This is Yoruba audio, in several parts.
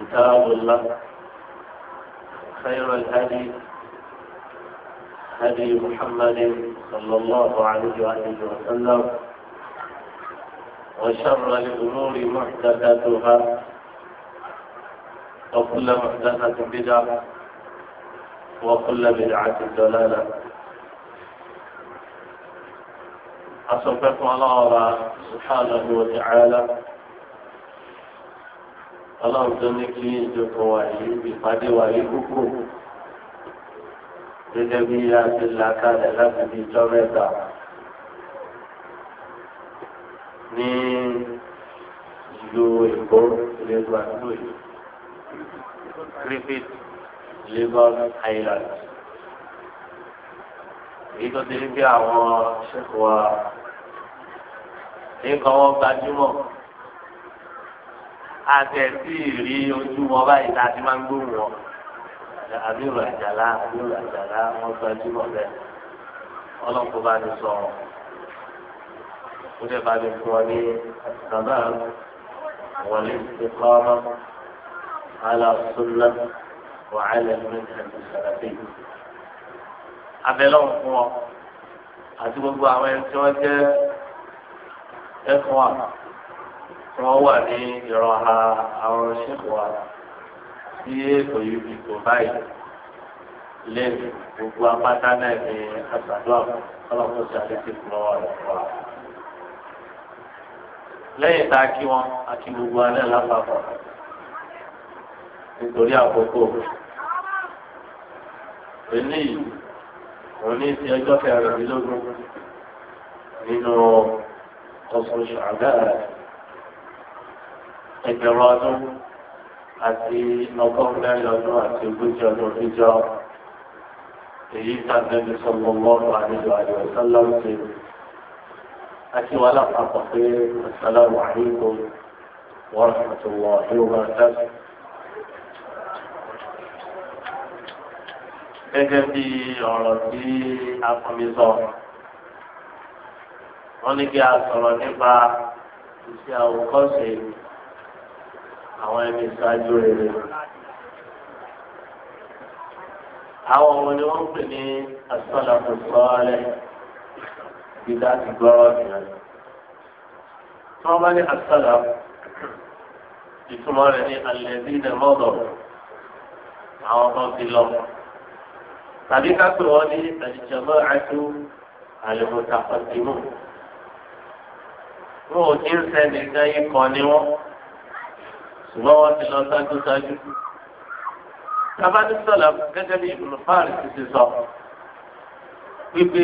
كتاب الله خير الهدي هدي محمد صلى الله عليه وآله وسلم وشر الأمور محدثاتها وكل محدثة بدعة وكل بدعة ضلالة أصبحت الله سبحانه وتعالى ọlọ́run tó ní kí ìjókòó wa yìí ìpàdé wa yìí kúkú gẹ́gẹ́ bí a ti là kalẹ̀ láti fi jọ mẹ́ta ní ìlú èkó ìlẹ́gbà ìlú yìí Griffith Lagos Island èyí tó ti rí bí àwọn ṣẹ́kọ̀ọ́ wa ní kọ́wọ́ gbajúmọ̀ àtẹ̀sí rí ojú wọn báyìí láti máa ń gbóhùn wọn. àbíòrò àjàlá àbíòrò àjàlá wọn gbajú wọn bẹ́ẹ̀ ọlọ́pàá bá ní sọ ó dẹ̀ bá ní fún ọ ní bàbá wọlé ti kọ́ ọmọ aláṣúná wàhálà lórí àti abẹ́lẹ́ òun fún ọ àti gbogbo àwọn ẹni tí wọ́n jẹ́ ẹ̀fọn àná. tí wọ́n wà ní ìrọ̀ha àwọn ṣẹ́kù wa tí èkó yìí fi kò báyìí lẹ́nu gbogbo apáta náà ní àgbàdo àwọn ọlọ́pàá ṣe àlékún rẹ̀ fún lẹ́yìn tá a ẹgbẹ̀rún ọdún àti ọgọ́rùn mẹ́rin ọdún àti ogójì ọdún ìjọ èyí tàbí sọgbọ mọrù àdìjọ àdìjọ sọlọm ṣe àti wàhálà papọ̀ pé asalaamu alaykum wa rahmatulahi wa barakatuh. gẹ́gẹ́ bí ọ̀rọ̀ tí akọ̀mí sọ wọ́n ní kí a sọ̀rọ̀ nípa iṣẹ́ àwòkọ́ṣe àwọn ẹni ìṣáájú rere. àwọn ọmọ ni wọ́n ń pè ní asọ́làkù sọ́ọ́lẹ̀ dídá ti gbọ́rọ̀ nìyẹn. tí wọ́n bá ní asọ́làkù ìtumọ̀ rẹ̀ ní alẹ́bí ilẹ̀ mọ́dọ̀ àwọn kan ti lọ. tàbí ká pè wọ́n ní àdìjọ́mọ́ àti àlùmọ́tàkọ́tìmù. wọn ò ní sẹ́ni gan ikọ̀ ni wọ́n ṣùgbọ́n wọ́n ti lọ sáájú sáájú. Tabani sọ̀lá gẹ́gẹ́ bí Ibn Faris ti sọ wípé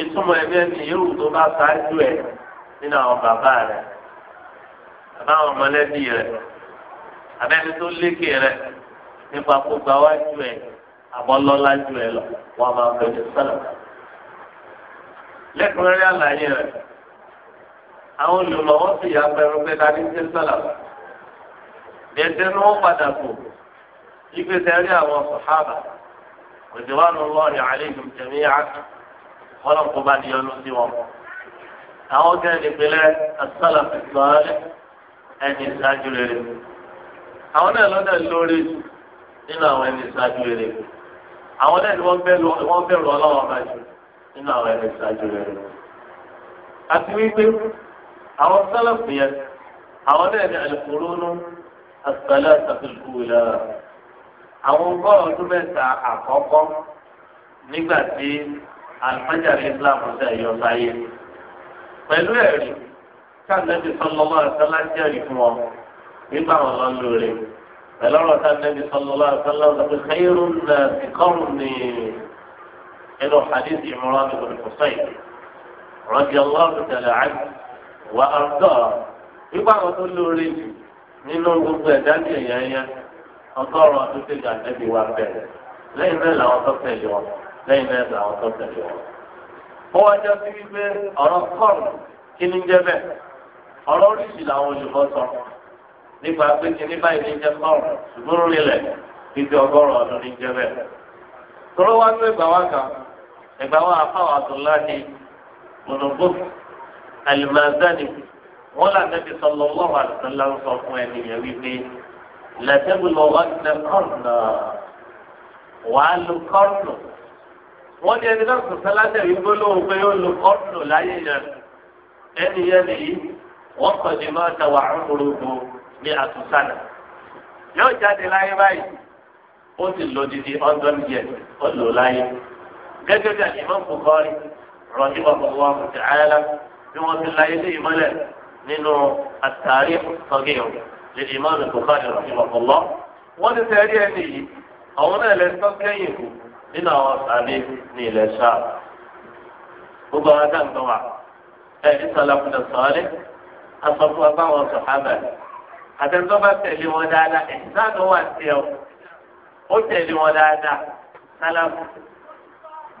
ìtumọ̀ ẹgbẹ́ ni yóò tó bá sáájú ẹ̀ nínú àwọn bàbá rẹ̀ àbá àwọn mọ̀lẹ́bí rẹ̀ abẹ́ni tó lékè rẹ̀ nípa kó gba wájú ẹ̀ àbọ̀lọ́lá ju ẹ̀ lọ wọ́n máa bẹ̀rẹ̀ sọ̀lá. lẹ́kùnrin àlàyé rẹ̀ àwọn olùmọ̀ wọ́n sì yà pẹ̀rù pé ta ní dèdè ni wọ́n padà kù ìgbésẹ̀ rí àwọn sàhábà òdìwánu lọ́ọ̀rì àlejòm tẹ̀mí àti ọlọ́kùnrin bá di ọlọ́ sí wọn. àwọn kẹ́ ẹni pẹ̀lẹ́ asálà fìtọ́ọ́lẹ́ ẹni ìsáájú rere. àwọn náà lọ́dọ̀ lórí nínú àwọn ẹni ìsáájú rere. àwọn náà ni wọ́n bẹ̀rù ọlọ́wọ́ bá jù nínú àwọn ẹni ìsáájú rere. àti wípé àwọn sálà fìyẹ àwọn náà ni àlùkò الثلاثة في الأولى àwọn ọgọ́rùn ọdún mẹ́ta àkọ́kọ́ nígbà tí alifájàre islam ṣe yọ sáyé pẹ̀lú ẹ̀rí sáàdẹ́bí sọlọ́lá àtàlá jẹ́rìí fún ọ nígbà wọn lọ lóore pẹ̀lú ọ̀rọ̀ sáàdẹ́bí sọlọ́lá àtàlá ọ̀sẹ̀ xeyiru nà sikọ́rù ní inú hadith ìmúra ní olùkọ́sọ́yì rọ́jì ọlọ́run tẹ̀lé àjù wà á dọ̀ nígbà wọn tó lóore jù nínú gbogbo ẹ̀dá ní èèyàn yẹn ọgọ́rùn-ún ọdún tó ga ẹbí wa bẹ̀rẹ̀ lẹ́yìn náà làwọn tó tẹ̀lé wọn lẹ́yìn náà làwọn tó tẹ̀lé wọn. ó wá jọ sí wípé ọ̀rọ̀ kọ́ọ̀rù kí ni jẹ́ bẹ́ẹ̀ ọ̀rọ̀ oríṣi làwọn olùkọ́ sọ nípa pé kí ní báyìí ní jẹ́ kọ́ọ̀rù ṣùgbọ́n rílẹ̀ fífi ọgọ́rùn ọdún ní jẹ́ bẹ́ẹ̀. tọ́lọ́ wá gbé ẹgbà wá kan ẹgbà wá afáwà tó láti mọ̀nàbó àlùmáàdánì wọn là nẹbi sọlọ wọn wà sọlọ sọ fún ẹni yẹn wípé lẹtẹbùlọ wọn lẹ kọrùnà wàá lu kọrùnù wọn ní ẹni náà sọsọ ládẹ wípé lóhùn pé ó lu kọrùnù láyé yẹn ẹni yẹn nìyí wọn kọ ní máa ta wà ńkúrúgbó ní àtúnṣàlẹ yóò jáde láyé báyìí ó sì lò dídí ọdún yẹn ó lò láyé gẹ́gẹ́ bí àyè máa ń kú kọrin rọjú bàbá wa kò tẹ àyàlá bí wọn ti láyé ní ìmọ́lẹ̀ nínú àtàrí sọgẹ o lèdè imáàmù Bukhari rahimahullah wọn ti tẹrí ẹni yìí àwọn náà lè sọ kẹ́yìn kù nínú àwọn sàbí ní ilẹ̀ sáà gbogbo àwọn dáńtọ́ wa ẹ̀ ní sọlákùnà sọ́ọ́lẹ́ asọ̀fún wa báwọn sọ̀hábà àtẹnudọ́ bá tẹ̀lé wọn dáadáa ẹ̀ sáàdùn wà sí ẹ ó tẹ̀lé wọn dáadáa sálàfù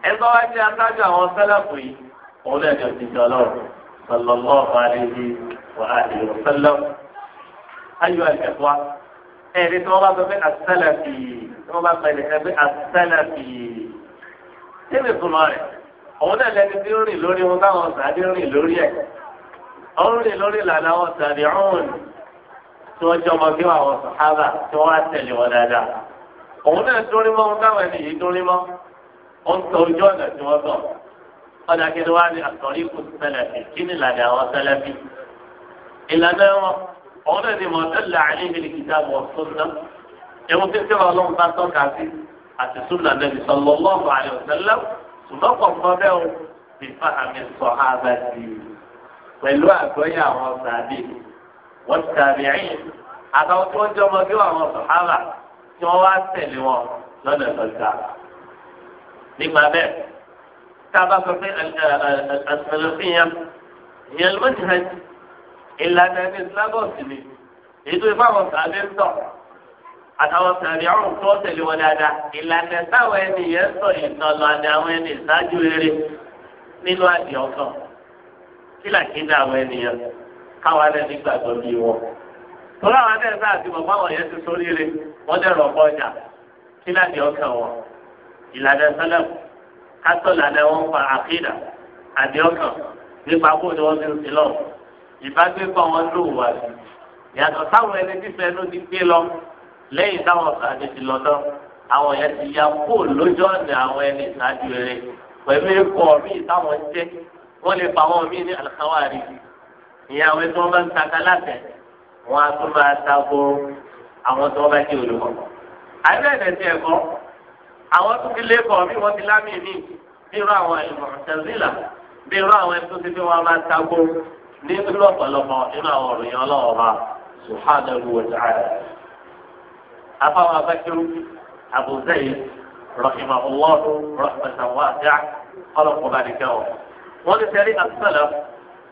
ẹ̀ bá صلى الله عليه وآله وسلم أيها الإخوة ẹ̀rí tí wọ́n bá sọ pé àsálàfì tí wọ́n bá sọ ẹ̀rí pé àsálàfì tẹ́lẹ̀ súnmọ́ rẹ̀ òun náà lẹni tí ń rìn lórí wọn táwọn sàdé rìn lórí ẹ̀ ó ń rìn lórí lànà àwọn sàdé ọ̀hún tí wọ́n jọ ọmọ kí wọ́n àwọn sàhábà tí wọ́n á tẹ̀lé wọn dáadáa òun náà dúrímọ́ ohun táwọn ẹni yìí dúrímọ́ ó ń sọ ojú ọ̀nà tí wọ́n sọ ọ̀dà kìíní wá ní àtọ̀rí kù sẹlẹ̀fì kí ni làdà àwọn sẹlẹ̀fì. ìlànà wọn òun náà ni mọ̀ tẹ́lẹ̀ àlẹ́ ìbílẹ̀ kìtà wọ̀ sọ́nà ẹ̀wọ̀n tí sẹ́wọ̀n ọlọ́run bá tọ́ka sí àti súnà nẹ́bi sọ̀lọ́ lọ́ọ̀bù àlẹ́ òṣèlú ṣùgbọ́n kọ̀ọ̀kan bẹ́ẹ̀ o ti fa àmì sọ̀ ha bá ti pẹ̀lú àgbọ́yé àwọn sàbí wọ́n sàbí ẹ̀yìn àtàwọn tí wọ́n jẹ́ ọmọ bí àwọn sọ̀hárà tí wọ́n wá tẹ̀lé wọn lọ́nà ìtọ́jà nípa bẹ́ẹ̀ tába sọ pé àtàlùfíyàn ìyẹn lọ́jọ́ ìlànà ẹni lágọ́sì ni èyí tó ipá wọn sàbẹ̀ ń tọ̀ àtàwọn sàbẹ̀ ọ̀hún tó tẹ̀lé wọn dáadáa ìlànà táwọn ẹni yẹn sọ ìtọ́lọ àti àwọn ẹni ìsáájú rere nínú àdì ọ̀kan kí làkínní àwọn ẹni yẹn káwọn alẹ́ nígbàgbọ́ bí wọn. tọ́lá àwọn alẹ́ sáà ti mọ̀ báwọn yẹn ti sóríire wọ́n dẹ̀rọ̀ ọkọ̀ ọjà kí làdì ọ̀kan wọn ìlànà sálẹ̀mù kátó lànà wọn fa àkìdá àdéhùn nípa bó ni wọn fi ń fi lọ ìbágbépọ̀ wọn ló wà sí yàtọ̀ táwọn ẹni fífẹ́ ló ti gbé lọ lẹ́yìn táwọn sàdé ti lọ tán àwọn yẹn ti ya kó lójú ọ̀nà àwọn ẹni ìsáájú rẹ pẹ̀lú ikọ̀ míì táwọn ń jẹ́ wọ́n lè fa àwọn míì ní àlùkáwárì ìyẹn àwọn tí wọ́n bá ń taka látẹ̀ wọ́n á tún máa ta ko àwọn tí wọ́n bá jẹ́ olùkọ́ àbẹ́rẹ́ ti àwọn tó ti lébọ̀ bí wọ́n ti lámì mí bí irú àwọn ìmọ̀tẹ́sílà bí irú àwọn ẹni tó ti fi wọn máa tagbó ní irú ọ̀pọ̀lọpọ̀ nínú àwọn òròyìn ọlọ́wọ́ bá subhanahu wa ta'ala. afáwọn abákẹ́rù Abu Zayd rahimahullahu rahmatan wasi'a ọlọ́pọ̀ bá nìkẹ́ wọn. wọ́n ti tẹ̀lé àtúntàlá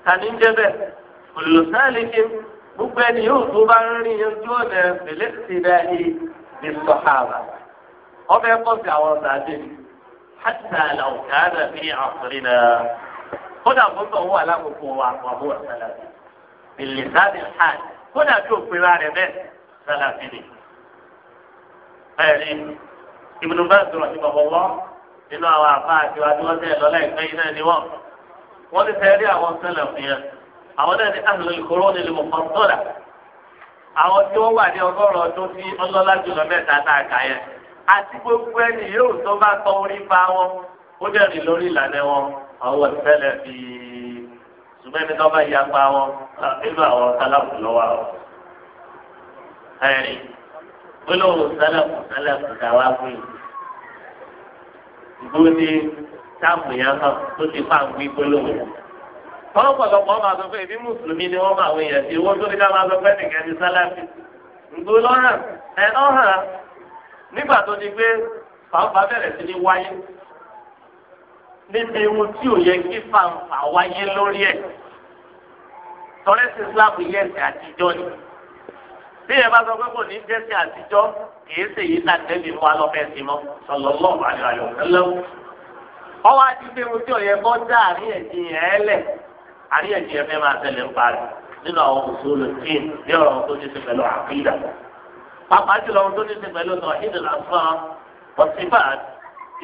tani ń jẹ́ bẹ́ẹ̀ olùsáàlì kí gbogbo ẹni yóò tó bá ń ọbẹ̀ kọ́ sí àwọn ọ̀sàdé hàtà làwùkàdà fi àkùrẹ́ náà kódà gbọ́dọ̀ wà lákòókò wa àbọ̀ sàlàfì ìlẹ̀sàdì hàn kódà tí ò pera rẹ̀ bẹ́ẹ̀ sàlàfì ni. ẹ̀rí Ibn Baz rahimahullah nínú àwọn àbá àti wájú wọn tẹ̀ lọ́lá ìpẹ́ yìí náà ni wọ́n wọ́n ti fẹ́ rí àwọn sàlàfì yẹn àwọn náà ní ahlul qurun al mufaddala àwọn tí wọ́n wà ní ọgọ́rùn-ún ọdún tí ọlọ́lá jùlọ mẹ́ta tá a kà yẹn àti gbogbo ẹni yóò tó bá tọ orí pa wọn ó dẹ̀rìn lórí ìlànà wọn ọwọ́ ìfẹ́lẹ̀ fi ṣùgbọ́n ẹni tó bá ya pa wọn nínú àwọn sálàkù lọ́wọ́ àwọn. ẹ̀rín gbólóhùn sálàkù sálàkù dáwà fún yìí ìgbó ní táàmù yẹn hàn tó ti fà ń gbé gbólóhùn wọ́n pọ̀lọpọ̀ máa sọ pé ìbí mùsùlùmí ni wọ́n máa wọ̀nyẹ̀ sí owó tó ní ká máa sọ pé nìkan ti sálàfì nígbà tó di pé fàǹfà bẹ̀rẹ̀ sí ní wáyé níbi ohun tí ò yẹ kí fàǹfà wáyé lórí ẹ̀ tọ́lẹ́sì Islam yẹ ẹ̀sìn àtijọ́ ni bí ẹ bá sọ pé kò ní jẹ́sìn àtijọ́ kìí ṣèyí náà tẹ́lẹ̀ wá lọ́fẹ̀ẹ́sì mọ́ sallallahu alaihi wasallam ọwọ́ àdìgbé ohun tí ò yẹ kọ́ dá àríyànjiyàn ẹ̀ lẹ̀ àríyànjiyàn fẹ́ máa tẹ̀lé ń parí nínú àwọn òṣèlú tí ní ọ̀rọ̀ tó ti ṣe pẹ̀lú àkídà pàápàá jùlọ ohun tó ní ti pẹ̀lú ọ̀nà ìdìlà kan ọ̀sìnbà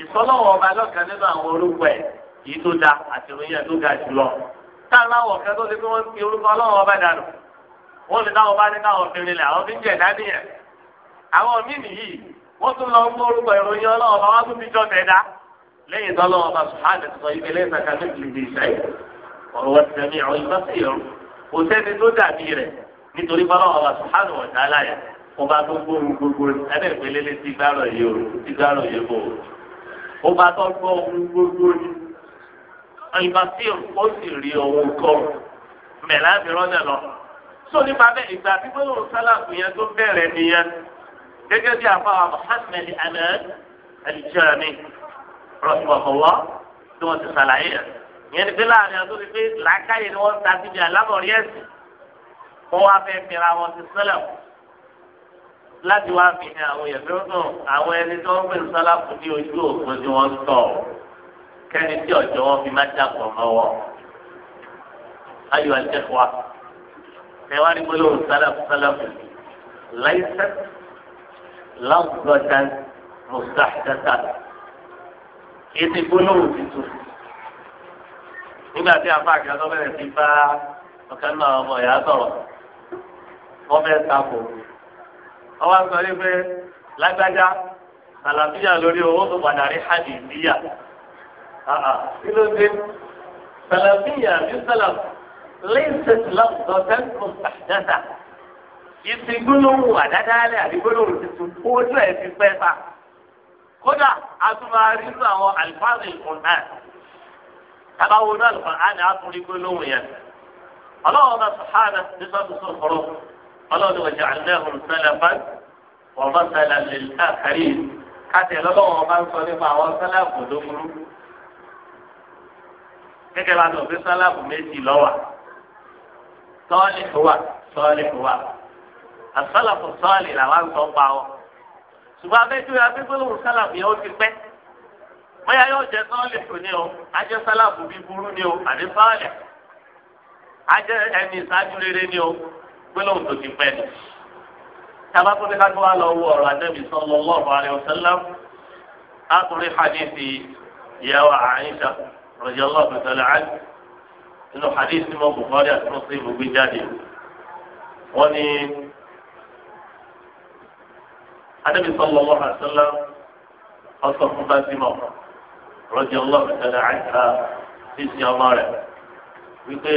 ìsọlọ́wọ́ ọba lọ́kàn nínú àwọn orúkọ ẹ̀ yìí tó da àti ìròyìn ẹ̀ tó ga jùlọ. táwọn àwọn ọ̀kẹ́ tó ti fi wọ́n ti orúkọ ọlọ́wọ́ ọba dànù wọ́n lè dáwọ́ bá ní káwọn obìnrin lẹ̀ àwọn bíjẹ̀ dánìyẹn. àwọn míì nìyí wọ́n tún lọ ń gbọ́ orúkọ ìròyìn ọlọ́wọ́ ọba wọ́n tún fi jọ tẹ̀dá. lẹ́yìn tọ́lọ́wọ́ ọba sùhánì tó mo bá tó gbóhùn gbogbo ẹbẹ ìpele lè ti gbárò yìí o ti gbárò yìí o mo bá tó gbóhùn gbogbo ni ìgbà tí o sì rí ohun kọ mẹ̀lá mi rọ́nà lọ tó nípa bẹ́ẹ̀ ìgbà tí gbóhùn sálàkù yẹn tó bẹ̀rẹ̀ nìyẹn gẹ́gẹ́ bí àfàwà Muhammad Ahmed alijami rọ̀tùmọ̀kọ̀wọ́ tí wọ́n ti sàlàyé yẹn ìyẹn ni pé láàrin àti olùgbé làákàyè ni wọ́n ta síbi àlámọ̀rí ẹ̀sìn wọ́n wá fẹ́ láti wá fi hàn àwọn èèyàn tó dùn àwọn ẹni tó ń pè ní sálàkù ní ojú òkun tí wọ́n ń tọ̀ kẹ́ni tí ọ̀jọ́ wọn fi má dàpọ̀ mọ́wọ́ ayọ̀ àjẹkọ̀ọ́ ẹ̀wá ní gbólóhùn sálàfù sálàfù láìsẹ̀ láwùjọ́tàn mùsàtàtà ètò gbólóhùn tuntun nígbà tí afa àgbàdo bẹ̀rẹ̀ sí bá ọ̀kan náà ọmọ ìyá sọ̀rọ̀ wọ́n fẹ́ sáfò ọwọ́ àgbà rí pé lágbájá àlàfíà lórí owó tó padà rí hàdì níyà ah, ah, kí ló dé sàlàfíà bí sàlàf lẹ́sẹ̀ lọ́sọ̀ tẹ́kùn àdáta ìsìn gbólóhùn àdáta alẹ́ àbí gbólóhùn tuntun owó tó ẹ̀ ti pẹ́ ta kódà a tún máa rí nínú àwọn àlùfáàsì ìkùnà tábàwọn olú àlùfáà á ní àtúndí yẹn ọlọ́wọ́n bá sọ̀hánà nípa tuntun kọ̀ọ̀rọ̀ ọlọ́run ọjà àdáhùn sálàfà wọ́n bá sálà lè káàkiri káàtì lọ́lọ́wọ́ bá ń sọ nípa àwọn sálàfù tó burú gẹ́gẹ́ bá lọ́ọ́ fi sálàfù méjì lọ́wà sọ́ọ̀lì wà sọ́ọ̀lì wà àsálàfù sọ́ọ̀lì làwọn sọ pa wọn ṣùgbọ́n abẹ́jú abẹ́gbẹ́lóhùn sálàfù yẹn ó ti pẹ́ bóyá yóò jẹ sọ́ọ̀lì fún ni o gbólóhùn tó ti pẹ́ ni. tábà tó ní ká tó wá lọ wo ọ̀rọ̀ àdébì sallallahu alaihi wasallam á tún rí hadithi ìyàwó Àìṣà radiyallahu ta'ala anha nínú hadithi mọ́ Bukhari àti Muslim gbé jáde. wọ́n ní àdébì sallallahu alaihi wasallam ọ̀sán fún bá sí mọ́ radiyallahu ta'ala anha ti ṣe ọmọ rẹ̀ wípé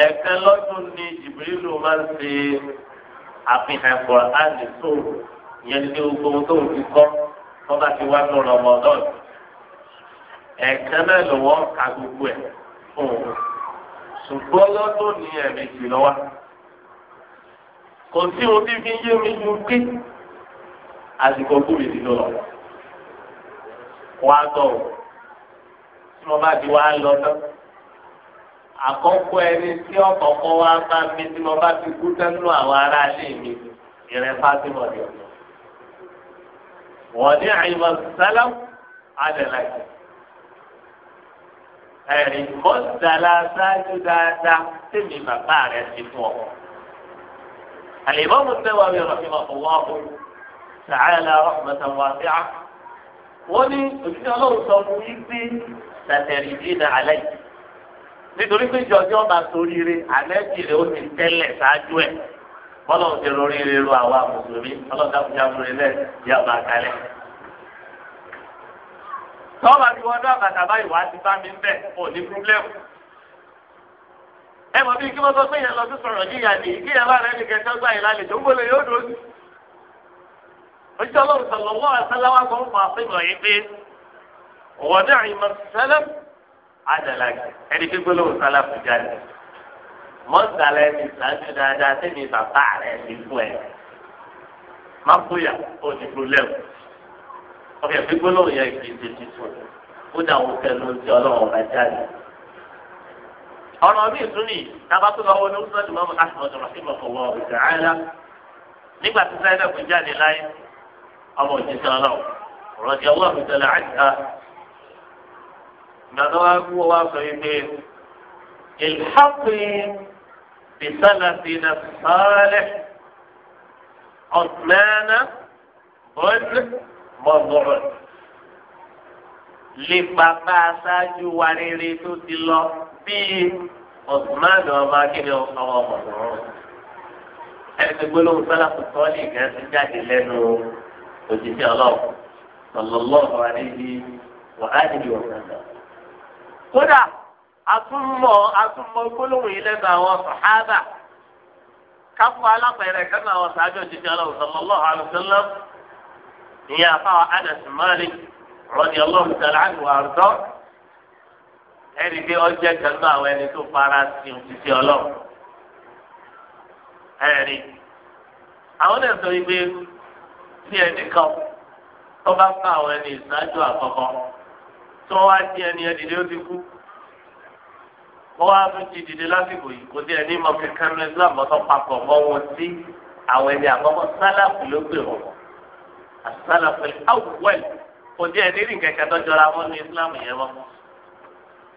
ẹ̀ẹ̀kan lọ́dún ni Jibrilu máa ń ṣe àfihàn Kùránì tó yẹn ní gbogbo ohun tó ń fi kọ́ tó bá ti wá ní Ramadan ẹ̀ẹ̀kan náà lọ́wọ́ ka gbogbo ẹ̀ fún un ṣùgbọ́n lọ́dún ni ẹ̀ẹ̀mejì lọ́wọ́ kò sí ohun tí fi ń yé mi ju pé àsìkò gómìnà ìdílé lọ wá tọ̀ tí mo bá ti wá lọ tán àkọ́kọ́ ẹni tí ọ̀kọ̀ọ̀kọ́ wa bá mi tí mo bá ti kú sẹ́nu àwọn ará ilé mi ìrẹ́ fásimọ̀ ni ọ̀dọ́. wọ́n ní àyìnbó sálám adẹ̀láìsì. ẹ̀rì mọ́sálá ṣáájú dáadáa tèmi bàbá rẹ̀ ti fún ọ. àlèmọ́ mo tẹ́wọ́ mi rọ̀ fífọ̀ fún wọn kú sàáyàlá rọ̀mọ́tà wà sí à. wọ́n ní òṣìṣẹ́ ọlọ́run sọ fún yí pé sàtẹ̀rì dín náà àlẹ́ yìí nítorí pé ìjọ tí wọn bá soríire àlẹ́jì rẹ ó ti tẹ́lẹ̀ ṣáájú ẹ̀ bọ́lọ̀hún ti lórí ire lu àwa mùsùlùmí ọlọ́dà fúnjáfúnre lẹ̀ yá bá kalẹ̀. tọ́wọ́ àti wọ́n dún àbàtà báyìí wá ti bá mi ń bẹ̀ ò ní púrúlẹ́mù. ẹ mọ̀ bí kí wọ́n sọ pé ìyẹn lọ sí sọ̀rọ̀ yíyá ni kí ìyẹn bá rẹ̀ ní kẹsàn-án gbà yìí lálejò ń gbọ́dọ̀ yóò dùn. òṣìṣẹ́ ọlọ́run sọ̀rọ̀ wọ́n adala ẹni tí gbólóhùn sálà fún jáde mọ́sálà ẹni sàájú dáadáa sẹ́ni bàbá rẹ̀ ti fún ẹ má fúyà ó ti problem ọkẹ tí gbólóhùn yẹn kì í ṣe títún ó dà wọ́n kẹnu ti ọlọ́run bá jáde. ọ̀rọ̀ mi tún nìyí tábàtú lọ́wọ́ ní ọdún mọ́tò mọ́mọ́ ahmed rahimah ọ̀wọ́ ọ̀gá ẹ̀rá nígbà tí sáyẹ́dẹ̀kùn jáde láyé ọmọ òjijì ọlọ́run rọ̀jẹ̀ ọlọ́run tẹ̀lé àjà gbàdọ́ wa kú wa sọ yìí pé ìlhàpì bisalafina sálẹ̀ ọ̀tmẹ́nà bọ́ọ̀lù mọ̀gbọ̀rọ̀ lè bàbá aṣáájú wa rere tó ti lọ bíi ọ̀tmẹ́nà ọmọ akéde ọmọ mọ̀gbọ̀rọ̀ ẹni tó gbólóhùn sálàkù sọ́ọ̀lì kan ti jáde lẹ́nu òjijì ọlọ́run lọ́lọ́lọ́ọ̀rọ̀ àdéhìí wàhálì ìwọ̀n náà. kódà atúmọ̀ atúmọ̀ gbólóhùn yìí lẹ́nu àwọn sàhábà káfọ́ alápẹ̀rẹ̀ kẹ́nu àwọn sàhábà òjijì aláwọ̀ sallallahu alaihi ìyá afáwọn Anas Malik radiyallahu ta'ala anhu àrùtọ́ ẹni pé ọjọ́ kẹ́nu àwọn ẹni tó fara sí òjijì ọlọ́run ẹ̀rí àwọn náà sọ wípé tí tó bá fún àwọn ẹni tó wá sí ẹni ẹni lé ó ti kú wọ́n wá tún ti dìde lásìkò yìí kò sí ẹni mọ̀kẹ́ kẹ́mẹ́rẹ́ islam bọ́tọ̀ papọ̀ mọ́ wọn sí àwọn ẹni àkọ́kọ́ sálàfù ló gbé wọn àsálàfù awùwẹ̀l kò sí ẹni rìn kẹ̀kẹ́ tó jọra wọn ní islam yẹn wọn.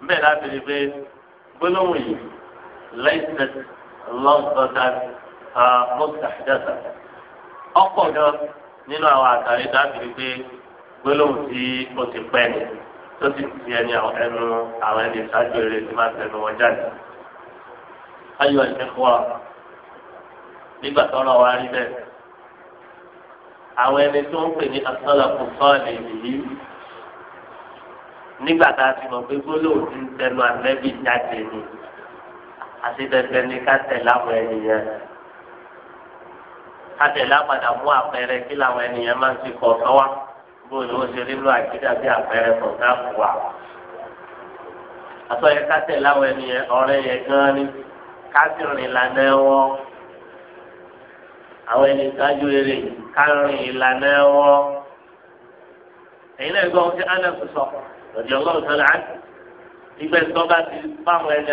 bẹ́ẹ̀ láti rí pé gbólóhùn yìí lẹ́sẹ̀ lọ́sọ̀tà mọ́tàdàtà ọ̀pọ̀ gan nínú àwọn àtàrí láti rí pé gbólóhùn tí ó ti pẹ́ nìyẹn tó sì fi ẹni ẹnu àwọn ẹni ìṣáájú eré tí máa tẹnu wọn jáde. ayọ̀ ìṣẹ́kọ̀ wa nígbà tọ́lọ̀ wa rí bẹ́ẹ̀ àwọn ẹni tó ń pè ní asọ́lọ̀kù sọ́ọ̀lì yìí nígbà tá a ti mọ̀ pé gbólóhùn ti ń tẹnu àlẹ́bí jáde ni àtidẹ́gbẹ́ ni ká tẹ̀lé àwọn ènìyàn ká tẹ̀lé àpàdà mú àpẹẹrẹ kí làwọn ènìyàn máa ń ti kọ̀ ọ́ wá bó ni wọ́n ṣe nílò àkídà bí àpẹẹrẹ kọ̀ọ̀ká wà. àtọ́yẹ kásẹ̀ láwọn ẹni yẹn ọ̀rẹ́ yẹn gan ni kásìrìn ìlànà wọn àwọn ẹni ìtajú eré kárìn ìlànà wọn. èyí náà gbọ́ ohun tí anas sọ lòdì ọlọ́run sọlá á ìgbẹ́ tó bá ti fáwọn ẹni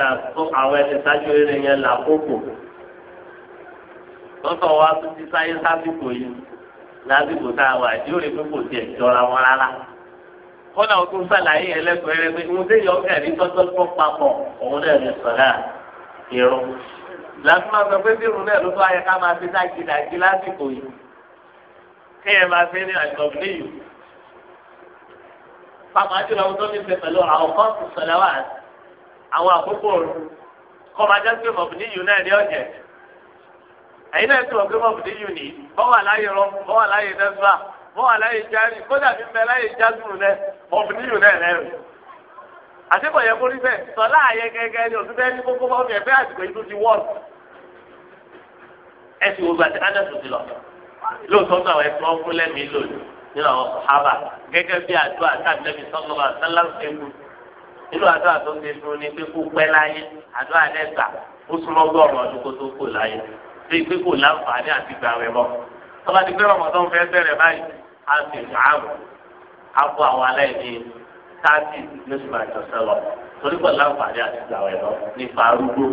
àwọn ẹni ìtajú eré yẹn làkókò lọ́sọ̀ wa tún ti sáyé sábìkò yìí lásìkò tá a wà yóò rí pé kò tiẹ̀ jọra wọn rárá kọ́nà o tún sàlàyé ẹlẹ́kùnrin rẹ pé ohun tí yọ kẹ́rì tọ́tọ́ tó papọ̀ òun náà lè sọ̀rọ̀ irun làtí máa sọ pé bírun náà ló tó ayẹ ká máa fi dájìdájì lásìkò yìí kéèyàn máa fi ní àjọ̀bí yìí pàpà jùlọ ohun tó ní ṣe pẹ̀lú àwọn kọ́ọ̀tù sọ̀lẹ́wà àwọn àkókò òru kọ́ máa jẹ́ pé mọ̀bìnrin yìí náà ní ọ̀jẹ̀ ẹ̀yin náà ti wọ̀ pé mọ̀mù ní yùní wà láyé rọ wọ́n wà láyé nẹ́sùlá wọ́n wà láyé járí kódà mi mẹ́ láyé jásùrù náà mọ̀mù ní yùní náà rẹ̀. àtẹ́kọ̀ yẹ kó rí bẹ́ẹ̀ sọlá ayẹ gẹ́gẹ́ ni òtún bẹ́ẹ̀ ní kókó bá ọ̀fẹ́ ẹ̀fẹ́ àsìkò yìí tó ti wọ́ọ̀lù. ẹ ti wo bàtí ánẹ́sù ti lọ lóòótọ́ náà ẹ tún ọkùnrin lẹ́mìí lónìí nínú àwọn sàhábà ṣe pé kò láǹfààní àti gbàwẹ̀ mọ́ tọ́ba ti pé rọ̀mọ́tọ́ fẹ́ bẹ̀rẹ̀ báyìí á sì sàámù á fọ àwọn aláìní táàtì lóṣù àjọṣe lọ torí pé láǹfààní àti gbàwẹ̀ mọ́ nípa arúgbó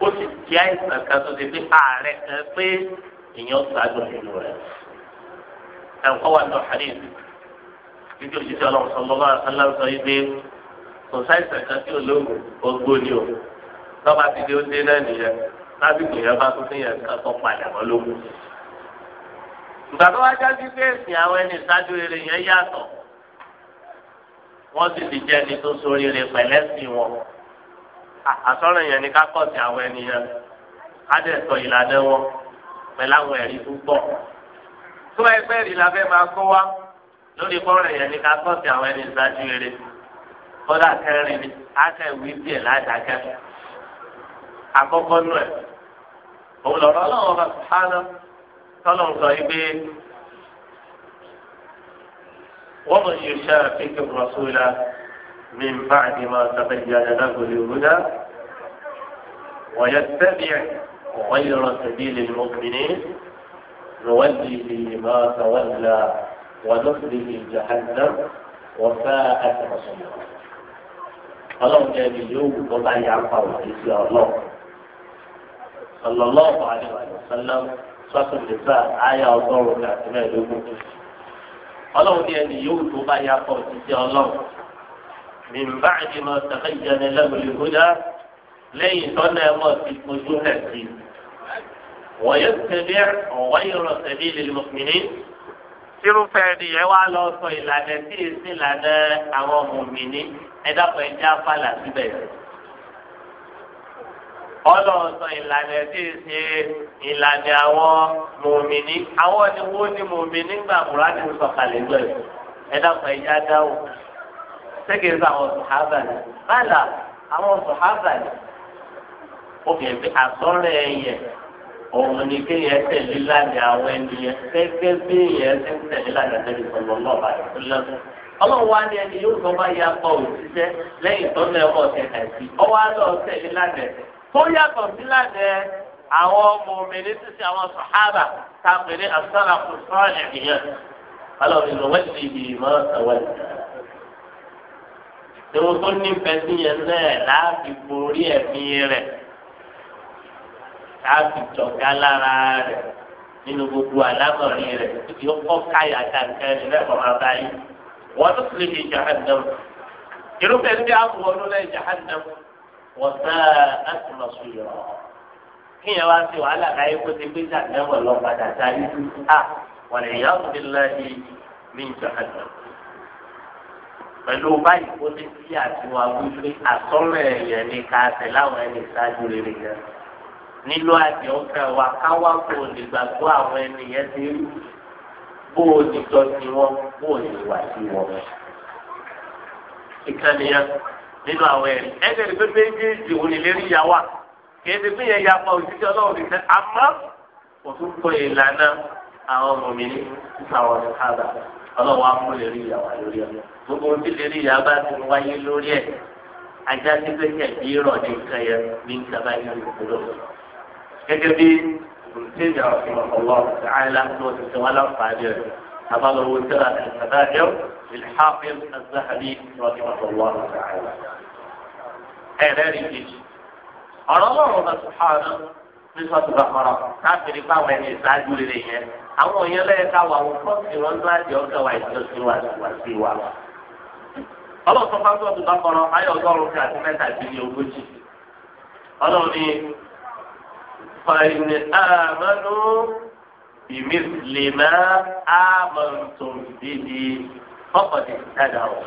ó sì jẹ́ àìsàn kan tó ti pé ààrẹ kan pé èèyàn ṣáájú nínú rẹ̀ ẹ̀kọ́ wà lọ hadith títí òṣìṣẹ́ ọlọ́run sọlọ́lá yìí pé kò sáìsàn lásìkò yẹn bá tún téèyàn ká tó padà mọ́ lókun. ìgbà tó wá jáde pé ẹ̀sìn àwọn ẹni ìsájú rere yẹn yàtọ̀ wọ́n sì ti jẹ́ ẹni tó ṣoríire pẹ̀lẹ́sìn wọn. àsọ̀rọ̀ yẹn ni ká kọ̀ sí àwọn ẹni yẹn ká dẹ̀ sọ ìlànà wọn pẹ̀lú àwọn ẹ̀rí púpọ̀. tó ẹgbẹ́ rí la fẹ́ máa kó wá lórí kọ́rọ̀ yẹn ni ká kọ̀ sí àwọn ẹni ìsájú rere kọ́dà kẹrin ni á kẹ́ wí díẹ̀ ládàá kẹ́ àkọ́kọ́ nù ẹ̀. òun lọ̀rọ̀ ọlọ́run ọba sùhánà tọ́lọ́run sọ yìí pé wọ́n mọ̀ yóò ṣe àfikún rọ̀ṣúlá mi ń bá àdé máa sábẹ́ ìyá dada gòlè òrùdá ويتبع غير سبيل المؤمنين نوليه ما تولى ونصله جهنم وساءت مصيره. ọlọ́run jẹ́ ibi yóò wù tó bá yà ń fa òfin sí ọlọ́run. sallallahu alaihi wa sallam sọ́tún nìfà àyà ọgọ́rùn-ún àti mẹ́ẹ̀ẹ́dógún. ọlọ́run ní ẹni yóò tó bá yá pọ̀ títí ọlọ́run. min ba'di ma tabayyana lahu al-huda lẹ́yìn tọ́lá ẹ̀mọ́ ti fojú hẹ̀ sí i. wa yattabi' ghayra sabili al-mu'minin. tírúfẹ́ ẹnìyẹn wá lọ sọ ìlànà tí èsì ìlànà àwọn mùmìnì ẹ̀dá ọlọ́ọ̀sọ ìlànà tí ì ṣe ìlànà àwọn mòmìnì àwọn ni wọ́n ní mòmìnì gbà múra ní sọ̀kalẹ̀ lọ ẹ̀ ẹ dàpọ̀ ẹ̀yà dáwọ̀ sẹ́kẹ̀ sọ àwọn sùhábà ni bàlà àwọn sùhábà ni obìnrin bí àsọ̀rọ̀ ẹ̀yẹ òun ni kéèyàn tẹ̀lé lánà àwọn ènìyàn gẹ́gẹ́ bí èèyàn ti ń tẹ̀lé lánà tẹ̀lé sọ̀rọ̀ lọ́ọ̀bà ìfúnlẹ́sùn ọlọ́run wá ní ẹni yóò sọ bá ya pa òṣìṣẹ́ lẹ́yìn tó ń lẹ́wọ́ ọ̀sẹ̀ náà sí ọwọ́ á tẹ̀lé lánà tó yàtọ̀ sílànà àwọn ọmọ òmìnir sísè àwọn sàhábà tá a pè ní asọ́nà kò sọ́ọ̀nì ìyẹn ọlọ́run ìlú wẹ́ẹ̀sì ibi ìmọ̀ ẹ̀wẹ̀. Ewu tó ní bẹ́sí yẹn náà láti borí ẹ̀mí rẹ̀ láti jọ̀gá lára rẹ̀ nínú gbogbo àlámọ̀rí rẹ̀ yóò kọ́ káyà kankan ní lẹ́kọ̀ọ́ máa Wọ́n tún lè fi jahannam. Irúfẹ́ ní àbúrò ọdún lẹ́yìn jahannam wọ́tá àtúnọ̀sù yọ̀ kínyẹn wá sí wàhálà káyé kó ti gbé jàǹdẹ́wọ̀ lọ padà sáyé a wọ́n lè yàgò bí láyé mí jọ àgbà. pẹ̀lú báyìí kó ti sí àtiwá wípé àsọ́rọ̀ ẹ̀yẹ ni ká tẹ̀ láwọn ẹni ìsáájú rere yẹn. nílò àti ọ̀kẹ́ wa káwá kó o lè gbàgbọ́ àwọn ẹni yẹn ti rí bó o ti tọ́ sí wọn bó o lè wà sí wọn. ìkànnì yẹn nínú àwọn ẹ̀rí ẹ̀jẹ̀ ní pépé méjì òun ìlérí ya wà kéde pé yẹn ya pa òṣìṣẹ́ ọlọ́run nìkan àmọ́ òtún kọ ìlànà àwọn ọmọ mi ní ìsàwọn ìkàdà ọlọ́run á mú ìlérí ya wà lórí ẹ̀ gbogbo ohun tí ìlérí ya bá ti wáyé lórí ẹ̀ ajá ti pé kẹ̀kẹ́ ìrọ̀ ní nǹkan yẹn ní nǹkan bá yẹn lò gẹ́gẹ́ bí olùtẹ́jà ọ̀sán ọlọ́run كما لو ترى المذاهب للحافظ الذهبي رحمه الله تعالى هذا kejì ọ̀rọ̀ ọlọ́run bá sùpáànù ní sọ́ọ̀tù bá kọ́rọ̀ káàkiri báwọn ẹni ìsáájú rere yẹn àwọn èèyàn lẹ́yìn káwọn àwọn kọ́ọ̀tì wọn tó àjẹ́ ọ̀gá wa ìjọsìn wa wà sí wa. ọlọ́run tó bá sọ́ọ̀tù bá kọ́rọ̀ ayọ̀ ọgọ́rùn-ún fi àti mẹ́ta sí ní ogójì. ọlọ́run ni fàìní àmánú bìmísìlìmọ́ àmọ̀tòǹdìdì fọ́kàndì dáadáa o.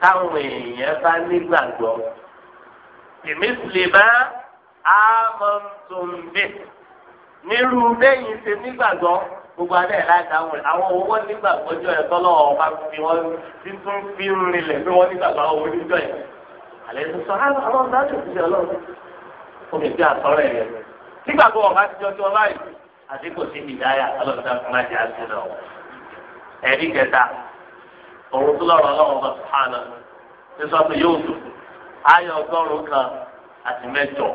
táwọn èèyàn bá nígbàgbọ́ bìmísìlìmọ́ àmọ̀tòǹdìdì nírú bẹ́yìn ṣe nígbàgbọ́ gbogbo alẹ́ láìdáhùn àwọn owó nígbàgbọ́ jọ ẹ̀ tọ́lọ́ ọba fi wọ́n ti tún fi ń rinlẹ̀ pé wọ́n nígbàgbọ́ owó níjọ́ ẹ̀. àlẹ́ sọ àwọn ọ̀dọ́ àti òṣìṣẹ́ ọlọ́run ó mi fi àtọ́rọ̀ ẹ̀ yẹn. nígbà tó wọn ti jọ tí wọn sí ìdáyà ọlọ́dún tó àti lọ. ẹ̀rí kẹta òun tó lọ́rọ̀ ọlọ́run bá sùpánà ní sọ́tún yóò dùn ayọ̀ ọgọ́rùn kan àti mẹ́jọ.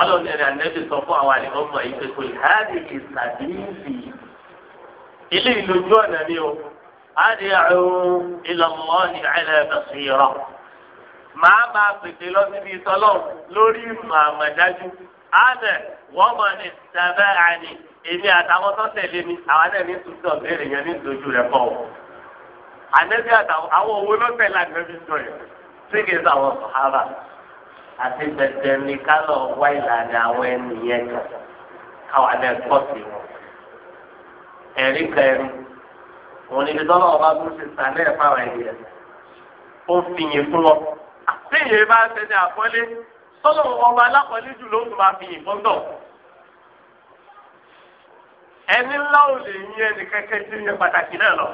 ọlọ́run ẹ̀rẹ̀ ànẹ́bí sọ fún àwọn àlejò ọmọ yìí pé kò ìhádì ìsàdínsì ilé ìlójú ọ̀nà ni o ni ànà wọ́n mọ̀ ní sábẹ́ àní èmi àtàwọn tó tẹ̀lé mi àwọn náà ní tuntun ọ̀bẹ̀rẹ̀ yẹn ní dojú rẹ̀ kọ́ ànẹ́bí àtàwọn àwọn owó ló tẹ̀lé ànẹ́bí sọ yẹn tí kìí sọ àwọn sọ̀hárà àti bẹ̀tẹ̀ ní kálọ̀ wá ìlànà àwọn ènìyàn kan káwọn àná ẹ̀kọ́ sí wọn. ẹ̀rí kẹrin òun níbi tọ́lọ́ ọba tó ṣe sàlẹ̀ ẹ̀fọ́ àwọn ènìyàn ó fi yìn fún wọn. àti ìyẹn bá ṣe ní tọ́lọ́wọ́ ọba alákọ̀ọ́lẹ́ jù ló ń máa fi ìbọn dọ̀. ẹni ńlá ò lè yí ẹni kẹ́kẹ́ tí ń yẹ pàtàkì náà lọ.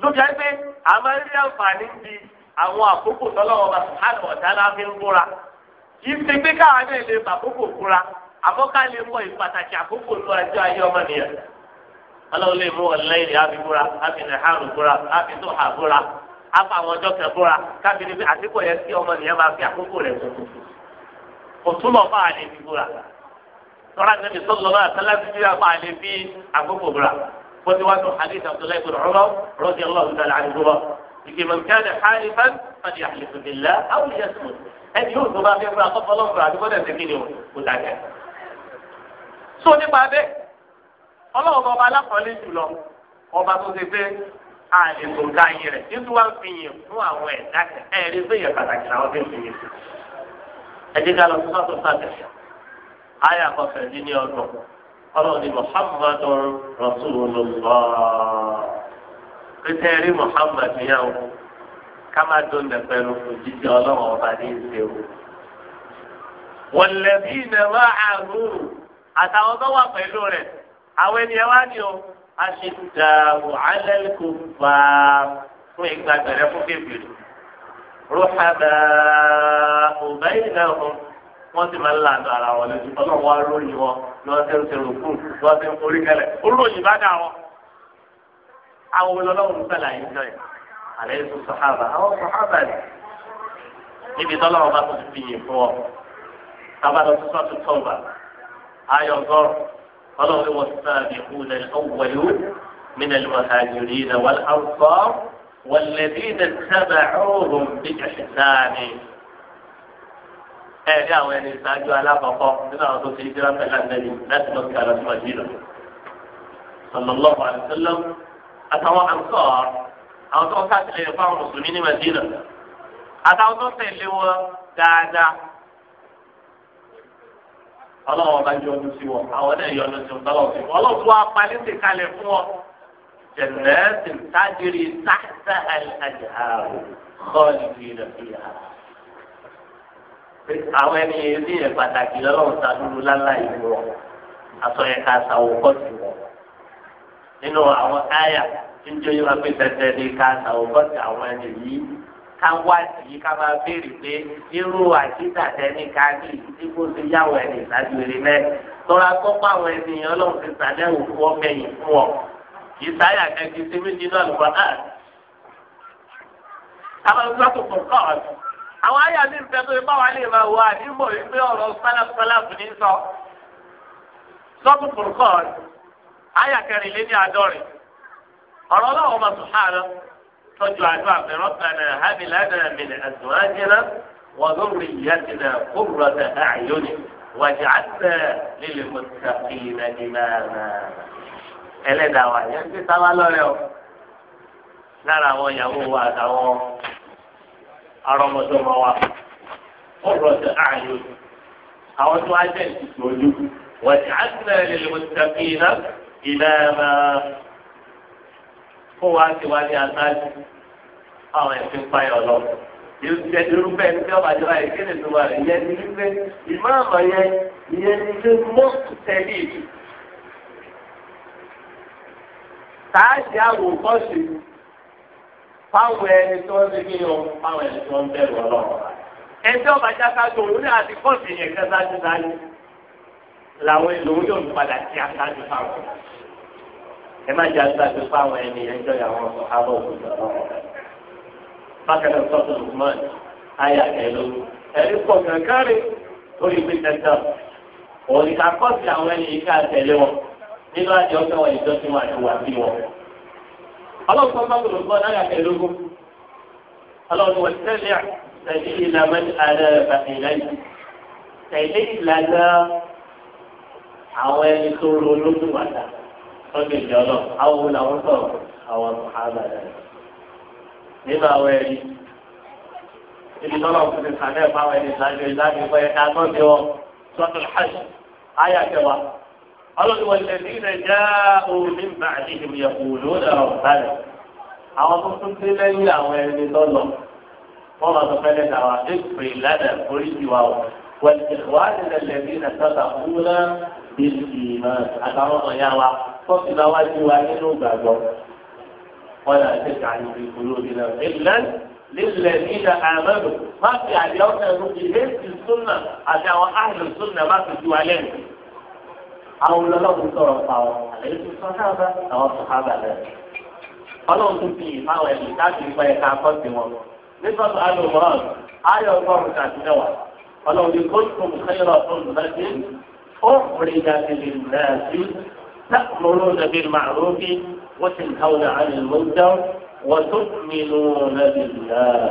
lóbi á gbé a rí àǹfààní àwọn àkókò tọ́lọ́wọ́ ọba sùhánù náà fi ń kì í ṣe pé náà lè àkókò lè mọ ìpàtàkì àkókò lọ ẹjọ́ afa àwọn ọjọ́ kẹfúra kábìrì bí àti kò yẹ kí ọmọ nìyẹn máa fi àkókò rẹ̀ kú kò túmọ̀ fún àlè fífúra tọ́lá níbi sọ́dọ̀ náà tẹ́lá ti fi àpá àlè fi àkókò búra bó ti wá tó hadith abdullahi bin umar rọ́ọ̀dì ọlọ́run tẹ̀lé àdúgbò ìgbè mọ̀nkẹ́ni hàlìfẹ́ fàdí àlèfẹ́bìlá àwọn ìyẹn sùn ẹni yóò tó bá fẹ́ àdìgbò ká yìí rẹ̀ títí wá ń fi yìn fún àwọn ẹ̀dá ẹ̀rí tó yẹ pàtàkì làwọn fi ń fi yìn. ẹ jẹ́ ká lọ sí sọ́tò sàtẹ̀sẹ̀ ayé àkọsẹ̀ dín ní ọdún ọlọ́ọ̀ni muhammadu rasulullah pété rí muhammadu yẹn o ká má dún ní pẹ̀lú òjijì ọba ní ìṣe o. wọ̀lẹ́bí ìnáwó àrùn àtàwọn tó wà pẹ̀lú rẹ̀ àwọn ènìyàn wá ní o aṣèjà wàhálà kò fà fún ìgbà gbẹrẹ fún kébìrì rúhàdà ọba yìí náà hàn wọn ti máa ń lànà ara wọn lójú Ọlọ́run wa lóyìn wọn ni wọn ti ń ṣe rògbò ni wọn ti ń forí kẹlẹ̀ olóyìn bá dà wọn. àwọn olólùwọ̀n ń sàlàyé náà yẹn àlẹ́ yìí tún sọ̀hábà àwọn sọ̀hábà ni níbi tọ́lọ́wọ́n bá tó ti fi yìn fún ọ tábàdàn tó sọ́ọ́ tó tọ́ba ayọ̀ gọ́rùn ọlọ́run wọ sáàbìkún ọ̀wẹ́lú minal muhajirin wal ansar والذين اتبعوهم بإحسان ẹ̀rí àwọn ẹni ìsáájú alákọ̀ọ́kọ́ nínú àwọn tó ṣe ìdíra pẹ̀lú àtẹ̀lé láti lọ sí àlọ́ síwájú ìlú. sallallahu alaihi wasallam àtàwọn àǹsọ̀ àwọn tó ń káàkiri ẹ̀fọ́ àwọn mùsùlùmí ní Madina àtàwọn tó ń tẹ̀lé wọn dáadáa ọlọ́wọ́ bá yọnu sí wọn àwọn náà yọnu sí wọn tọ́lọ̀ sí wọn ọlọ́wọ́ wa parí ti kalẹ̀ fún wọn. jẹ̀nẹ́ẹ̀tì tájìrì táṣà àjàrò kọ́ọ̀lì fi rẹ̀ fi hà. àwọn ẹni èyí yẹn pàtàkì lọ́wọ́ sàdúró lálá wọn àtọ̀yẹ ká sàwọ́ kọ́ọ̀tù wọn. nínú àwọn káyà tí ń jẹ́ yóò wá pé tẹ́tẹ́ ní ká sàwọ́ kọ́ọ̀tù àwọn ẹni yìí ká wá sí ká máa béèrè pé irú àkíta tẹ́ni ká ní ìdí kó ti yáwó ẹni ìdájúwèrè mẹ́. tọ́ra tó pa àwọn ènìyàn ọlọ́run ti sàdéhùn fún ọmọ ẹ̀yìn fún ọ. ìsáyà kẹ́kì sí méjì náà lùbọ̀ náà. àwọn ìgbà tó kọ̀ kọ́ ọ̀dọ̀. àwọn àyà mi fẹ́ tó bá wa lè máa wọ àdìmọ̀ wípé ọ̀rọ̀ sálàfù ní sọ. sọ́kù kọ̀ ọ̀dọ̀ tọ́jú àdúrà fẹ́rọ́ fẹ́rẹ́ hábìlẹ́dẹ̀ mìíràn àtúwájẹ́nà wàlúùrì yẹ́tìnà kúrọ̀tà àyọ̀nì wàjà àtẹ lílẹ̀ mọ̀tàkì nàìjíríà. ẹlẹ́dàá wa yẹn ti sábà lọ́rẹ́ o lára àwọn ìyàwó wa àtàwọn arọmọdọ́mọ wa kúrọ̀tà àyọ̀nì àwọn tó wá ìtìtì ojú wàjà àtẹ lílẹ̀ mọ̀tàkì nàìjíríà kó wá sí wá ní aṣáájú àwọn ẹ̀sìn payọ̀ lọ. Irúfẹ́ ní ọba ìjọba yìí kéde tó wà rẹ̀ yẹn ní wípé ìmáàmù yẹn ìyẹn ní wípé mọ́ọ̀kù tẹ̀lé ìlú. Táàsì àwọn òkọ́ṣe fáwọn ẹni tó ń bí yọ fáwọn ẹni tó ń bẹ̀rù ọlọ́run. Ẹjọ́ ọba jáká tó òun náà ti kọ́ọ̀sì yẹn kẹ́sájú sáájú. Làwọn èlò òun yóò padà sí aṣáájú fáwọn ẹ má jẹ́ àgbà tó fáwọn ẹni ẹjọ́ ìyàwó sọ̀hábọ̀ òkúta lọ́wọ́. bákan náà sọ́tún lukman ayà ẹ̀lú ẹ̀rí pọ̀ kankanre lórí ìgbé tẹ̀sán òní ká kọ́ sí àwọn ẹni ìka àtẹ̀lé wọn nínú àjọ ọ̀sẹ̀ wọn ìjọ tí wọn àti wà sí wọn. ọlọ́run sọ́tún lukman ayà ẹ̀lú ọlọ́run wọ́n tẹ́lẹ̀ tẹ̀lé ìlànà àdàbà ìlànà tẹ̀lé ìlànà àwọn ẹni tó ronú wàdà lọ́dún ìjọ lọ àwọn wo làwọn sọ̀rọ̀ àwọn sàhábà rẹ̀ nínú àwọn ẹ̀rí ibi tọ́lọ̀ fún mi sàlẹ̀ fáwọn ẹni ìdájọ́ ìdájọ́ ìfọ̀ ẹ̀ka tó ti wọ sọ́tò hajj ayé àtẹwà ọlọ́dún wọn lè dín náà já omi bá àdéhùn yẹ kó ló dà ọ̀ balẹ̀ àwọn tó tún dé lẹ́yìn àwọn ẹni lọ́lọ́ wọ́n máa sọ fẹ́lẹ́ dà wá ẹgbẹ́ ìlànà oríṣi wa o wọ́n ti wá nílẹ̀ lẹ́yìn náà kọ́sì náà wájú wa nínú gbàgbọ́ wọn là ń tẹ̀ka níbi olóde náà ìlànà lílẹ̀ nílẹ̀ àmọ́dù má fi àdéhùn ẹ̀rú ìrètí súnà àti àwọn àhìlù súnà má fi ju alẹ́ nù. àwọn olólùfẹ́ sọ̀rọ̀ pa wọn àlẹ́ tó sọ́hábà àwọn sọ́hábà náà. ọlọ́run tún fi ìfáwọn ẹ̀mí láti gba ẹ̀ka kọ́sì wọn. nítorí alùmọ́ọ̀n ayọ̀ ọgọ́rùn-ún àti mẹ́wàá ọlọ́run ní kóńtùn kẹ́yọ̀rọ̀ تأمرون بالمعروف وتنهون عن المنكر وتؤمنون بالله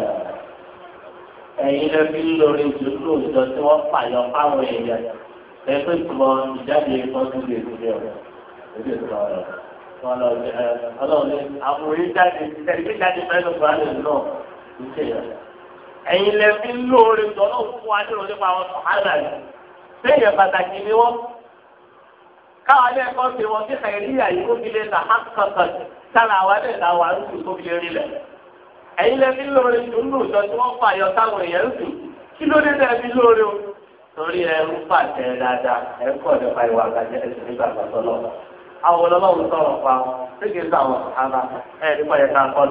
ẹ̀yin lè fi lórí ìdúró ìjọ tí wọ́n pààyọ fáwọn èèyàn ẹgbẹ́ ìtumọ̀ ìjáde ẹ̀kọ́ tó lè fi lè rẹ̀ ẹgbẹ́ ìtumọ̀ rẹ̀ ọlọ́run ní àwòrán jáde ẹgbẹ́ jáde mẹ́rin fún náà ń ṣe yẹn. ẹ̀yin lè lórí ìjọ náà fún wa nínú nípa àwọn sọ̀hánà yìí. bẹ́ẹ̀ yẹn pàtàkì ni wọ́n táwa lè kọ́ ṣe wọn sí nàìjíríà yìí kó fi lè nà kankan sára wa lè nà wà lùkù kó fi lè ẹ̀yin lẹ fi lóore sùúrù jọ tí wọ́n fà yọ táwọn èèyàn ń sùn kí ló dé dẹ́ẹ̀ fi lóore o. torí ẹ pàṣẹ dáadáa ẹ ń kọ́ nípa ìwà àgbàjẹ ẹsẹ̀ nígbà àgbàtọ́ lọ. àwọn ọlọ́wọ́ sọ̀rọ̀ pa wọn ṣéke sáwọn àná ẹ̀ nípa yẹ ká kọ́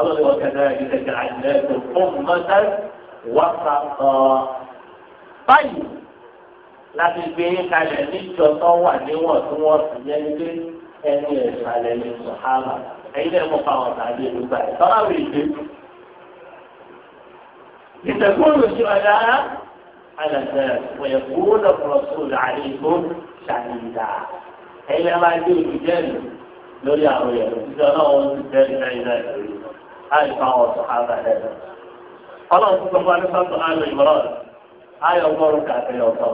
الله وكذلك جعلناكم أمة وسطا báyìí láti gbé kalẹ̀ níjọ tó wà níwọ̀ntúnwọ̀nsì yẹn ní pé ẹni ìsàlẹ̀ ní sùhálà ẹ̀yin náà mọ̀ fáwọn tàbí ìlúgbà ẹ̀ tọ́lá rè dé. ìtẹ̀kùn ìṣọ̀dá àlàfẹ́ wẹ̀kú lọ́kùnrin àlejò ṣàlìdà ẹ̀yin náà máa gbé olùjẹ́rìí lórí àwọn ẹ̀rọ ìjọ náà ti jẹ́rìí náà ìlànà ìlú àìsàn àwọn sọ̀hánà rẹ̀. ọlọ́run tó gbọ́ ní sọ́tún àlọ́ ìmọ̀ràn ayọ̀ gbọ́rùn kàkiri ọ̀tọ̀.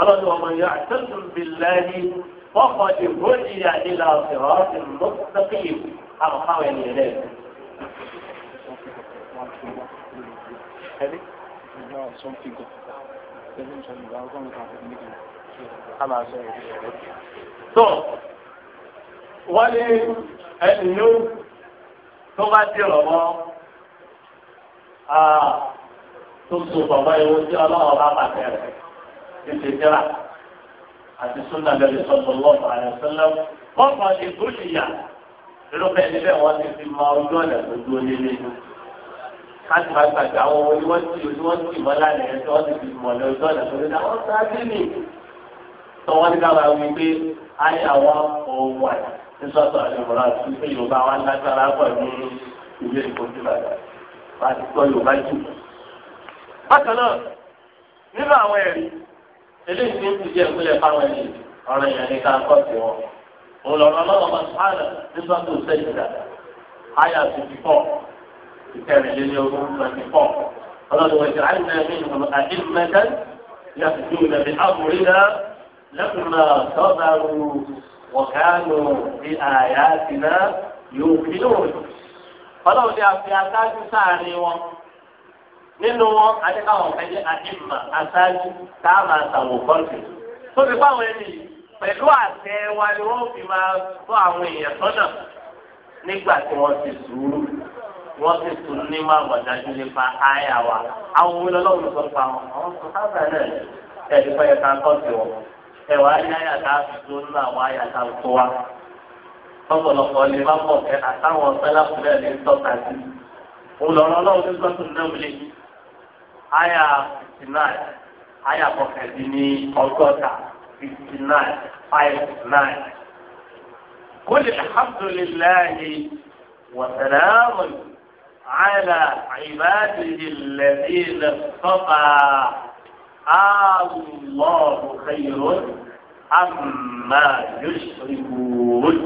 ọlọ́run ọmọ yẹn àtẹ́sùn bí lẹ́yìn fọ́kàn So, wọ́n lé ẹni yóò tó bá dé ọ̀rọ̀ ah, tó so bàbá ìwọ tí ọlọ́wọ́ bá pàṣẹ rẹ̀ títí jẹ́ra àti súnà lẹ́yìn sọ́dọ̀ lọ́ọ̀bù àyẹ̀sọ́lẹ́ kọ́kọ́ ní gúlìyà irúfẹ́ níbẹ̀ wọ́n ti fi mọ ojú ọ̀nà tó dúró nílé láti máa gbàgbé àwọn ohun tí wọ́n ti ti mọ́ lálẹ́ yẹn tí wọ́n ti fi mọ̀ lọ ọ̀nà tó dúró náà wọ́n sáré nì ní sísọ́tọ̀ àdìmọ́ra àti pé yorùbá wa lágbára pọ̀ ní ìwé ìkọ́jú bàbá wa ti kọ́ yorùbá jù. bákan náà nínú àwọn ẹ̀rí eléyìí ti ń ti jẹ́ ìpínlẹ̀ fáwọn ẹ̀rí ọ̀rọ̀ ìyẹn ní ká kọ́ sí wọn. òlọ́rọ̀ lọ́wọ́ bá sùhánà sísọ́tọ̀ sẹ́yìn dàda àyà twenty four ìkẹrìnlélẹ́ ogún twenty four ọlọ́dún wẹ̀jẹ̀ àìmọ̀ ẹ̀mí ìmọ̀ àdìmọ̀ẹ́dẹ́ yàtúndínlẹ̀ ọ̀gáàlù bí àyà ti náà yóò fi lóore. ọlọ́run ni a fi aṣáájú sáàárín wọn nínú wọn adékáwọn fẹ́ jẹ́ àdìmọ̀ aṣáájú tá a máa ṣàwò kọ́ọ̀tù. tó fi fáwọn ẹni pẹ̀lú àṣẹ wa ni wọ́n fi máa tọ́ àwọn èèyàn sọ́nà nígbà tí wọ́n ti sùúrù wọ́n ti tún ní máa wà nípa àyà wa. àwọn olólùfẹ́ sọ fún àwọn àwọn sọ ẹwà ayáyà tá a fi tó nínú àwọn ayà tá a tó wa ọ̀pọ̀lọpọ̀ lè má pọ̀ kẹ́ àtàwọn sẹ́láfù náà lè tọ́ka sí olùrànlọ́wọ́ lọ́wọ́ ní sọ́tún náà wọlé ayà fifty nine ayà kọkẹ́bí ní ọgọ́ta fifty nine five nine. قل الحمد لله وسلام على عباده الذين اصطفى Allahu khayrun amma yushrikun.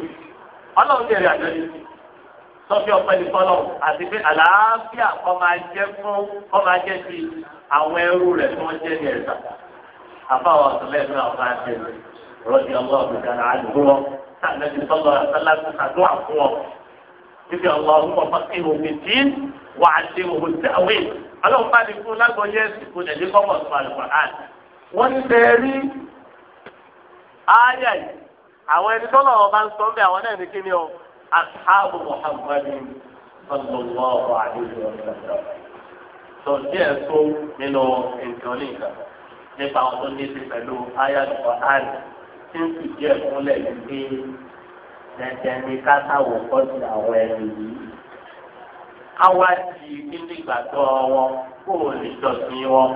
Ọlọ́run ti rí àjọ yìí sọfí ọpẹ́ ní fọlọ àti pé àlàáfíà kọ máa jẹ fún kọ máa jẹ ti àwọn ẹrú rẹ tí wọn jẹ ní ẹsà àfàwọn ọsùnlẹ ní àwọn máa jẹ rọjò ọlọ́run dáná àdúgbò wọn sáà lẹbi sọlọ àtàlà níbi ọlọ́run ọmọ ìhò mìtí wà á ṣe òwò tẹ̀wé ọlọ́run bá ní fún lágbọ́yé ìsìnkú nàìjí kọ́mọ̀ tó àlùkò àn. wọ́n ní bẹ́ẹ̀ rí ayé àwọn ẹni tọ́lọ̀ ọba ń sọ bẹ́ẹ̀ àwọn náà ní kíni o asáàbù muhammadu sallallahu alayhi wa sallam. sọ díẹ̀ tó nínú nǹkan nìkan nípa àwọn ní ti pẹ̀lú ayé àlùkò àn tí ń fi díẹ̀ fúnlẹ̀ ní dandan ni kásáwò kọ́sí àwọn ẹni yìí. Àwa di kíndì gbàgbọ́ wọn bó o lè dọ̀sìn wọn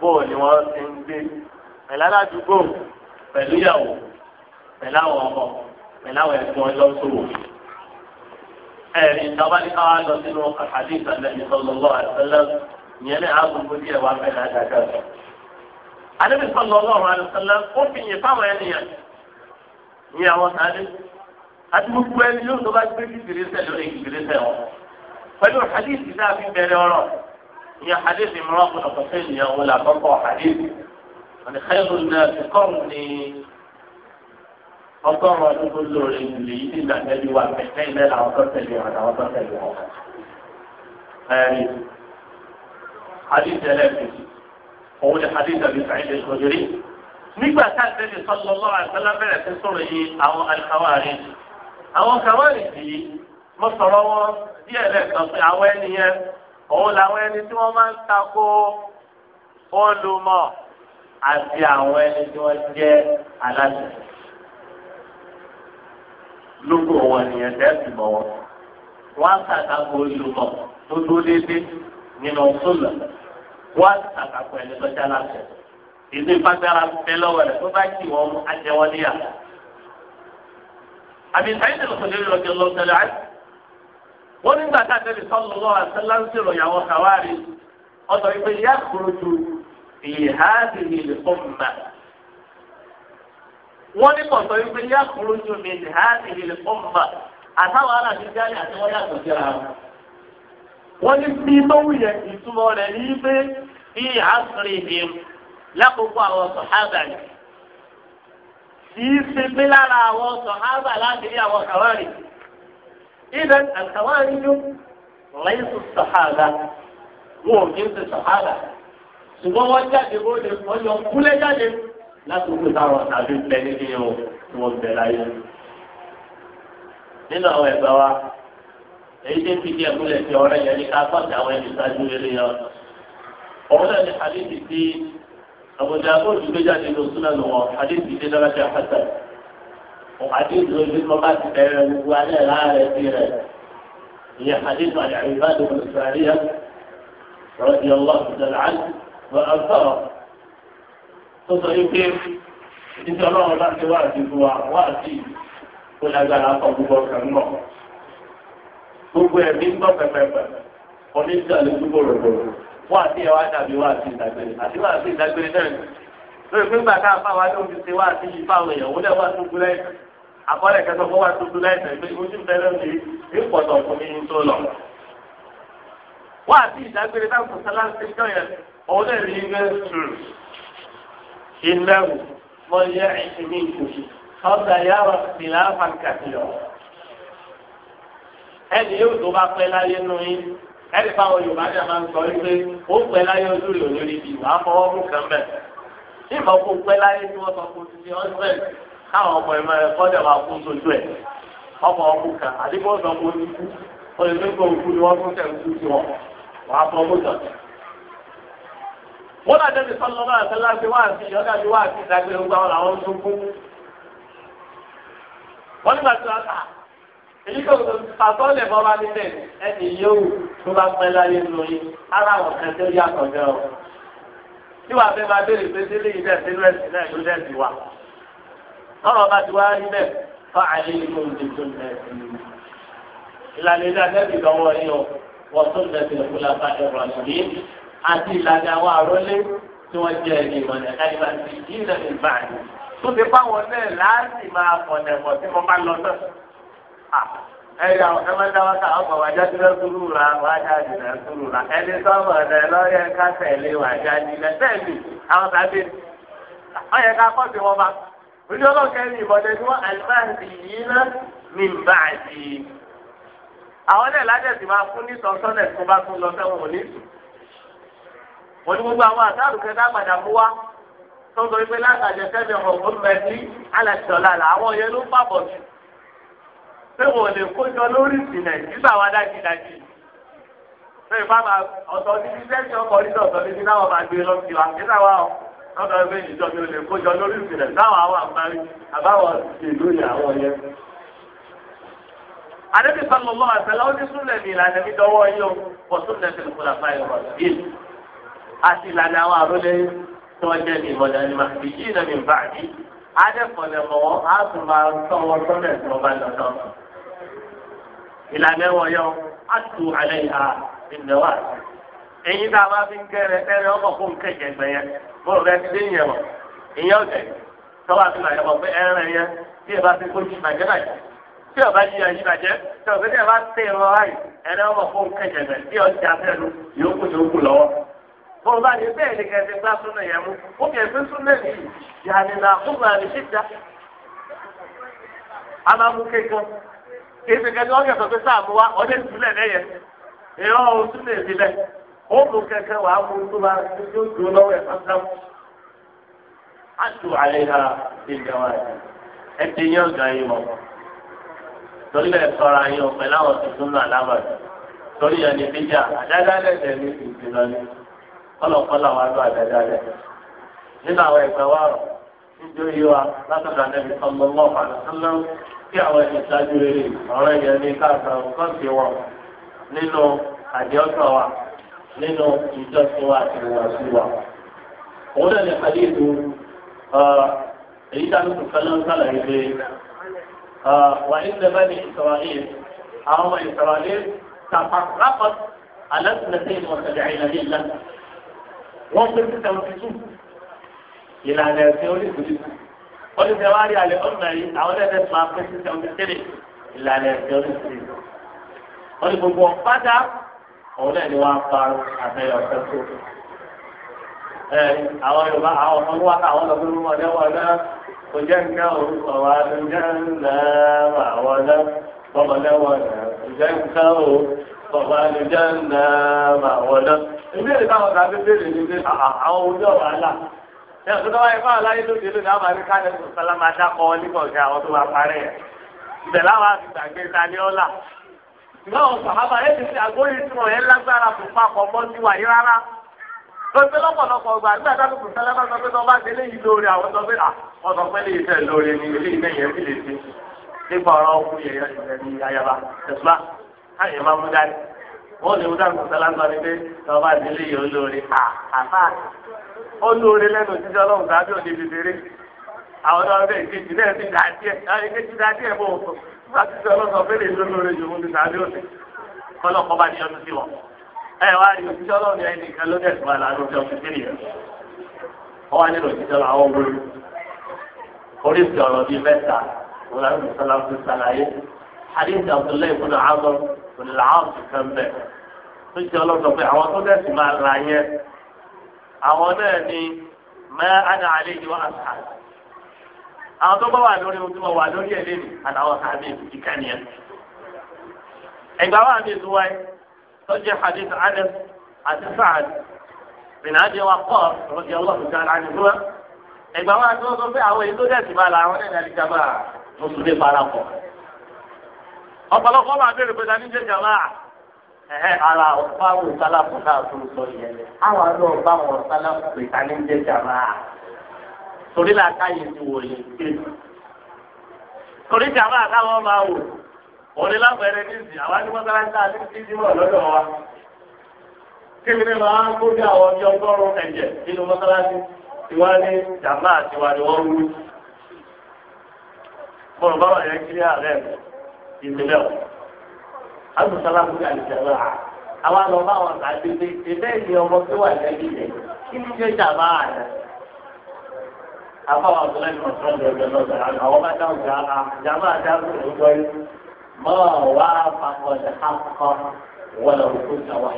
bó o ni wọ́n ti ń gbé. Pẹ̀lú aládùúgbò, pẹ̀lú ìyàwó, pẹ̀lú àwọn ọmọ, pẹ̀lú àwọn ẹ̀gbọ́n ọlọ́sọ̀wò. Ẹ̀rí ìjọba ní káwá lọ sínú àkàdé ìsàlẹ̀ ìsọlọ́lọ́ àìsọ́lọ́ ìyẹn ní àgùnbó díẹ̀ wá fẹ́ lágàgà. Adébísọ̀lọ́ ọlọ́run àìsọ́lọ́ ó fi yìn fáwọn ènìyàn ní àwọn sáré àti gbogbo ẹni yóò tó bá gbé kìkìrìsẹ lórí kìkìrìsẹ wọn pẹ̀lú hadith náà fi bẹ̀rẹ̀ ọ̀rọ̀ ìyẹn hadith mìíràn kò lọkọ sí ènìyàn wọn là kọ́kọ́ hadith wọn ni xeyìrù náà ti kọrù ní ọgọ́rùn ọdún tó lórí ìlú yìí nígbà tẹbi wà pẹtẹ ilẹ̀ làwọn tó tẹ̀lé wọn làwọn tó tẹ̀lé wọn. ẹẹri hadith ẹlẹ́kẹ̀ẹ́ òun ni hadith àbí sàyẹ̀dẹ̀ sọ̀rọ̀ nígbà tá a tẹ̀lé sọ́lọ́lọ́ àwọn kàmáàlì yìí mo sọ̀rọ̀ wọn díẹ̀ lẹ́ẹ̀kan pé àwọn ẹni yẹn òun làwọn ẹni tí wọ́n máa ń takò olùmọ̀ àti àwọn ẹni tí wọ́n jẹ́ aláṣẹ. lóko wọn nìyẹn tẹ́sí mọ́ wọn. wọ́n á sàkàkọ olùmọ̀ tó dúró déédéé nínú sólà. wọ́n á sàkàkọ ẹni tó jẹ́ aláṣẹ. ìdí ìfagbára ń lọ́wọ́ rẹ̀ tó bá kí wọ́n á níyà àbí sáyẹ́ǹsì lọ́sọ̀lẹ́ rẹ̀ lọ́jọ́ lọ́sọ̀lẹ́ àti. wọ́n nígbà tá a tẹ́lẹ̀ sọ́nù lọ́wọ́ àtẹ́láńsì rọ̀yàwó kàwárí ọ̀sọ̀ ìpè yá kúròjù ìhádìí lè fọ́ mọ́ wọ́n ní kọ̀tọ̀ yìí pé yá kúrò ní omi ní ha ti lè fọ́ mọ́ àtàwọn aláàbí jáde àti wọ́n yàtọ̀ sí ara wọn. wọ́n ní bí mọ́wù yẹn ìtumọ̀ rẹ̀ ní pé bí kì í ṣe pé lára àwọn sọ̀hábà láti rí àwọn kàwárì. Idan àkàwárì yó lẹ́yìn sọ̀hábà wọn ò kí ń ṣe sọ̀hábà. Ṣùgbọ́n wọ́n jáde wọ́n lè wọ́n yọ kúlẹ̀ jáde láti wúlò táwọn tàbí bẹ nílé o tí wọ́n bẹ láyé. Nínú àwọn ẹ̀gbẹ́ wa, èyí tí ń fi díẹ̀ múlẹ̀ sí ọ̀rẹ́ yẹn ní ká pàṣẹ àwọn ẹni ṣáájú eré yẹn. Òun náà ni àlejò àbújá kó ojú méjà nínú súnà nù wọn àdéhùn ìdílé lọ́lájà pátá àdéhùn ìdílé mọ́ bá ti bẹ̀rẹ̀ gbogbo alẹ́ láàrẹ̀ sí rẹ̀ ìyẹn àdéhùn àlẹ́ àyùbá lóko ìsirayíyá rọ̀dì ọlọ́run ìdàlẹ́ àlẹ́ wọ́n á sọ̀rọ̀ tó sọ yìí pé ìdíjọ́ ọlọ́run bá ti wá àti fún wa wá àti kó lágbára kọ gbogbo ọ̀sán náà gbogbo ẹ̀mí gbọ́ pẹ̀pẹ̀pẹ̀ wá sí ẹ wá dàbí wá sí ìdágbére àti wá sí ìdágbére náà ni lórí pé nígbà táwọn fáwọn adé omi ti wá yìí fáwọn èèyàn wọlé wá tuntun lẹ́yìn àkọọ́lẹ̀ kẹsàn-án fún wá tuntun lẹ́yìn pé ojú bẹ́ẹ̀ lọ́ọ́ ní ìpọ̀tọ̀ fún mi tó lọ. wá sí ìdágbére táwọn kò sálá sí ìjọ yẹn òun náà rí ilé ìnáwó mọ iye ìsinmi ìkòkì ọ̀sà yàrá yóò tó bá pẹ́ láyé nù yín ẹni fáwọn yorùbá náà máa ń sọ wípé ó pẹ́ láyé ojú rẹ̀ òní rí bíi wàá fọwọ́ mú kàn bẹ́ẹ̀. ní ìmọ̀ kó pẹ́ láyé tí wọ́n sọ fún ti ọ́sẹ̀ káwọn ọmọ ẹ̀mọ rẹ̀ kọ́jà máa kú sojú ẹ̀ ọkọ̀ ọkù kan àdìgbò sọ fún ojú kú ó lè fẹ́ òkú ni wọ́n fún kẹ̀kú sí wọn wàá fọ mú kàn. wọ́n láti ẹni sọ́nà náà sẹ́lá sí wá àti ìyọ́dà sí wá àti ìdágbére gbà wọn làwọn tún kú. wọ́n nígbà tí wọ́n èyí tó àtọ́lẹ̀ bọ́ bá nílẹ̀ ẹni yóò tó bá pẹ́ láyé nínú yín ara wọn kan tó yàtọ̀ jẹ́ o. tí wàá fẹ́ máa béèrè pé sílé yìí dẹ̀ sínú ẹ̀sìn náà ló dẹ̀ sí wa. ọ̀rọ̀ bá ti wá rí bẹ́ẹ̀ fọ́ àyè inú ìdè tó ń bẹ̀ sí i. ìlànà ìdá nẹ́bí lọ́wọ́ yín o wọ́n tó ń bẹ̀ sí ìlú lápá ẹ̀rọ àṣìlí àti ìlànà àwọn àrólé tí wọ́n jẹ́ ẹni ìmọ̀lẹ̀ ẹ̀yà ẹ̀mẹ́dáwáta ọkọ̀ wájà ti lẹ́kúrú ra wájà ti lẹ́kúrú ra ẹni sọ́mọ̀ ọ̀dẹ̀ lọ́yẹ̀ ká tẹ̀lé wájà ni lẹ́sẹ̀lì àwọn tàbí ọ̀yẹ̀ kọ́ sí wọn bá ojú ọlọ́kẹ́rin ìbọ̀dẹ̀ tí wọ́n àlùfáàǹtì yìí ná ní báàdì àwọn náà máa fún ní sọ́sọ́nẹ̀ tó bá tún lọ sẹ́wọ̀n òní sùn ní gbogbo àwọn àtàrù kẹta pé wọ́n lè kójọ lórí ìsìnlẹ̀ nígbà wa dájú dájú. pé ìfá máa ọ̀sọ̀ ní ilé ẹ̀sìn ọkọ̀ orí ọ̀sọ̀ ní ti náà máa gbé lọ sí wa kí táwa ọ̀ lọ́dọ̀ ẹgbẹ́ ìjọ mi ò lè kójọ lórí ìsìnlẹ̀ táwa wà parí àbáwọ̀ ìlú ìyàwó yẹn. àdébí sọ́nù lọ́wọ́ àtẹlẹ́ ó ní súnlẹ̀ ní ìlànà mi dọ́wọ́ yín o kò súnlẹ̀ tẹ̀lé kúlà fáyọ̀ rọ̀ yìí. àti ìlànà àwọn àrólé tí wọ́n jẹ́ ní ìmọ̀lẹ́ ní màkìbí yìí náà ní ìbáàdì adẹ́kọ̀ọ́lẹ̀ mọ́ á tún máa tọ́ wọn tọ́lẹ̀ tí wọ́n bá ìlànà ẹ̀wọ̀n yọ àtù alẹ́ ìhà ìnáwó àti. èyí tá a máa fi ń kẹrẹ kẹrẹ ọmọ fún kẹjẹ gbẹ yẹn bó rẹ ti dé yẹn mọ ìyẹn ọjẹ tọwọ àti màjẹ mọ pé ẹrẹ yẹn tí ẹ bá ti kójú màjẹ bàjẹ tí ọba yìí yàyí bàjẹ tí ọba tí ẹ bá tẹ ẹ lọ láyìí ẹrẹ ọmọ fún kẹjẹ gbẹ tí ọjà fẹnu yòókù yòókù lọ́wọ́ bọ́n bá ní bẹ́ẹ̀ ni kẹ́sì gbá súnà èsì kẹ̀kẹ́ ọ̀kẹ́ sọ pé sáàmù wa ọdẹ ìtúlẹ̀ lẹ́yẹ èyí ọ̀ ọ̀tún lè fi lẹ̀ ó mú kẹ̀kẹ́ wàá mú tó bá tó dùn lọ́wọ́ ẹ̀ sáfúnáfù. á tu àlẹ́ ìjà wa ti yán ọ̀gá mọ̀ torí sọ̀rọ̀ láwọn náà torí bíjà ní ni lẹ̀ nínú àwọn kí àwọn ìṣáájú rere ọ̀rọ̀ yẹn ní káàkiri nǹkan ti wọ̀ nínú àdéhùn wa nínú ìjọsìn wa àti ìwàsí wa. òun náà lè pàdé ìlú èyí tá a lóṣù fẹ́lẹ́ ń sàlàyé pé wà ní sẹ́fẹ́ ní ìsọ̀rọ̀lẹ́ àwọn ọmọ ìsọ̀rọ̀lẹ́ tàpá rápọ̀ alẹ́sìnẹ́sẹ́ ìmọ̀sẹ̀lẹ̀ àìlàyé ìlànà wọ́n pé oníṣẹ́ wa rí alẹ́ ọ̀nà yìí àwọn ẹ̀fẹ́ tó máa pín sí seventy three ìlànà ẹ̀fẹ́ oríṣi. wọ́n ní gbogbo ọ̀pátá òun náà ni wọ́n á parọ́ àtẹ̀yọ̀ ọ̀sẹ̀ tó. ẹ àwọn yorùbá àwọn ọmọ wa àwọn ọmọ mi wọn lẹ́wọ̀n náà kò jẹ́ nǹkan orúkọ wa ló jẹ́ ńlá àwọn náà bọ́mọ lẹ́wọ̀n náà kò jẹ́ nǹkan o bọ́mọ ló jẹ́ ńlá àwọn náà. ìbéèrè táwọn kan ẹ̀ fún wáyé fáwọn aláyé lóde lóde àwọn àbí ká lẹ́nu sọlá máa dákọ̀ ọ́ nígbà ọ̀gá àwọn tó wà parẹ́ ẹ̀. ibẹ̀ láwọn àti gbàgbé ta ní ọ́là. ìgbàwọ̀n sàhábà yẹn ti fi àgbóyè tí wọ́n yẹn lágbára fún papọ̀ mọ́ sí wàyí rárá. lóṣù lọ́pọ̀lọpọ̀ gbà nígbà tá a kò sọlá bá sọ pé tọ́ba ti léyìí lóore àwọn ọ̀rọ̀ ọkùnrin yẹn ni ayaba ẹ̀sùlá káyọ̀ máa mú dání. wọ́n lè mú dání kò sọlá ń sọ ni pé tọ́ba ti léyìí lóore àfáà ó lóore lẹ́nu òjijì ọlọ́run tàbí òde bèbèrè àwọn ọ̀dọ́ ọ̀dọ́ ìkejì náà ti dà díẹ̀ ìkejì dà díẹ̀ bò láti sọ ọlọ́run ọ̀fẹ́lẹ̀ ìlú lóore jù wọn ti tàbí òde kọ́lọ́kọ́ bá ní ọdún sí wọn. ẹ wá rí òjijì ọlọ́run ẹni kan ló dẹ̀ wà lánàá ọjọ́ òjijì nìyẹn wọ́n wá nínú òjijì ọlọ́run àwọn wọlé oríṣi ọ̀rọ̀ bíi mẹ́ta wọn láti sọlá sàlàyé hadith àwọn náà ni mẹ ana àlejò àṣà àwọn tó bá wà lórí ohun tí wà lórí ẹ lẹni àtàwọn àmì ìkànnì ẹgbà tó wáyé tó jẹ hadith adé àti sáàd bìnnà àti wa kọ rọjò ọlọ́run tí a fún wa ẹgbà wa tó àwọn èyí tó dẹ̀sí bá la àwọn ní mùsùlùmí fara pọ̀ ọ̀pọ̀lọpọ̀ máa bẹ̀rẹ̀ ara ọ̀pá wò sálàfù náà tó ń sọ yẹn àwọn àlọ́ ọba wọn sálàfù pé ta ní jẹ́ jàmá torí la káyé ti wò ké torí jàmá káwọn máa wò òní lábẹ́rẹ́ níìsì àwọn adigunjalè àti ìdímọ̀ lọ́dọ̀ wa kébí ni màá kó bí àwọn ọbí ọgọ́rùn-ún ẹ̀jẹ̀ nínú mọ́sálásí tiwa ní jàmá tiwa ni wọ́n wú. Bọ̀rọ̀ báwọn yẹn kiri àárẹ̀ ìpínlẹ̀ ọ̀hún àwọn sábàbù ní àlùjàlá àwọn àlọ́ bá wọn àti pé ìfẹ́ ìdí ọmọ tó wà lẹ́yìn rẹ̀ kí ni ṣe ṣàbá rẹ̀. afọwọ́ àbúrò ẹni wọn sọ̀rọ̀ lọ́dọ̀ lọ́dọ̀ àwọn bá dáhùn jàmbá jàmbá dáhùn lọ́dọ̀ yìí mọ́ wá pàkọ́dé akọ wọn lọ kó sáwá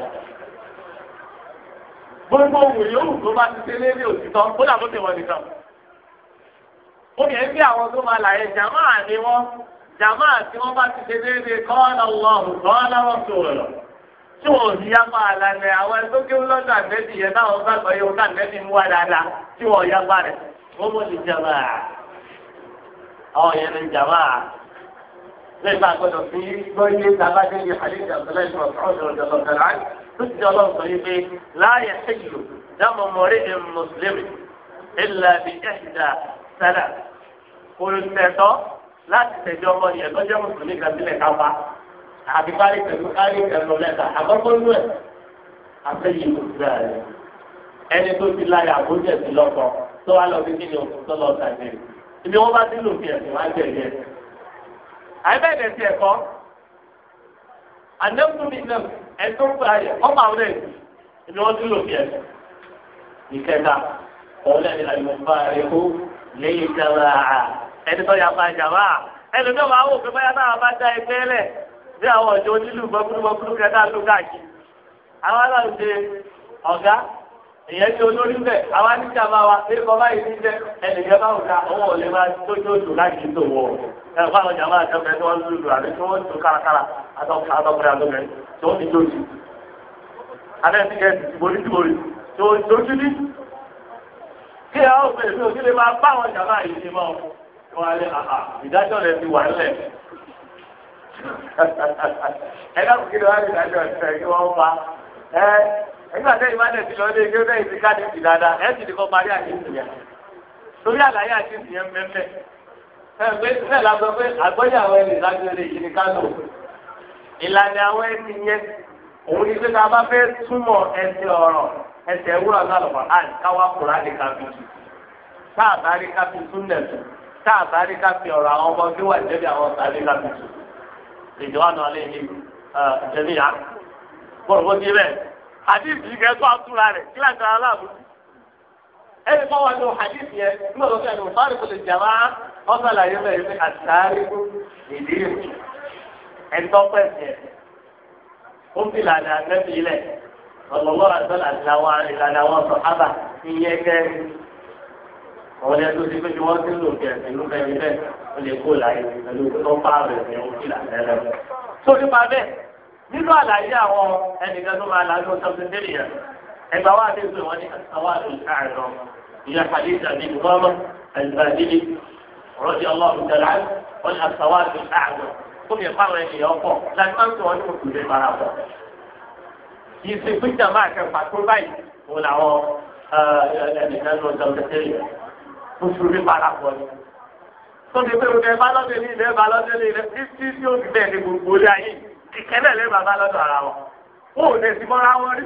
gbogbo òun yòówù tó bá ti délé ní òtítọ́ kó dà bó nìkan. obìnrin bí àwọn tó máa là jàmá tí wọ́n bá ti ṣe déédéé kọ́ọ̀lá ọlọ́run kọ́ọ̀lá ọ̀tún rẹ̀ tí wọ́n ní yapa àlànà àwọn ẹgbẹ́ kí wọ́n lọ́dọ̀ àgbẹ̀dì yẹn táwọn gbàgbọ́ yóò ká àgbẹ̀dì mú wa dáadáa tí wọ́n yapa rẹ̀ wọ́n mọ̀ ní jàmá àwọn yẹn ní jàmá lẹ́yìn bá fi gbọ́ ilé tàbá àlejò àbúlẹ̀ ìfọ̀sọ̀rọ̀ ọ̀dọ̀ ọ̀dọ̀ láti tẹ̀lé ọmọ yẹn lọ́jọ́ mùsùlùmí kan sílẹ̀ kápá àti kárí pẹ̀lú kárí pẹ̀lú lẹ́tà àkọ́kọ́ nú ẹ̀ afẹ́yìn ìgbà rẹ̀ ẹni tó ti láyà àbójú ẹ̀sìn lọ́kọ tó wá lọ sí kí ni òkú tó lọ sàgbé ibi wọn bá ti lò fi ẹ̀sìn wá jẹ̀lé ẹ̀sìn. ti ẹ̀kọ́ àdéhùnmí náà ẹ̀sùn gbà yẹ ọmọ àwọn ẹ̀sìn ibi wọn ti lò fi ẹ̀sìn ìkẹta òun náà máa wò pé báyà táwọn bá dá ẹgbẹ́ lẹ̀ bí àwọn ọ̀dọ́ onílù bọ́kúrúbọ́kúrú kẹta ló káàkiri àwọn aláǹdẹ ọ̀gá ìyẹn tí olórí bẹ àwa ní sábà wa pé bàbá yìí ti jẹ ẹnìyẹn bá wùdà owó ọ̀lẹ́ máa tójú láti tó wọ ẹ àwọn jàmbá àtọ́fẹ́ tí wọ́n lùlù àbí tí wọ́n tó kárakára àtọ́fẹ́ àtọ́fẹ́ àtọ́fẹ́ tí tó ti tó kí ẹ ó fèrè mi lè máa bá àwọn jàmbá yìí ní mọ́ wọn alẹ́ àhà ìdájọ́ rẹ̀ ti wà nílẹ̀. ẹ dákun kí ni wọ́n á ní ìdájọ́ kí wọ́n fa ẹ nígbà tẹ́yìn bá tẹ̀sí lọ lé kéwọ́n tẹ̀yìn ti ní ti dáadáa ẹ sì ní kọ́ parí àdéhùn yẹn torí àlàyé àdéhùn yẹn mẹ́mẹ́ ẹ pé bẹ́ẹ̀ la sọ pé àgbọ́jà àwọn ẹni ìdájọ́ rẹ̀ yìí ní kánò ìlànà àwọn ẹni yẹn òun ni pé ká bá fẹ́ túmọ̀ ẹsẹ̀ ọ̀rọ̀ ẹsẹ̀ ewúrọ̀ náà lọ́wọ́ káwá tù tá a bá rí káfí súnlẹ̀ tù tá a bá rí káfí ọ̀rọ̀ àwọn ọmọ tí wà jẹ́bi àwọn ọ̀tá rí káfí tù ìjọba náà lè ní jẹ́bi yá bọ̀rọ̀ bó ti bẹ́ẹ̀ tó àtúrà rẹ̀ kí ẹni fọwọ́ kò lè ọlọ́lọ́ àtọ́là làwọn ìlànà àwọn sọ̀hábà ti yẹ kẹ́rin àwọn ẹni tó ti pé kí wọ́n ti lò kí ẹ̀sìn ló fẹ́ẹ́ bẹ́ẹ̀ ó lè kó láyé pẹ̀lú tó bá rẹ̀ ní òkè làtẹ́lẹ̀. tó nípa bẹ́ẹ̀ nínú àlàyé àwọn ẹnìkan tó máa lájú ọjọ́ tó délé yẹn ẹgbà wa ti pè wọ́n ní àwọn àdúgbò àìrọ̀ ìyá khadija bin mọ́mọ́ àìsàdìlì rọ́jì ọlọ́run tẹ̀lá ìṣe píjà máa kẹ pàtó báyìí òun làwọn ẹnìkan ló jọ kékeré oṣù rí parapọ̀ ni. sọ́ni pé oge bá lọ́dẹ ní ilé bá lọ́dẹ ní ilé títí tí ó fi bẹ́ẹ̀ ní gbogbo orí ayé kìkẹ́ náà lé bàbá lọ́dọ̀ ara wọn. wọn ò lè ti mọ́ra wọn rí.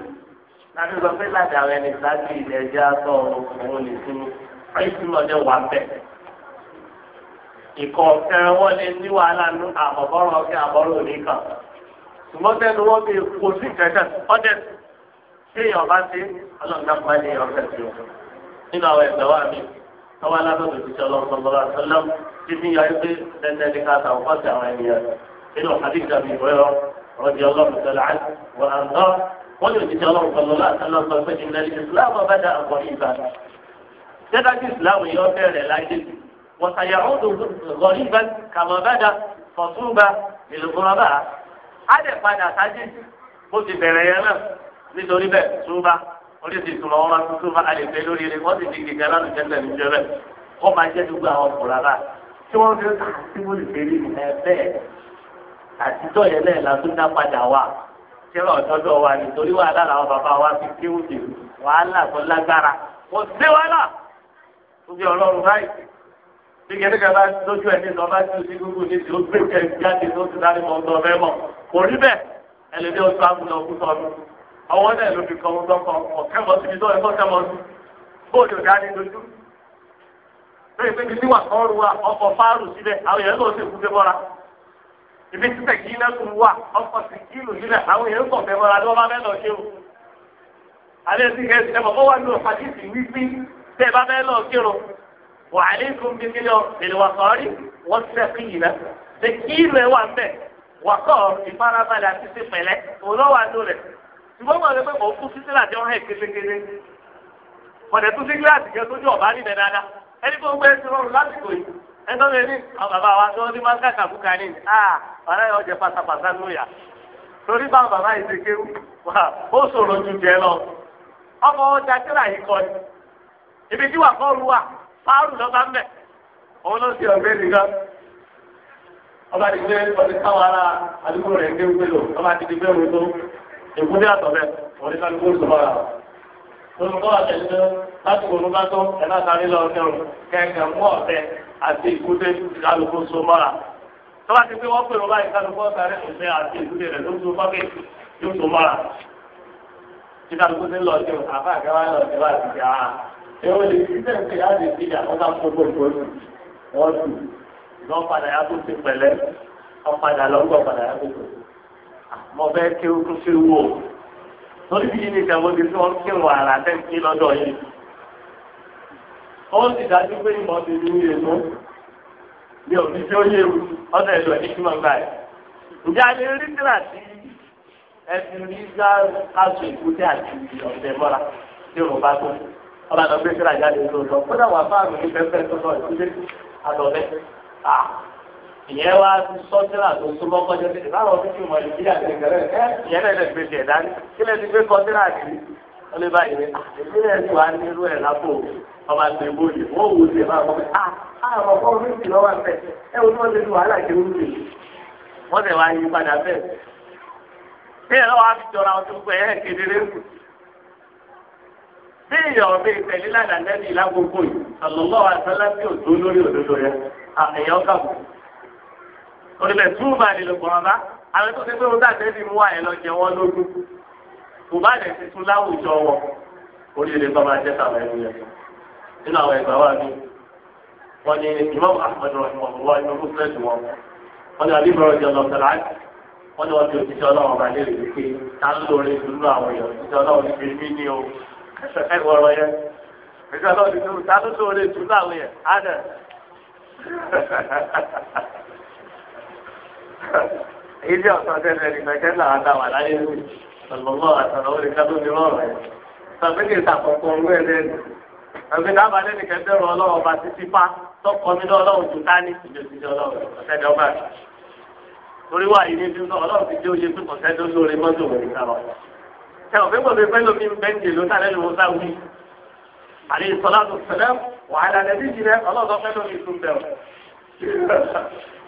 láti sọ pé láti àwọn ẹni sáájú ilẹ̀ ẹja sọ òun lè sinmi ẹ̀sìn lọ́dẹ wà bẹ́ẹ̀ ìkọ̀ọ̀kẹ́ wọn lè ní wàhálà nù àbọ̀bọ̀rọ̀ ọ̀kẹ́ àbọ̀rọ̀ òní kan ṣùgbọ́n tẹnu wọn bí kò sí kẹ̀kẹ́ ọdẹ ṣé èèyàn bá ṣe ọlọ́ọ̀dá pa ní ọ̀fẹ́ sí o nínú àwọn ẹ̀gbẹ́ wa mi tọ́wọ́ alábẹ́bẹ̀ ti ṣe ọlọ́ọ̀dọ́gbọ́lá sọlọ́m ti fi yọ ẹgbẹ́ dandan ní káàtà ọkọ̀ sí àwọn ènìyàn nínú àdìgbà mi ìwé rọ rọdí ọlọ́run tẹ̀lé àti wọ́n à ń tọ́ wọ́n lè jíjẹ ọlọ́run pẹ̀lú láàtàlọ́ pẹ̀lú pé ìlẹ̀ islam ọba dá àkọ́ ìgbà. jẹ́dájú islam yọ bẹ̀rẹ̀ láyé wọ́n ṣàyẹ̀wò lórí ìgbà kàmọ́ bá dá fọ̀túnba ìlú á dẹ̀ padà sáájú bó ti bẹ̀rẹ̀ yẹn náà nítorí bẹ́ẹ̀ túbá orí ti tùrọ̀ wọn tó túbá a lè fẹ́ lórí rẹ̀ wọ́n ti di gègé aláàbò jẹ́lẹ̀ ní jẹ́lẹ̀ wọ́n máa jẹ́ dúgbò àwọn ọkùnrin ara tí wọ́n fi ń ta sí mo lè fẹ́ rí ẹ bẹ́ẹ̀ àtijọ́ yẹn náà la tún dá padà wà tíra ọ̀dọ́dọ̀ wa nítorí wàhálà làwọn bàbá wa fi kéwù dé wàhálà tó lágbára kò sí wàhálà kíkẹ́ríkẹ́ bá lójú ẹ̀ ní sọ́ba tí o ti gbogbo ní ti o gbé kẹ́ jáde tó ti dárí mọ́ ọ̀dọ́ ọ̀fẹ́ mọ̀ kò rí bẹ́ẹ̀ ẹlẹ́dẹ́ o tó amúlọ ọkú sọ́nu ọwọ́ náà ló fi kọ́ ọkú sọ́kọ ọ̀kẹ́ mọ́ síbi tó ẹ̀kọ́ kẹ́ mọ́ sí bóòlù ọ̀dá ní lójú. lórí pé bíbí wà kọ́ọ̀rù wa ọkọ̀ fáàrù síbẹ̀ àwọn èèyàn lọ́ọ́ sì kú fẹ́ bọ́ra ibi títẹ̀ kí lẹ́kùn wà ọkọ̀ sì kílù sílẹ̀ àwọn èèyàn kọ̀ fẹ́ bọ́ra ló bá fẹ́ lọ وعليكم بالوقار والسكينة سكينة وعمة وقار إفارة بلا تسفلة fún sísílà tí wọ́n hẹ̀ kékeré ọ̀dẹ̀ tún sí gíláàsì kan tójú ọ̀bá níbẹ̀ dáadáa ẹni wa tó ń ní máńkà kàbúkà ní àà bàbá yẹn ọjọ́ pátápátá ló márùn lọ́ba ń bẹ̀ òun ló ti ọ̀gbẹ́ ọba ti gbé ọdún káwọn ará àdúgbò rẹ̀ gbé wúlò ọba ti di gbé wúlò tó èkúté àtọ̀bẹ̀ òun ní kálukú ló bọ̀ra olùkọ́ àtẹ̀sẹ̀ láti wòlú bá tó ẹ̀ náà sáré lọ kẹrù kẹ̀kẹ́ mú ọ̀tẹ̀ àti ìkúté tọ́ba ti gbé wọ́n pè ẹ̀rọ lè fi bẹ́ẹ̀ pé á lè fi àwọn àpòpọ̀ ìgbọ́nù wọ́n tù lọ́ padà yá tó ti pẹ̀lẹ́ wọ́n padà lọ́gbọ̀ padà yá tó tù. mo fẹ́ kí o tún fi wò lórí bí yìí nìkan mo ti fi wọn kí wọn àrà tẹ́ kí lọ́dọ̀ yìí. ó sì dájú pé ìmọ̀ ti di ní èso ní òbí tí ó yé ewu ọ̀nà ẹ̀lò ẹ̀ ní kí wọ́n gbà ẹ̀. ǹjẹ́ a ẹ̀sìn rí gbá káṣù ìkúté àti ọ̀sẹ̀ mọ́ra tí òun bá tó ọba àná gbé síra jáde tó lọ kódà wà fáàmì ní pẹpẹ tó lọ ìdílé àdọ̀bẹ à ìyẹn wá sọ síra tó súnmọ́ kọjá sí ìbára ọdún tí mo lè jí àti ìgbẹ́rẹ́ ẹ ìyẹn náà lè gbé tiẹ̀ dání ti gbé kọ síra àdìrí wọ́n lè báyìí ìdílé ẹ̀ wá ẹ̀ lápò ọba tó ìbò yìí wọ́n wò ó sì máa pé à àwọn ọkọ orí ti lọ́wọ́ ẹ̀ ẹ̀ wọ́n ti lu wọ́n lè téèyàn ọ̀bẹ ìtẹ̀lé na nẹ́bí ìlágbogbo yìí sọlọ́lọ́ àtàlá tí ò tó lórí òdodo yẹn àtẹ̀yàn kàwé. orílẹ̀ túùbà nílò kọ̀ọ̀bá àwọn tó ti pé wọn dàgbé ní ẹ̀ lọ jẹ kò bá ti tún láwùjọ jẹ́ sàmà yẹn. nínú àwọn ẹ̀gbà wa mi wọ́n ní wọ́n ẹ wọ̀rọ̀ yẹn nígbà tó ti tún tánú tó lè tún láwọn yẹn á nà. ilé ọ̀sán tẹ́lẹ̀ ní kẹ́kẹ́ náà dá wà láyé lù lọ́lọ́ àtàlọ́ orí ká tó ní rọrùn yẹn. tàbí kì í sàkókò owó ẹ̀ lẹ́nu. tàbí dábàá lẹ́nu kẹ́kẹ́ rọ ọlọ́run bá títí pa tọkọ mi lọ́wọ́ ọlọ́run tó tání ìjọ́síjọ́ ẹ ò fẹ́ gbọ́dọ̀ ìfẹ́ lómi bẹ́ńdì ló sálẹ̀ ló sá wí. àlè ìsọlá tó ṣẹlẹ̀ wàhálà lẹ́bí jìnnà ọlọ́dọ̀ fẹ́ lómi tún bẹ̀ ọ́.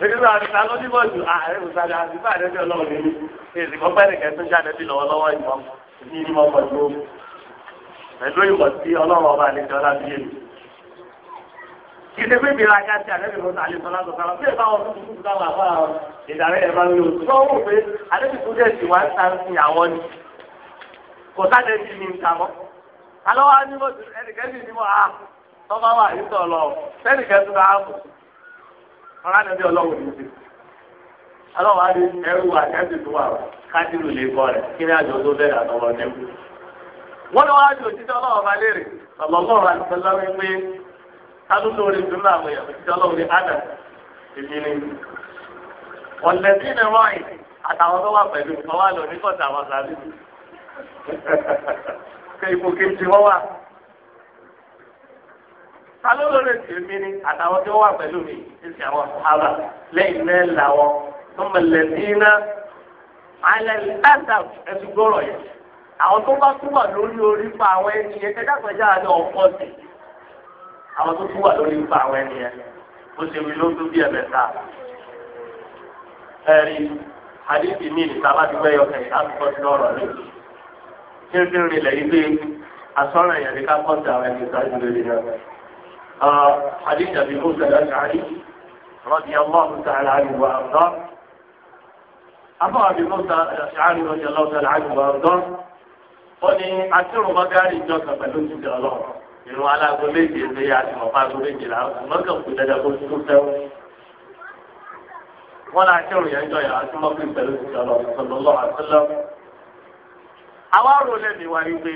èdè náà ti ta lójú bọ̀ jù ààrẹ òsàlẹ̀ àti bá àdẹ́bí ọlọ́run nínú èsì kan pẹ́ nìkẹ́ tó jáde bí lọ́wọ́lọ́wọ́ ìmọ̀ ní ìmọ̀ pẹ̀lú pẹ̀lú ìmọ̀ sí ọlọ́run ọba àlejò ọlábíyé mi. kì í ṣe pé ìbíra ajá ti àlejò ọlọ́run sọ̀rọ̀ bí ẹ̀ka wọn tuntun tuntun táwọn àbá ìdàrẹ́ ẹ̀ máa ń lò tó pé àdẹ́bí kò sáré bí mi ń ta mọ́. alọ́ wa ní bòtú ẹnìkẹ́ni ní mo hà ah, tọ́ba wà yìí tọ̀ lọ sẹ́nìkẹ́ tó dáa bò. ọ̀rá nàbí ọlọ́wọ́ ní ti. alọ́ wa ní ẹrú wa kẹ́sì tó wà kájírù lè kọ́ rẹ̀ kí ní àjọ tó bẹ̀rẹ̀ àtọwọ́ ní ewu. wọ́n lọ wá ju òtítọ́ bá léèrè ọ̀lọ́lọ́rọ̀ àti sọlọ́rọ̀ pé kálúndó orin tó náà wọ̀nyẹ̀ òtítọ́ ọlọ́wọ́ ní ádà èmi ni. ọ̀lẹ́sìn ni wọ́n àtàwọn tó wà pẹ̀lú ọwọ́ àlọ́ ṣe ipò kejì wọ́n wà. alólórí tèmi ni àtàwọn tí wọ́n wà pẹ̀lú mi ṣèṣì àwọn sábà lẹ́yìn náà làwọn tó mọ̀lẹ́dínà alẹ́ ẹ̀dá ẹ̀sùn gbọ́rọ̀ yẹn àwọn tó bá túbọ̀ lórí orí pa àwọn ẹni yẹn ẹ̀dá pẹ̀já àti ọ̀pọ̀ sí àwọn tó túbọ̀ lórí pa àwọn ẹni yẹn ó ṣe wí ló ń dún bí ẹ̀mẹ́ta ẹ̀rí àdéhùn mi sábà ti gbẹ́yọ̀ kẹ̀yìn tí ó fi ń rinlẹ̀ yìí pé asọ́rọ̀ èèyàn ní ká pọ̀ sí àwọn ẹni ìsáájú lórí rẹ̀. Hadith àbí Musa Al-Ash'ari, rọ́bì Allahu ta'ala anhu wa arda. Afọ́ àbí Musa Al-Ash'ari rọ́bì Allahu ta'ala anhu wa arda. Ó ní atírun mọ́gárì ìjọsìn pẹ̀lú ìdíje ọlọ́run. Ìrún aláàgọ́ àti mọ̀fá agbó méje là mọ́gàn kò dáadáa kó tó sẹ́wọ́n. Wọ́n lá atírun yẹn jọ yàrá tí wọ́n fi pẹ̀lú ìdíje ọlọ́run lọ́wọ́ àwa rò lẹ́nu ìwà ìwé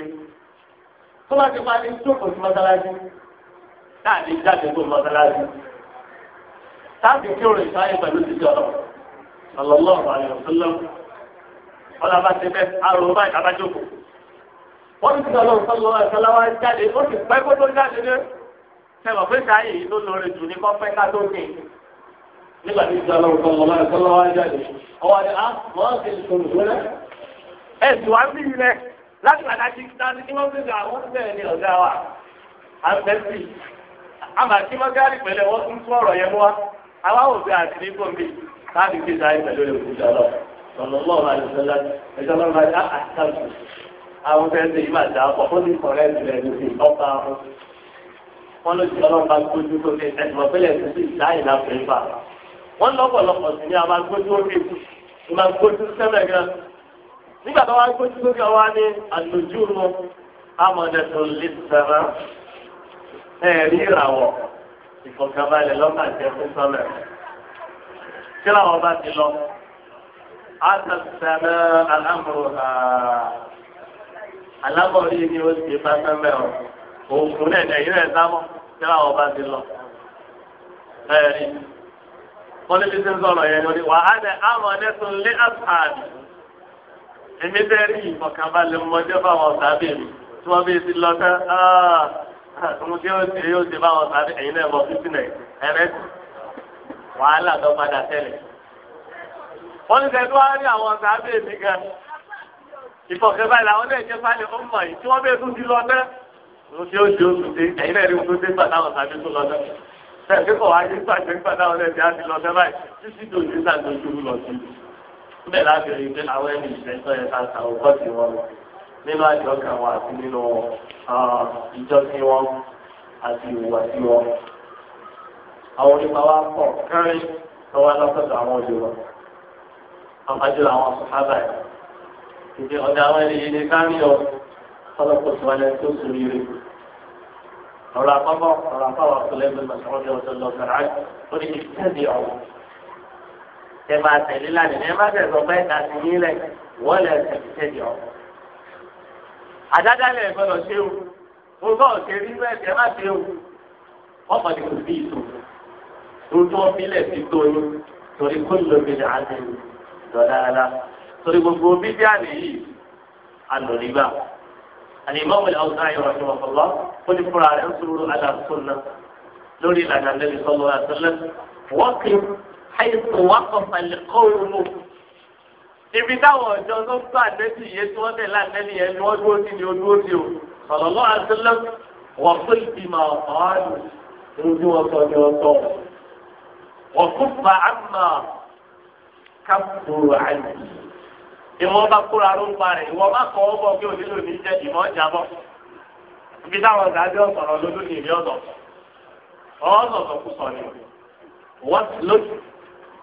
tó bá ti parí jókòó sí mọ́sálásí káàdì jáde tó mọ́sálásí táàbì kí òrò ìsáyé pẹ̀lú títí ọ̀rọ̀ ọ̀lọ́lọ́ àyọ̀sọ́lọ́ ọ̀là bá ti bẹ́ àrò báyìí ká bá jókòó wọ́n ti sọ̀rọ̀ sọ́lọ́ ẹ̀sọ́lá wa jáde ó sì pẹ́ kó tó jáde dé sẹ́wọ̀ pé sáyé yìí ló lóore jù ní kọ́pẹ́ ká tó kè nígbà tí ah, sọ̀rọ̀ sọ́lọ́ ẹ̀sọ́lá jáde ọwọ́ ẹ̀sùn wa ń bí ilẹ̀ láti pàtàkì tani kí wọ́n bèbè àwọn bẹ́ẹ̀ ni ọ̀gá wa àfẹ́sì àmà kí wọ́n gárí pẹ̀lú ẹ̀wọ́n tún tún ọ̀rọ̀ yẹn mú wa àwa ò bẹ àti ní gbòmí káàdì kí sáyé pẹ̀lú ìwòsàn lọ sọ̀rọ̀ lọ́wọ́ àdìsọ́lá ẹ̀sọ́ lọ́wọ́ àdìsọ́lá àwọn fẹ́ẹ́ yìí máa dáa ọkọ ní kọ̀rẹ́ ìbílẹ̀ ní ti ọba ọ̀hún. wọ́n ló ti ọlọ́ba gbójú tó fi ẹ̀sìn ọ̀pẹ́lẹ̀ wọ́n lọ́pọ̀lọpọ̀ nígbà tó wá gbójú lórí ọwọ́ á ní àlòjú mu amọ̀dẹ̀tò lè sẹ́ra ẹ̀rí ìràwọ̀ ìfọ̀kànbalẹ̀ lọ́kàjẹ́ fún sọ́mẹ̀. tí làwọn bá ti lọ á sàbẹ̀ alámùrù alámọ̀rí ni ó ti bá sọ́mẹ̀ ọ̀ òkun náà ẹ̀yìn rẹ̀ sámọ̀ tí làwọn bá ti lọ ẹ̀rí. wọ́n ní bí sẹ́ńsọ̀rọ̀ yẹn lórí wàhálẹ̀ amọ̀dẹ̀tò lè àtàlù èmi bẹ́ẹ̀rì ìfọ̀kànbalẹ̀ mọ́jọ́ fáwọn sábẹ́ mi tí wọ́n bẹ́ẹ̀ ti lọ tán mo ah, ah, tí yóò ṣe fáwọn sábẹ́ ẹ̀yin náà mọ fífi náà ẹ̀rẹ́sì wàhálà tó padà tẹ́lẹ̀. wọ́n ti sẹ́ni wá rí àwọn sábẹ́ mi gan ìfọ̀kànbalẹ̀ àwọn náà jẹ́ fáwọn ọmọ yìí tí wọ́n bẹ́ẹ̀ tún ti lọ tán mo tí yóò ṣe oṣù tẹ ẹ̀yin náà rí oṣù tẹ pàtàkùn sábẹ́ tó lọ tán tẹ̀síkọ̀ wáyé pàtàkùn sábẹ́ tó lọ tán báyìí bẹ́ẹ̀ láti rí i pé àwọn ẹni ìṣẹ́jọ́ yẹn ká ta ọkọ̀ sí wọn nínú àjọ kan wà àti nínú ìjọ sí wọn àti ìwà sí wọn. àwọn onípa wa pọ̀ kẹ́rin lọ́wọ́ lọ́sọ̀tọ̀ àwọn òjòrò àpájọ àwọn sọ̀hábà yìí. ìdí ọ̀dà àwọn ẹni yìí ni kárí ọ ọlọ́pọ̀ sí wọn ẹni tó sùn rírì. ọ̀rọ̀ àpapọ̀ ọ̀rọ̀ àpapọ̀ àpẹlẹ́gbẹ̀ẹ́ tẹ máa tẹ̀lé lánàá ẹ má tẹ̀sọ̀ bẹ́ẹ̀ ká sí yín lẹ̀ wọ́n lẹ̀ tẹ̀lé tẹ̀lé ọ̀. àdáda lẹ̀ gbọ́dọ̀ ṣe o mo bá ọ̀ṣẹ́ rí bẹ́ẹ̀ tẹ má ṣe o wọ́n kàn ní kò sí ìtò tuntun ọ̀bílẹ̀ ti tó yín torí kó ló fi lè àti dọ̀dáadá torí gbogbo bíbí àná yìí àlòrígbà àlèmọ́ wọlé ọ̀sán ayọ̀rọ̀ ṣe wọ̀ fọlọ́ ó ní fúnra rẹ̀ ń sọ̀rọ̀ alàsùn náà lórí ìlànà lẹ́bi sọ́lọ́ àtẹ́lẹ́ wọ́n kí àìsàn wà kọ̀ọ̀fàlẹ̀ kọ́ọ̀rọ̀ ibi táwọn ọ̀jọ́ tó gbà lẹ́sì yẹn tí wọ́n tẹ̀ láńlẹ́lì yẹn ni wọ́n dúró sí ni ó dúró sí o sọ̀lọ́lọ́ àtúnlẹ̀ wọ́n fún ìgbìmọ̀ ọ̀hánù ní ojú wọn sọ ní ọtọ wọ́n fún fa àmà kápùrù àyè ìwọ́n bá kóra ló ń ìwọ́n bá kọ́ ọ́ bọ̀ kí òdìlò ní jẹ́ ìmọ̀ ìjábọ̀ ibi táwọn ọ̀gáde ọ̀sọ̀rọ̀ lójú ni ìbí ọ̀sọ̀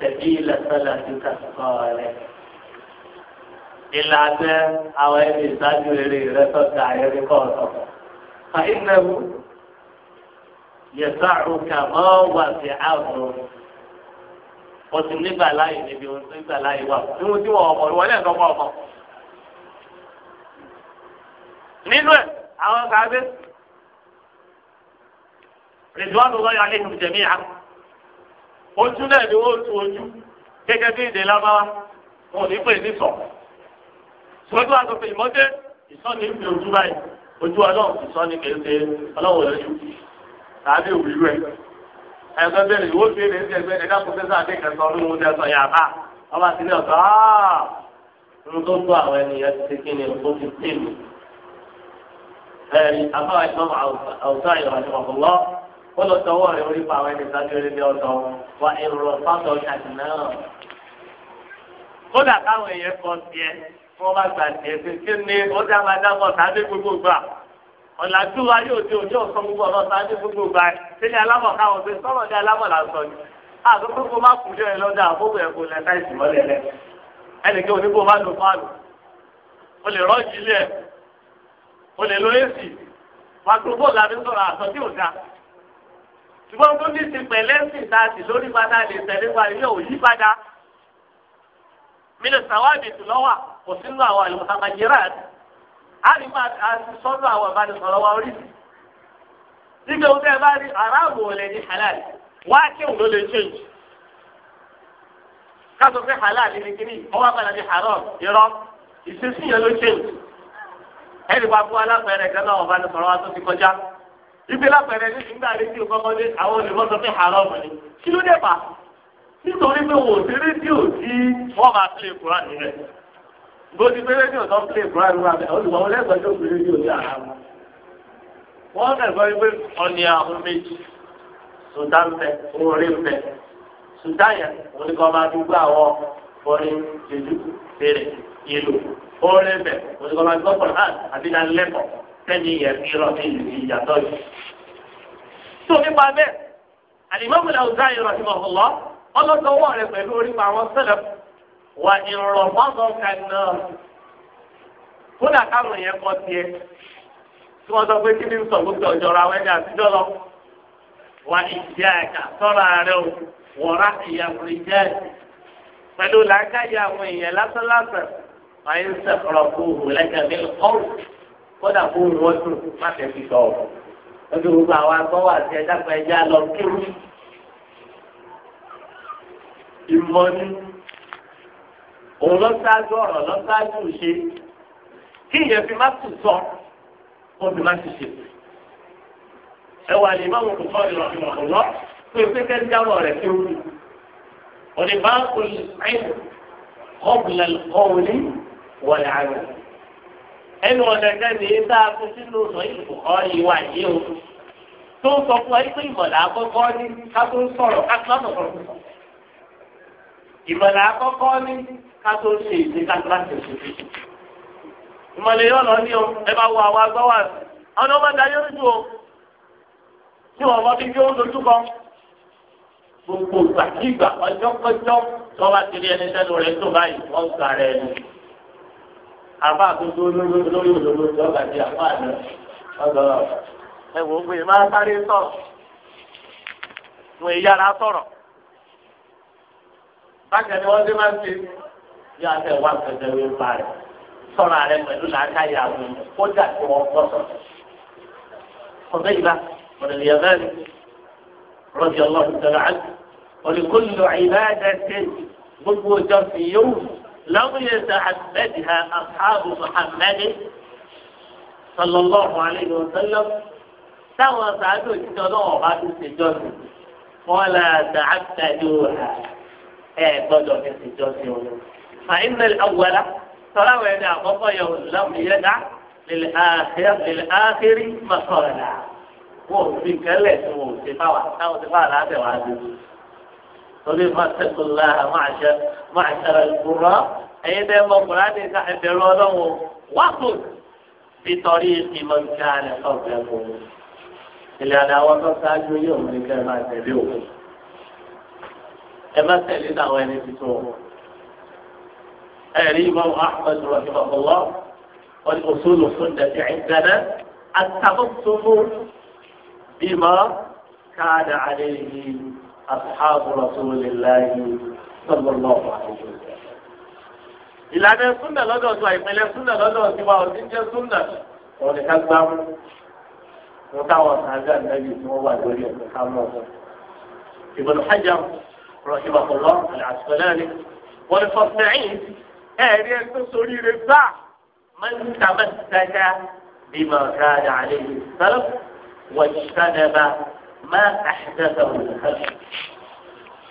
sẹ̀bílẹ̀ sẹ́lẹ̀ títà kọ́ rẹ̀. ìlànà àwọn ẹni ìsájú eré rẹ̀ sọ́dà eré kọ́ọ̀tọ̀. fàínàmù yẹ̀sà òkà mọ́ wà sí àbùrù. o ti nígbà láyé níbi o ti nígbà láyé wà. níwọ̀n tí wọ́n ọmọ ìwọlé ẹ̀kọ́ mọ́ ọmọ. nínú ẹ̀ àwọn kàgbé rìdíwọ́n ló lọ́ọ́ yọ ojú náà ni wọ́n tu ojú gẹ́gẹ́ bí èdè lábáwá wọn ò ní pè ní sọ. sọ́jú àtọ̀fẹ́ ìmọ́tẹ́ ìsọ́ni ń fi ojú báyìí ojú ọlọ́run ìsọ́ni kì ṣe ọlọ́run lójú tàbí òwúrú ẹ̀. ẹ̀sọ́ bẹ̀rẹ̀ ìwọ fi èdè ṣe ẹgbẹ́ ẹ̀dá pọfẹ́sà adékẹ́sọ ọdún mo dẹ́sọ ọba ti ní ọ̀sán tó tó àwọn ènìyàn ti ni ẹ̀rí ó lọ tọwọ́ orí pa àwọn ẹni sábẹ́ orí bí wa èrò fáwọn ṣàtì náà. kódà káwọn èèyàn kọ tiẹ̀ wọ́n bá gbà tiẹ̀ pé kí ni ó dábàá dábọ̀ sábẹ́ gbogbo gbà ọ̀làjú wa yóò di òjò ọ̀sán gbogbo ọ̀nà sábẹ́ gbogbo gbà sílẹ̀ alámọ̀ káwọn pé sọ́rọ̀ ní alámọ̀ là ń sọ ni. àtúntò kó má kú lé lọ́dọ̀ àbúrò ẹ̀ kò lẹ́ta ìsìmọ́lẹ̀ lẹ ṣùgbọ́n tó ní ti pẹ̀lẹ́ sí ìdájì lórí padà lè tẹ̀lé wa ilé òyí padà mílẹ̀ sàwádìí tù lọ́wọ́ kò sínú àwọn àlùmọ̀tàmà jẹ́rà àrí máa ti sọ́nù àwọn ìbánisọ̀rọ̀ wa orí mi. nígbà wo bẹ́ẹ̀ bá rí aráàlú olè ní halal wá kí òun ló lè change. káṣọ pé halal ní kíní ọwọ́ àgbàlá ní haram irọ́ ìṣesí yẹn ló change. ẹnì ibi lápẹ̀rẹ̀ ní ìgbà rédíò kọ́kọ́dé àwọn olùkọ́ sọ pé haram ni kí ló dé pa nítorí pé wò sí rédíò tí wọ́n máa fi lè kúrò nílẹ̀ bó ti pé rédíò tó ń fi lè kúrò nílẹ̀ àbẹ̀ olùkọ́ wọn lẹ́gbẹ̀ẹ́ tó fi rédíò sí ara wọ́n kẹ́kọ̀ọ́ wípé ọ̀nì àwọn méjì sùdán fẹ́ orí fẹ́ sùdán yẹn oníkan máa dúgbò àwọn bọ́rin jẹjú ìlú orí fẹ́ oníkan máa dúgbò pọ̀ sẹ́ni yẹn fi rọ́ọ̀tì ìyàtọ̀ yìí. tó nípa bẹ́ẹ̀ Al-Imam Al-Awzā'ī rahimahullah ọlọ́dọ̀wọ́ rẹ̀ pẹ̀lú orípa àwọn sẹ́lẹ̀ wà ìrọ̀mọ́dọ̀ kaná. kódà káwọn yẹn kọ́ tiẹ̀ tí wọ́n sọ pé kí ni ń sọ gbogbo ọjọ́ ra wẹ́dẹ̀ àtijọ́ lọ. wà ìjẹ́ ẹ̀ka sọ́ra rẹ̀ o wọ̀rá ìyàwó ìjẹ́ pẹ̀lú làákàyè àwọn èèyàn lásánlásán àyè ń sẹ̀kọ̀rọ̀ kó o lẹ́kẹ̀ẹ́ kódà kó wọ́n dùn má fẹ́ fi sọ ọ́ lọ́jọ́ gbogbo àwọn agbọ́wọ́ àti ẹ̀dá kan ẹja lọ kéwù ìmọ̀ni òun lọ́sáájú ọ̀rọ̀ lọ́sáájú ṣe kí ìyẹn fi má tù sọ kó fi má tù ṣe. ẹ wà ní ìmáwò kò sọ̀rọ̀ ìrọ̀ ìrọ̀ lọ pé pé kẹ́ni dáwọ̀ rẹ̀ kéwù òní bá ń kó ẹ̀yìn kọ́bùlẹ̀ ọ̀hún ní wọ̀lẹ̀ àgbẹ̀. ẹnu ọ̀dẹ̀kẹ́ ni tá a fún sínú sọ̀yìn kọ́ ìwà yìí o tó ń sọ fún ẹ pé ìmọ̀lá àkọ́kọ́ ní kátó ń sọ̀rọ̀ kátó ń sọ̀rọ̀ ìmọ̀lá àkọ́kọ́ ní kátó ń ṣe ìṣe kátó ń ṣe ìṣe ìmọ̀lẹ̀ yóò lọ ní o ẹ bá wo àwọn agbáwà àwọn ọmọ o tí wọn gbogbo ìgbàkigbà ọjọ́ kọjọ́ tó bá ti rí ẹni àbá àtúntò lórí òdòdó tí ọgbà di àbá àná ọgbọrọ ẹ wò ó pé máa sáré sọ̀rọ̀ wọn ìyára sọ̀rọ̀ bákan ni wọn ṣe máa ń ṣe bí a fẹ́ wá pẹ̀lú ẹwé pa rẹ sọ̀rọ̀ àrẹ pẹ̀lú làákàyè àwọn kódà tí wọn gbọsọ ọbẹ ìlà ọdẹlẹ yẹn bẹ́ẹ̀ rọbì Ọlọ́run tẹ́lẹ̀ àti olùkólù ìbáyà dẹsẹ gbogbo ìjọsìn yóò. لم يتعبدها أصحاب محمد صلى الله عليه وسلم سوى سعدوا جدوا بعد السجود ولا تعبدوها ايه بدوا في السجود فإن الأول فلو يدع بطيه لم يدع للآخر للآخر مصرنا وفي كل اسمه سفاوة أو سفاوة لا تعبدوها فلما اتقوا الله معشر معشر القرى اي دائما القران يسحب يرونه وخذ بطريق من كان قبلكم إلا أنا وقفت أجل يوم من كما تبيوه كما سألت أغوين بسوه أريم أحمد رحمه الله والأصول السنة عندنا التقصم بما كان عليه أصحاب رسول الله صلى الله عليه وسلم ìlànà súnà lọ́dọ̀ tó àìpẹ́lẹ́ súnà lọ́dọ̀ tí wa ò ti jẹ́ súnà wọn ni ká gbá mú wọn táwọn sàgá nàbì tí wọ́n wà lórí ẹ̀kọ́ ká mọ̀ ọ́. Ibn Hajar rahimahullah al-Asqalani wọn ni fọ́sẹ̀yìn ẹ̀rí ẹ̀ tó sórí rẹ̀ bá máa ń tàbá sàgá bímọ káàdà àlejò sálọ̀ wọ́n ṣàdàbà máa àṣìdàbà òun kàṣù.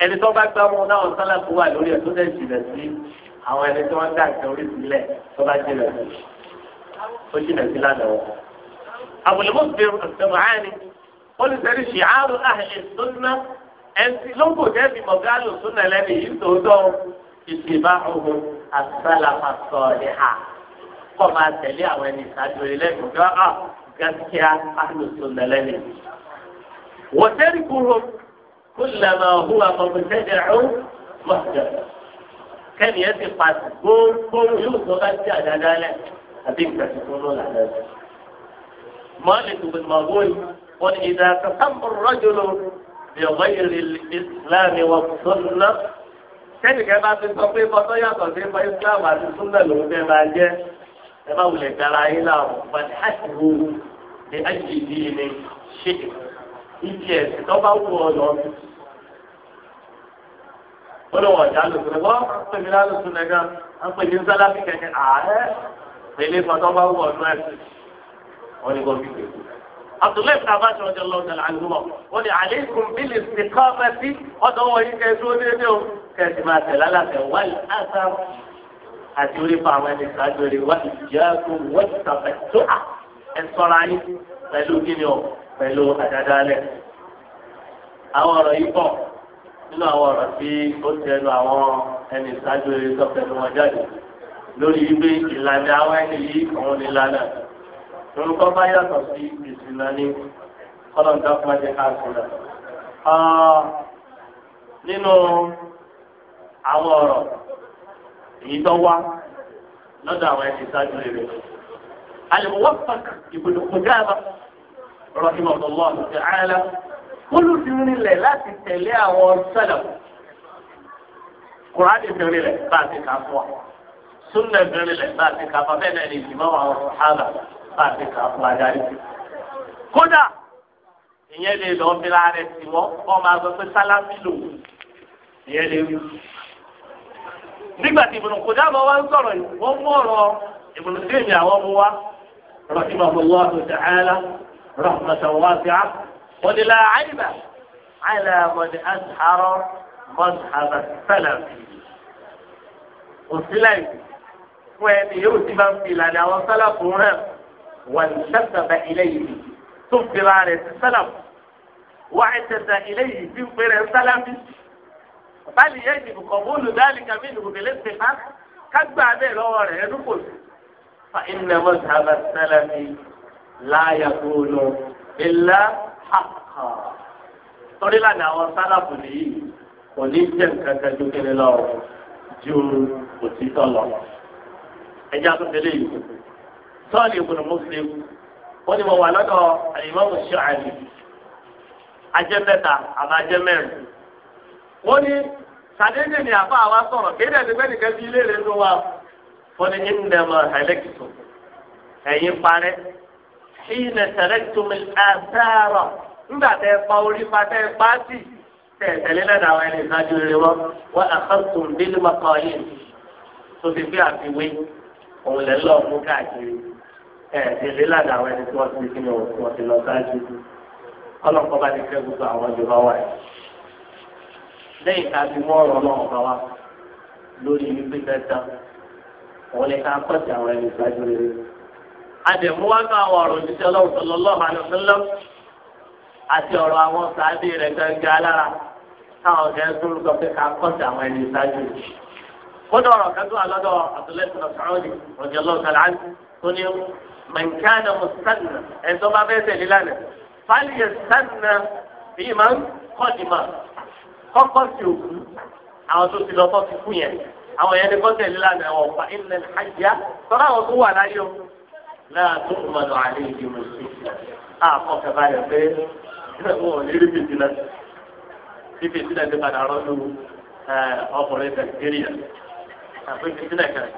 ẹni tó bá gbá wọn náà sálà tó wà lórí ẹ tó dẹ̀ jìnà sí àwọn ẹni tí wọ́n dá nǹkan orí sílẹ̀ tó bá jìnà sí ó jìnà sí lánàá wọn. àbùlùmọ́ ti bẹ̀rù ọ̀sẹ̀mọ̀ àáni olùsẹ̀rí ṣì àárò àhẹ̀ sọ́nà ẹ̀ǹtì lóńgò dẹ́bi mọ̀gálò sọ́nà lẹ́nu yìí tòótọ́ ìṣèbá ọ̀hún àtàlàfà sọ̀rọ̀ ha kọ́ máa tẹ̀lé àwọn ẹni ìṣáájú ẹlẹ́nu gbọ́ كلما هو مبتدع محدث كان يثق قوم قوم يوسف أنت أنا لا لا أبيك تقولون على مالك بن مغول قل إذا تسمى الرجل بغير الإسلام والسنة كان كما في التطبيق بطيئة تطبيق الإسلام على السنة لهم ما جاء مولى كرائلا من حسبه بأجل دينه شئ إذا تسمى wọ́n lọ wọ̀ ọ̀dà lòsùn náà wọ́n pè mí lálùsùn náà náà wọ́n pè mí sálábì kẹ̀kẹ́ ààrẹ pèlè kọ́tọ́ bá wọ̀ ọ̀nù ẹ̀sìn wọ́n ní kò fi gbèsè. Abdullahi bin Abbas rọjò lọ sọlá àlùmọ wọn ni aleikum bílí sèkọ́fẹ́ sí ọ̀dọ̀ wọn yìí kẹsí ó déédéé o kẹsì máa tẹ̀lé aláfẹ́ wàlí àṣà àti orí fa àwọn ẹni sáájú rẹ wàlí jáàkó wọ́n tàbẹ̀ tó à ẹ sọ́ra nínú àwọn ọ̀rọ̀ tí ó ti ẹnu àwọn ẹni ìsájú eré sọ́fẹ̀ẹ́nu wọn jáde lórí wípé ìlànà àwọn ẹni yìí òun ni lánàá lórúkọ bá yàtọ̀ sí ìsìnà ní kọ́lọ̀dá fún ẹjẹ́ káàkiri. nínú àwọn ọ̀rọ̀ èyí tó wá lọ́dọ̀ àwọn ẹni ìsájú eré alẹ́ wọ́pàk ìbùdókòjáàbá rọ̀hìmọ̀ tó lọ́ọ̀ olùdírinlẹ̀ láti tẹ̀lé àwọn sẹ́lẹ̀ kùránì bìrinlẹ̀ bá a ti kà fún wa súnlẹ̀ bìrinlẹ̀ bá a ti kà fún wa bẹ́ẹ̀ náà ni ìgbìmọ̀ àwọn sàhábà bá a ti kà fún wa dárí. kódà ìyẹn lè lọ bí láàrẹ sí wọn wọn máa sọ pé sálámì lò ìyẹn lè wú. nígbà tí ìbùnú kódà bọ́ wá ń sọ̀rọ̀ yìí wọ́n mú ọ̀rọ̀ ìbùnú sí èmi àwọn ọmọ wa rahimahullahu ta'ala rahmatan wọ́n ní la àyìnbá àyìnbá wọ́n ní àtàrọ̀ mọ́tàbà sálà òsílẹ̀ fún ẹni yóò ti máa ń fi ìlànà àwọn sálà fún rẹ̀ wà ní sábàbà ilé yìí tó fi ra rẹ̀ sí sálà wà á tẹ̀sà ilé yìí tí ń pè rẹ̀ sálà bí. báyìí yẹn ìdìbò kan bó lù dáàlì kàmí ìdìbò kẹlẹ́ ti pa kágbà bẹ́ẹ̀ lọ́wọ́ rẹ̀ ẹnu kò sí. fa iná mọ́tàbà sálà mi láyà kúrò ilá. hàkà torí àwọn sálàbù nìyí kò ní jẹ́ nǹkan kan ju kéré lọ ju òtítọ́ lọ. ẹja tó tẹ̀lé yìí sọ́ọ̀lì ìbùnú mùsùlùmí wọ́n ní mo wà lọ́dọ̀ sàdéjì ni àbá wa sọ̀rọ̀ kéde ẹ̀dẹ́gbẹ́ nìkan bí ilé rẹ̀ ló wà ní حين تركتم الآثار nígbà tẹ pa orí pa tẹ pa sí tẹ tẹlẹ náà dàwọn ẹni ìsájú rẹ wọn wọn àkọsùn bílí mọkàn yìí tó ti fi àfiwé òun lẹ lọ mú káàkiri ẹ tẹlẹ náà dàwọn ẹni tí wọn ti fi wọn ti lọ sáájú ọlọpàá bá ti fẹ gbogbo àwọn ìjọba wa yìí lẹ́yìn tá a fi mú ọ̀rọ̀ náà bá wa lórí ibi pípẹ tán òun lè ká kọsí àwọn ẹni ìsájú rẹ àdèmú wá bá àwọn ọ̀rọ̀ òjíṣẹ́ ọlọ́run sallallahu alaihi wasallam àti ọ̀rọ̀ àwọn sàádé rẹ̀ gángan alára táwọn ọ̀gá ẹ̀ sọ́rọ́ sọ pé ká kọ́sì àwọn ẹni ìsájú. kódà ọ̀rọ̀ kan tó wà lọ́dọ̀ àtúlẹ́sìn ọ̀sán-òdì ọ̀jọ̀ lọ́wọ́ sàlán tó ní mẹ̀ńkánà mùsàlùmá ẹ̀ tó bá bẹ́ẹ̀ tẹ̀lé lánàá fáliẹ̀ sàlùmá La tó mọ̀nà àlẹ́ ìdí mo sí. a kọ́ kẹfà yẹ pé wọn ò ní rí bìtì náà bí bìtì náà ti padà rọ́ọ̀dù ọkùnrin nàìjíríà àfi bìtì náà kẹrẹ.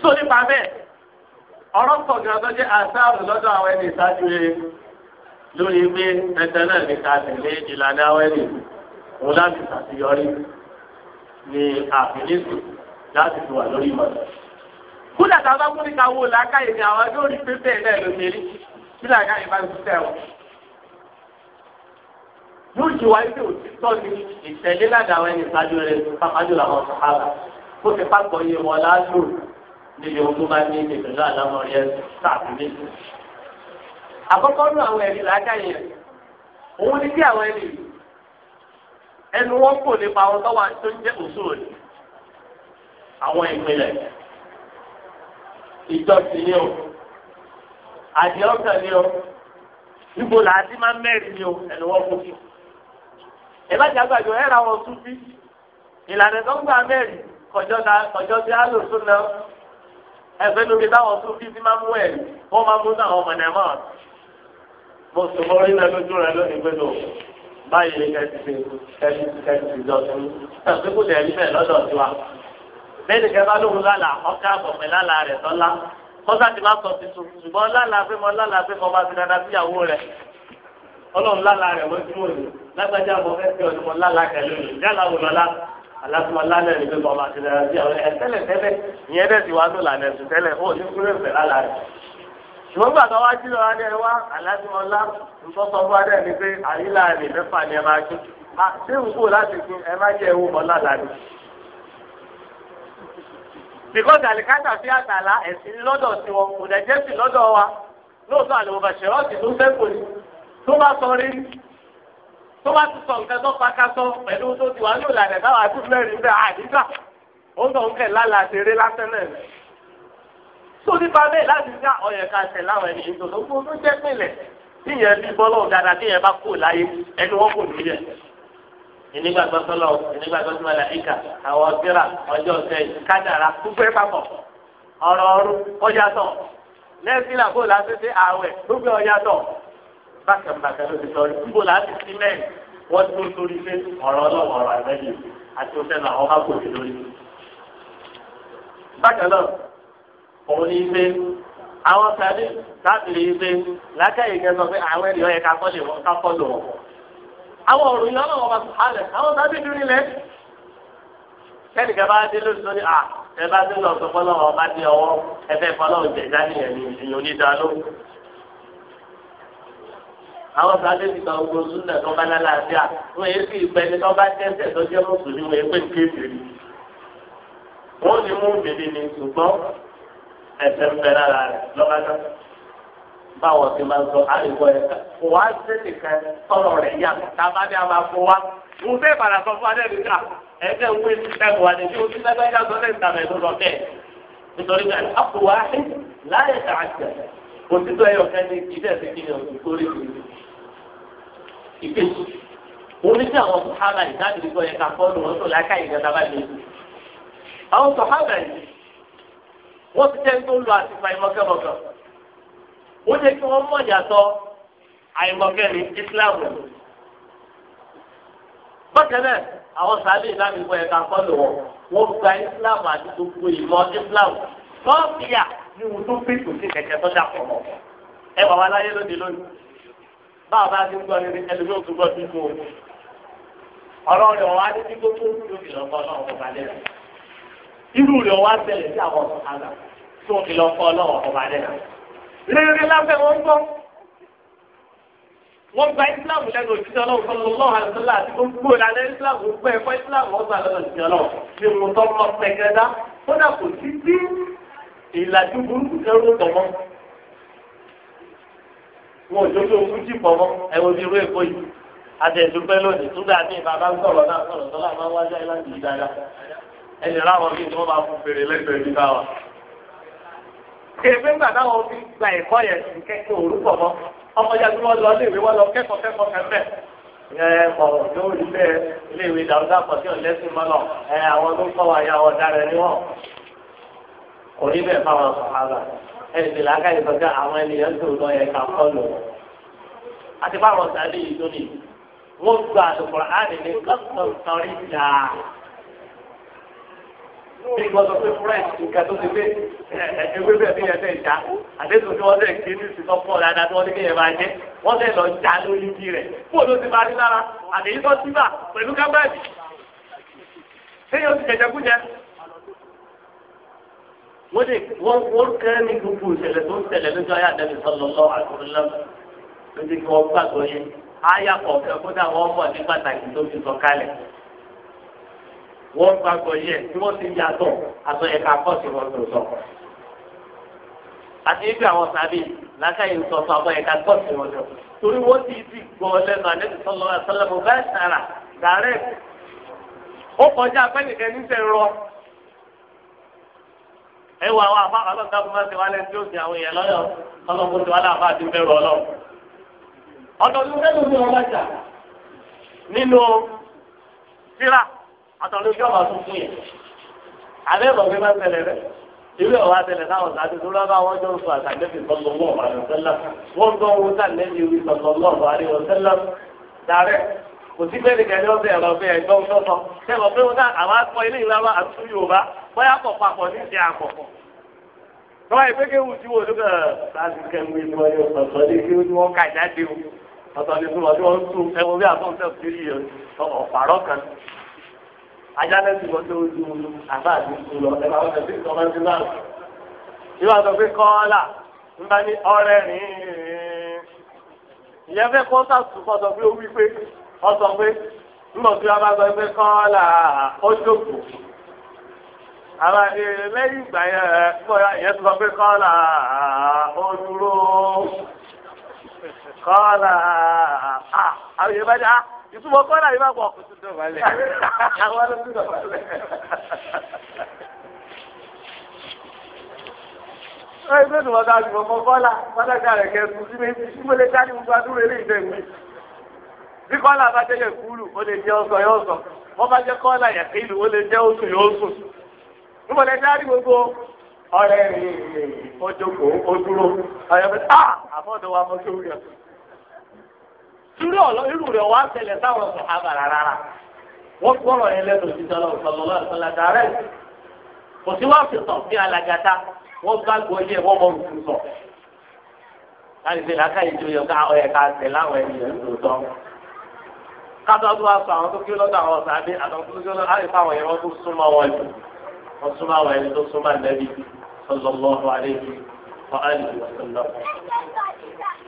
sọ nípa bẹ́ẹ̀ ọ̀rọ̀ pọ̀ gan tó jẹ́ àṣàrò lọ́dọ̀ àwọn ẹni ìṣáájú rẹ̀ lórí pé ẹ̀tẹ̀ náà ní ká tẹ̀lé ìlànà àwọn ẹni òun láti ṣàṣeyọrí ní àfinísù láti fi wà lórí ìmọ̀lẹ́ kódà tá a bá mú ní ká wò lákàyè ni àwọn yóò rí pé bẹ́ẹ̀ náà ló mẹ́rí bí làkàyè bá ti tẹ̀ wọ́n. yóò jí wa ilé òtítọ́ ni ìtẹ̀lé ládàá àwọn ẹni ìsájú rẹ̀ pàpàjù làwọn sọ̀hálà kó ti pàpọ̀ yé wọn lálò níbi ohun tó bá ní ìdè pẹ̀lú àlámọ̀rí ẹ̀ sàbílẹ̀. àkọ́kọ́ nú àwọn ẹ̀rí làkàyè yẹn òun ni bí àwọn ẹni ẹnu wọn kò nípa àwọn tó wà tó ń jẹ́ òṣùwọ̀n àwọn ìpínlẹ̀ ìjọsìn ni o àdìẹ ọkàn ni o ibo là á ti máa mẹ́rin ni o ẹni wọ́n kó fi. ẹ bá jà gbàgbọ́ ẹ ra wọn tún bí ìlànà tó ń gbà mẹ́rin kọjọ́ ta kọjọ́ tí a lò tún náà ẹgbẹ́ níbi táwọn tún bí ti máa mú ẹ̀ wọ́n máa mú táwọn ọmọ náà mọ́. mo sùn mọ́ orí náà lójú rẹ lónìí pé lò báyìí kẹ́sì ṣe kẹ́sì ṣe kẹ́sì ṣe jọ sí i. ẹ̀ pé kò tẹ̀ ẹ́ níbẹ̀ lọ́dọ̀ tiwa bẹ́ẹ̀ ni kẹfà lóhùn lálà ọkà àbọ̀pẹ̀ lálà rẹ̀ tọ́lá kọ́sá ti má sọ tuntun ṣùgbọ́n lálà pé mo lálà pé mo bá ti dada síyàwó rẹ̀ ọlọ́run lálà rẹ̀ lójú òní lágbájá mo fẹ́ fi ọdún mo lálà kẹlẹ́ òní yálà wò lọ́lá alásùmọ̀ lálẹ́ rẹ̀ pé mo bá ti dada síyàwó rẹ̀ tẹ́lẹ̀ tẹ́lẹ̀ ìyẹn bẹ́ẹ̀ ti wá ló lànà ẹ̀sùn tẹ́lẹ̀ ó ní kúrò ìfẹ́ lálà rẹ̀ ṣùgbọ́n gbàgbọ́ wá jí lọ́wọ́ adé wá alásùmọ̀ lá fún adé ni pé àyílà rẹ̀ mẹ́fà ni ẹ máa ṣe ṣé ń kú láti fi ẹ má jẹ́ ewu mọ́ lálà because alikata fi atala ẹ̀sìn lọdọ tí kò dẹ̀jẹ́ sí wa lóòótọ́ àlùbọ̀bà ṣèrọ́ọ̀tì tó sẹ́kù ni tó bá sọ rí tó bá sọ nǹkan tó paka sọ pẹ̀lú tó ti wà ní ìlànà táwa tó mẹ́rin bẹ́ẹ̀ àdìgbà ó sọ nǹkan lálẹ́ àtẹ̀rẹ́ lásán náà ni. tó nípa bẹ́ẹ̀ láti dá ọ̀yẹ̀ ká láwọn ẹni ìdòdó fún tó tíyẹn bí ìnígbàgbọ́ sọlọ ìnígbàgbọ́ sọlọ làyíkà àwọn ọ̀sẹ̀rà ọjọ́ ọ̀sẹ̀ kádàrà gbogbo ẹ̀ papọ̀ ọ̀rọ̀ ọ̀rú ọjà tọ̀ lẹ́sìn àbò láti ṣe àwẹ̀ gbogbo ọjà tọ̀ bákan bákan ló ti sọ níbo láti sí mẹ́rin wọ́n tó lórí pé ọ̀rọ̀ ọlọ́wọ́ ọ̀rọ̀ àgbẹ̀yìn àti oṣù náà ọba kò sí lórí. bákan náà òun ní pé àwọn sáré láti rí pé lákàyè àwọn ọ̀rọ̀ yìí ọlọ́run ọba sùhálẹ̀ àwọn sábẹ́ ìdúró nílẹ̀ kẹ́ni kẹ́ bá dé lóṣù ní à ẹ bá dé lọ sọpọ́ lọ́wọ́ ọba dé ọwọ́ ẹ fẹ́ fọ́ lọ́wọ́ jẹ̀dá nìyẹn ní ìyẹn onídàáló. àwọn sábẹ́ ti gba ogun súnlẹ̀ tó bá lálàáfíà wọ́n yé sí ìgbẹ́ ni tó bá tẹ̀sẹ̀ tó jẹ́ mùsùlùmí wọ́n yé pé kéèké ni. wọ́n ní mú bèbè ní ṣùgbọ́n ẹ̀sẹ̀ ń báwọn ti máa sọ àlùkò ẹ̀ kò wá sí nìkan sọ̀rọ̀ rẹ̀ yá tábà ní a máa fọ wá. mo fẹ́ padà sọ fún adé nìkan ẹgbẹ́ wí ẹ̀kọ́ wa nìyí oṣù lẹ́gbẹ́jà sọ lẹ́yìn tàbí ẹ̀dọ́ lọ bẹ́ẹ̀. nítorí pé àpò wa láyé tààtà òtítọ́ ẹ̀yọ̀ kẹ́ni ìdílé ti kí ni òtún sórí ìgbésù. mo ní sí àwọn sọ̀hábà ìdánilẹ́kọ̀ọ́ yẹn ká fọ́ọ̀nù wọn tó lákàyè àwọn sọ̀hábà yìí wọ́n ti jẹ́ ń tó ń àtìpà ìmọ̀kẹ́mọ̀kẹ́ ó jẹ́ kí wọ́n mọ̀ yàtọ̀ àìmọ̀kẹ́ni ìsìláàmù. bákan náà àwọn sàbí ìlànà ìwọ ẹ̀ka kọ́lù wọn wọ́n gba ìsìláàmù àti gbogbo ìmọ̀ ìsìláàmù tọ́ọ̀bìyà ní ohun tó fi tòsí kẹ̀kẹ́ tó dà pọ̀ mọ́. ẹ wà wá láyé lóde lónìí báwa bá ti ń gbọ́ nínú ẹlòmíì ò tún gbọ́ sí fún o. ọ̀rọ̀ rẹ̀ wá ní tí gbogbo ló fi lọ́kọ́ náà rere lábẹ́ wọn gbọ́ wọ́n gba islam lẹ́nu òṣìṣẹ́ ọlọ́run fún ọlọ́run àtúntò àti gbogbo ìlànà islam gbogbo ẹ̀kọ́ islam ọgbà lọ́nà òṣìṣẹ́ ọlọ́run ní mo tọ́ mọ́ pẹ́kẹ́dá kódà kò sí sí ìlàjú burúkú kẹrù tọ̀mọ́ wọn ò jókòó ogún jì pọ̀ mọ́ ẹ wo bí irú èkó yìí àtẹ̀dúpẹ́ lónìí tó dáa ní bàbá ń sọ̀rọ̀ náà sọ̀rọ̀ sọ́lá máa wájú ẹ̀ láti yí dáadáa ẹ̀ èmi gbà táwọn fi gba ẹ̀kọ́ yẹn kẹ́kẹ́ orúkọ mọ́ ọmọ yẹn tí wọ́n lọ léèwé wọ́n lọ kẹ́kọ̀ọ́ kẹ́kọ̀ọ́ kẹ́fẹ́ ẹ ọ yóò rí bẹ́ẹ̀ léèwé dàrúdà pọ̀ sí ọ̀lẹ́sìn mọ́nà ẹ àwọn tó kọ́ wa ya wọn dára ní wọn kò rí bẹ́ẹ̀ fáwọn sọ̀hálà ẹ ti làákà yìí sọ́jà àwọn ènìyàn tó lọ yẹ ká kọ́ lò àti fáwọn sàlẹ̀ yìí bí wọ́n sọ pé fúrẹ́ǹsì nǹkan tó ti pé ẹgbẹ́ bẹ́ẹ̀ bí àdéhùn tí wọ́n sẹ̀ kí ní ìsìnkọ́ pọ̀ dáadáa tí ní kéèyàn máa jẹ́ wọ́n sẹ̀ lọ já lórí ibi rẹ̀ fóònù ló ti máa rí lára àdéhùn tó ti bà pẹ̀lú kábẹ́ẹ̀dì téèyàn ti wọ́n wọ́n kẹ́ ní gbogbo ìṣẹ̀lẹ̀ tó ń ṣẹlẹ̀ lójú ayé àdẹ́bí sọ́lọ́lọ́ àkùnrin wọ́n gbàgbọ́ yẹ tí wọ́n ti yàtọ̀ àtọ̀ ẹ̀ka kọ́ọ̀sì wọn tó sọ. àti ibi àwọn sábì lákàyè ń sọ fún àwọn ẹ̀ka kọ́ọ̀sì wọn tó torí wọ́n ti ti gbọ́ lẹ́nu sọ́lọ́ bẹ́ẹ̀ sára dàrẹ́ ó kọjá pẹ́ẹ́nìkẹ́ níṣẹ́ rọ ẹ wọ àwọn máa ń àwọn lọ́yọ̀ ọlọ́run àtàwọn ojú ọba tuntun yẹn abẹ́ bọ̀ pé máa tẹ̀lé rẹ̀ ìwé ọ̀wá tẹ̀lé táwọn sáà tuntun lọ́ba àwọn ọjọ́ oṣù àtàlẹ́bí sọ̀tọ̀lọ́ àdìsẹ́lá wọ́n gbọ́ ohun sàlẹ́bí orí sọ̀tọ̀lọ́ àdìsẹ́lá dàrẹ́ kò sí pé nìkan ní ọ̀sẹ̀ ẹ̀rọ bẹ́ẹ̀ ẹ̀gbọ́n ń tọ́sọ sẹ́wọ̀ pé wọn náà àwọn akọ ilé ìlú àwọn àtúntò Yorùbá tọ́wọ́ ìpé kí ewu ti wò ló kàn láti kẹ́mu ìmọ̀ ní ọ̀sọ̀tọ̀ ní kí wọ́n kà jáde o ọ̀sọ̀ ní fún wọn tí wọ́n ń tún ẹ̀wọ̀n bí àtúntò sí ajá lẹ́sìn lọ sí ojú àbá àti ìlú lọ ẹ máa ń tẹ̀sí ìtọ́ máa ń ti náà. ìwà sọ pé kọ́ọ́là ń bá ní ọ̀rẹ́ rìn ìyẹn fẹ́ kọ́ sàtúkọ́ sọ pé ó wí pé ọ sọ pé ńlọ sí ọba sọ pé kọ́ọ́là ó jókòó àwọn èrè lẹ́yìn ìgbà yẹn bóyá ìyẹn sọ pé kọ́ọ̀là ó dúró kọ́ọ̀là àwọn èèyàn bá dá ìtumọ̀ kọ́lá yìí máa pọ̀ kùtù dọ̀bálẹ̀ àwọn ọlọ́dún dọ̀bálẹ̀. Ṣé ìgbé ìtumọ̀ ta ìtumọ̀ mọ pátákà rẹ̀ kẹ́kù sí méjì sí mo lè dá ní gbogbo adúrò eré ìdẹ̀ mi. Bí kọ́lá bá jẹ́ kúlù, ó lè jẹ́ ọsọ yóò sọ. Wọ́n bá jẹ́ kọ́lá yẹn ó lè jẹ́ oṣù yóò sùn. Bí mo lè dá ní gbogbo ọ̀rẹ́ rẹ̀ ó jókòó, ó dúró. Àyọ̀fẹ́ ah! irú ọ̀lọ́ irú rẹ̀ wá ṣẹlẹ̀ sáwọn sọ̀hábà rárá wọ́n gbọ́rọ̀ yẹn lẹ́nu òṣìṣẹ́ ọlọ́run sọlọ́lá ìsọlá dàrẹ́ kò sí wọ́n fi bí alagata wọ́n bá gbọ́ ilé wọ́n mọ̀ òkú sọ. láti fi ìjọ yọ ká ọyẹ ká tẹ̀ láwọn ẹni yẹn tó tọ́. kátó tó wá sọ àwọn tó kí lọ́dọ̀ àwọn sàbí àtàwọn tó kí lọ́dọ̀ àyè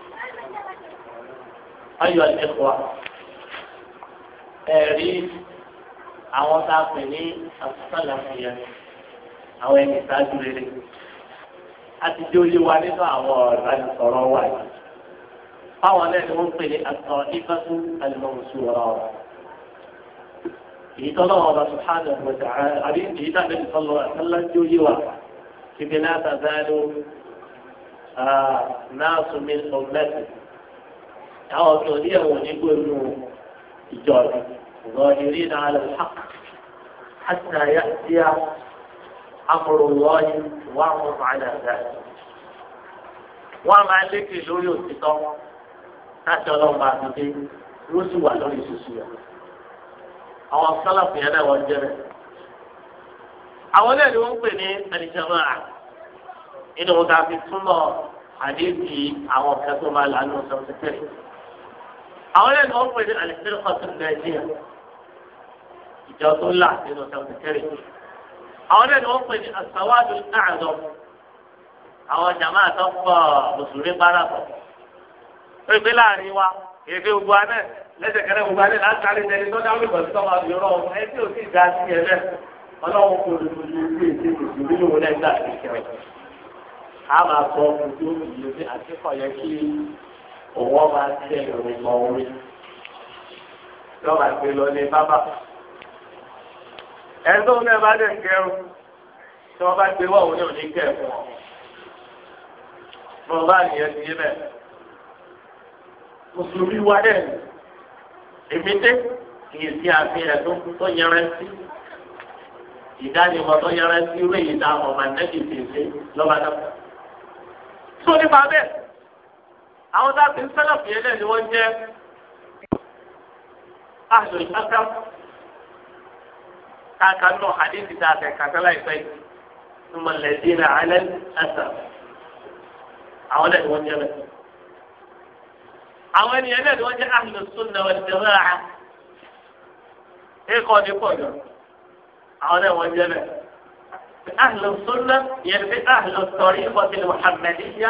أيها الإخوة تعريف عوضة من السلفية أو أن تجري أتجولي والد ان أن ترى والد أو أن ننقل الطائفة المنصورة إيطالا ان سبحانه وتعالى أبين إيطالا ان الله عليه وسلم جولي والد في بلاد ذلك آه ناس من أمته àwọn ọ̀sẹ̀ òní ẹ̀wọ̀n nígbò inú ìjọ rẹ̀ ṣùgbọ́n ìrí náà lè hàk hàtà yá sí a amúrò lọ́ọ̀yì wà wọ́n máa dà dà. wọ́n á máa lékè lórí òtítọ́ láti ọlọ́run bá ti dé yóò sì wà lórí ìṣesí rẹ̀. àwọn sálàfù yẹn náà wọ́n jẹ́ àwọn ilé ni wọ́n pè ní ẹnìjọba rà nínú wọn fi túmọ̀ àdéhùn àwọn kẹ́kọ̀ọ́ máa lànà sọ́kítẹ́rì àwọn ẹni wọn pè ní àlẹsílẹ kọtù nàìjíríà ìjọ tó là nínú sẹwọn kẹrì àwọn ẹni wọn pè ní àsáwádùn àádọ àwọn jàmá àtọkọ mùsùlùmí parapọ ó gbé láàrin wa èké gbogbo anẹ lẹsẹkẹrẹ gbogbo anẹ látàrí ẹni tó dáwọ́ ìbọn tó máa yọrọ ẹ ẹ òun ọba tẹ ìròyìn mọ orí lọ́ba gbé lọ ní bábà. ẹ̀ńtọ́ náà bá dẹ̀ kẹrù tí wọ́n bá gbé wá òun ní òní kẹ̀ fún mo bá nìyẹn ti yé bẹ́ẹ̀. mùsùlùmí wá dẹ̀ èmi dé kì sí àfihàn tó tó yẹrẹ sí ìdánimọ̀ tó yẹrẹ sí ìwé ìdáhùn ọ̀mà nẹ́ẹ̀kì tètè lọ́ba náà. tó nípa bẹ́ẹ̀ àwọn tá a ti ń sẹ́lẹ̀ fìyẹ́ lẹ̀ ni wọ́n jẹ́ aṣọ ìgbàgbà káàkà nù hadithi tá a fẹ́ kàkà láìpẹ́ yìí túmọ̀ lẹ́sìn náà alẹ́ ẹ̀sà àwọn lẹ́nu wọ́n jẹ́ bẹ́ẹ̀. àwọn ènìyàn lẹ́nu wọ́n jẹ́ ahlu sunna wal jamaa ẹ̀kọ́ ní pọ̀jọ́ àwọn lẹ́nu wọ́n jẹ́ bẹ́ẹ̀. ahlu sunna yẹn fi ahlu tariqati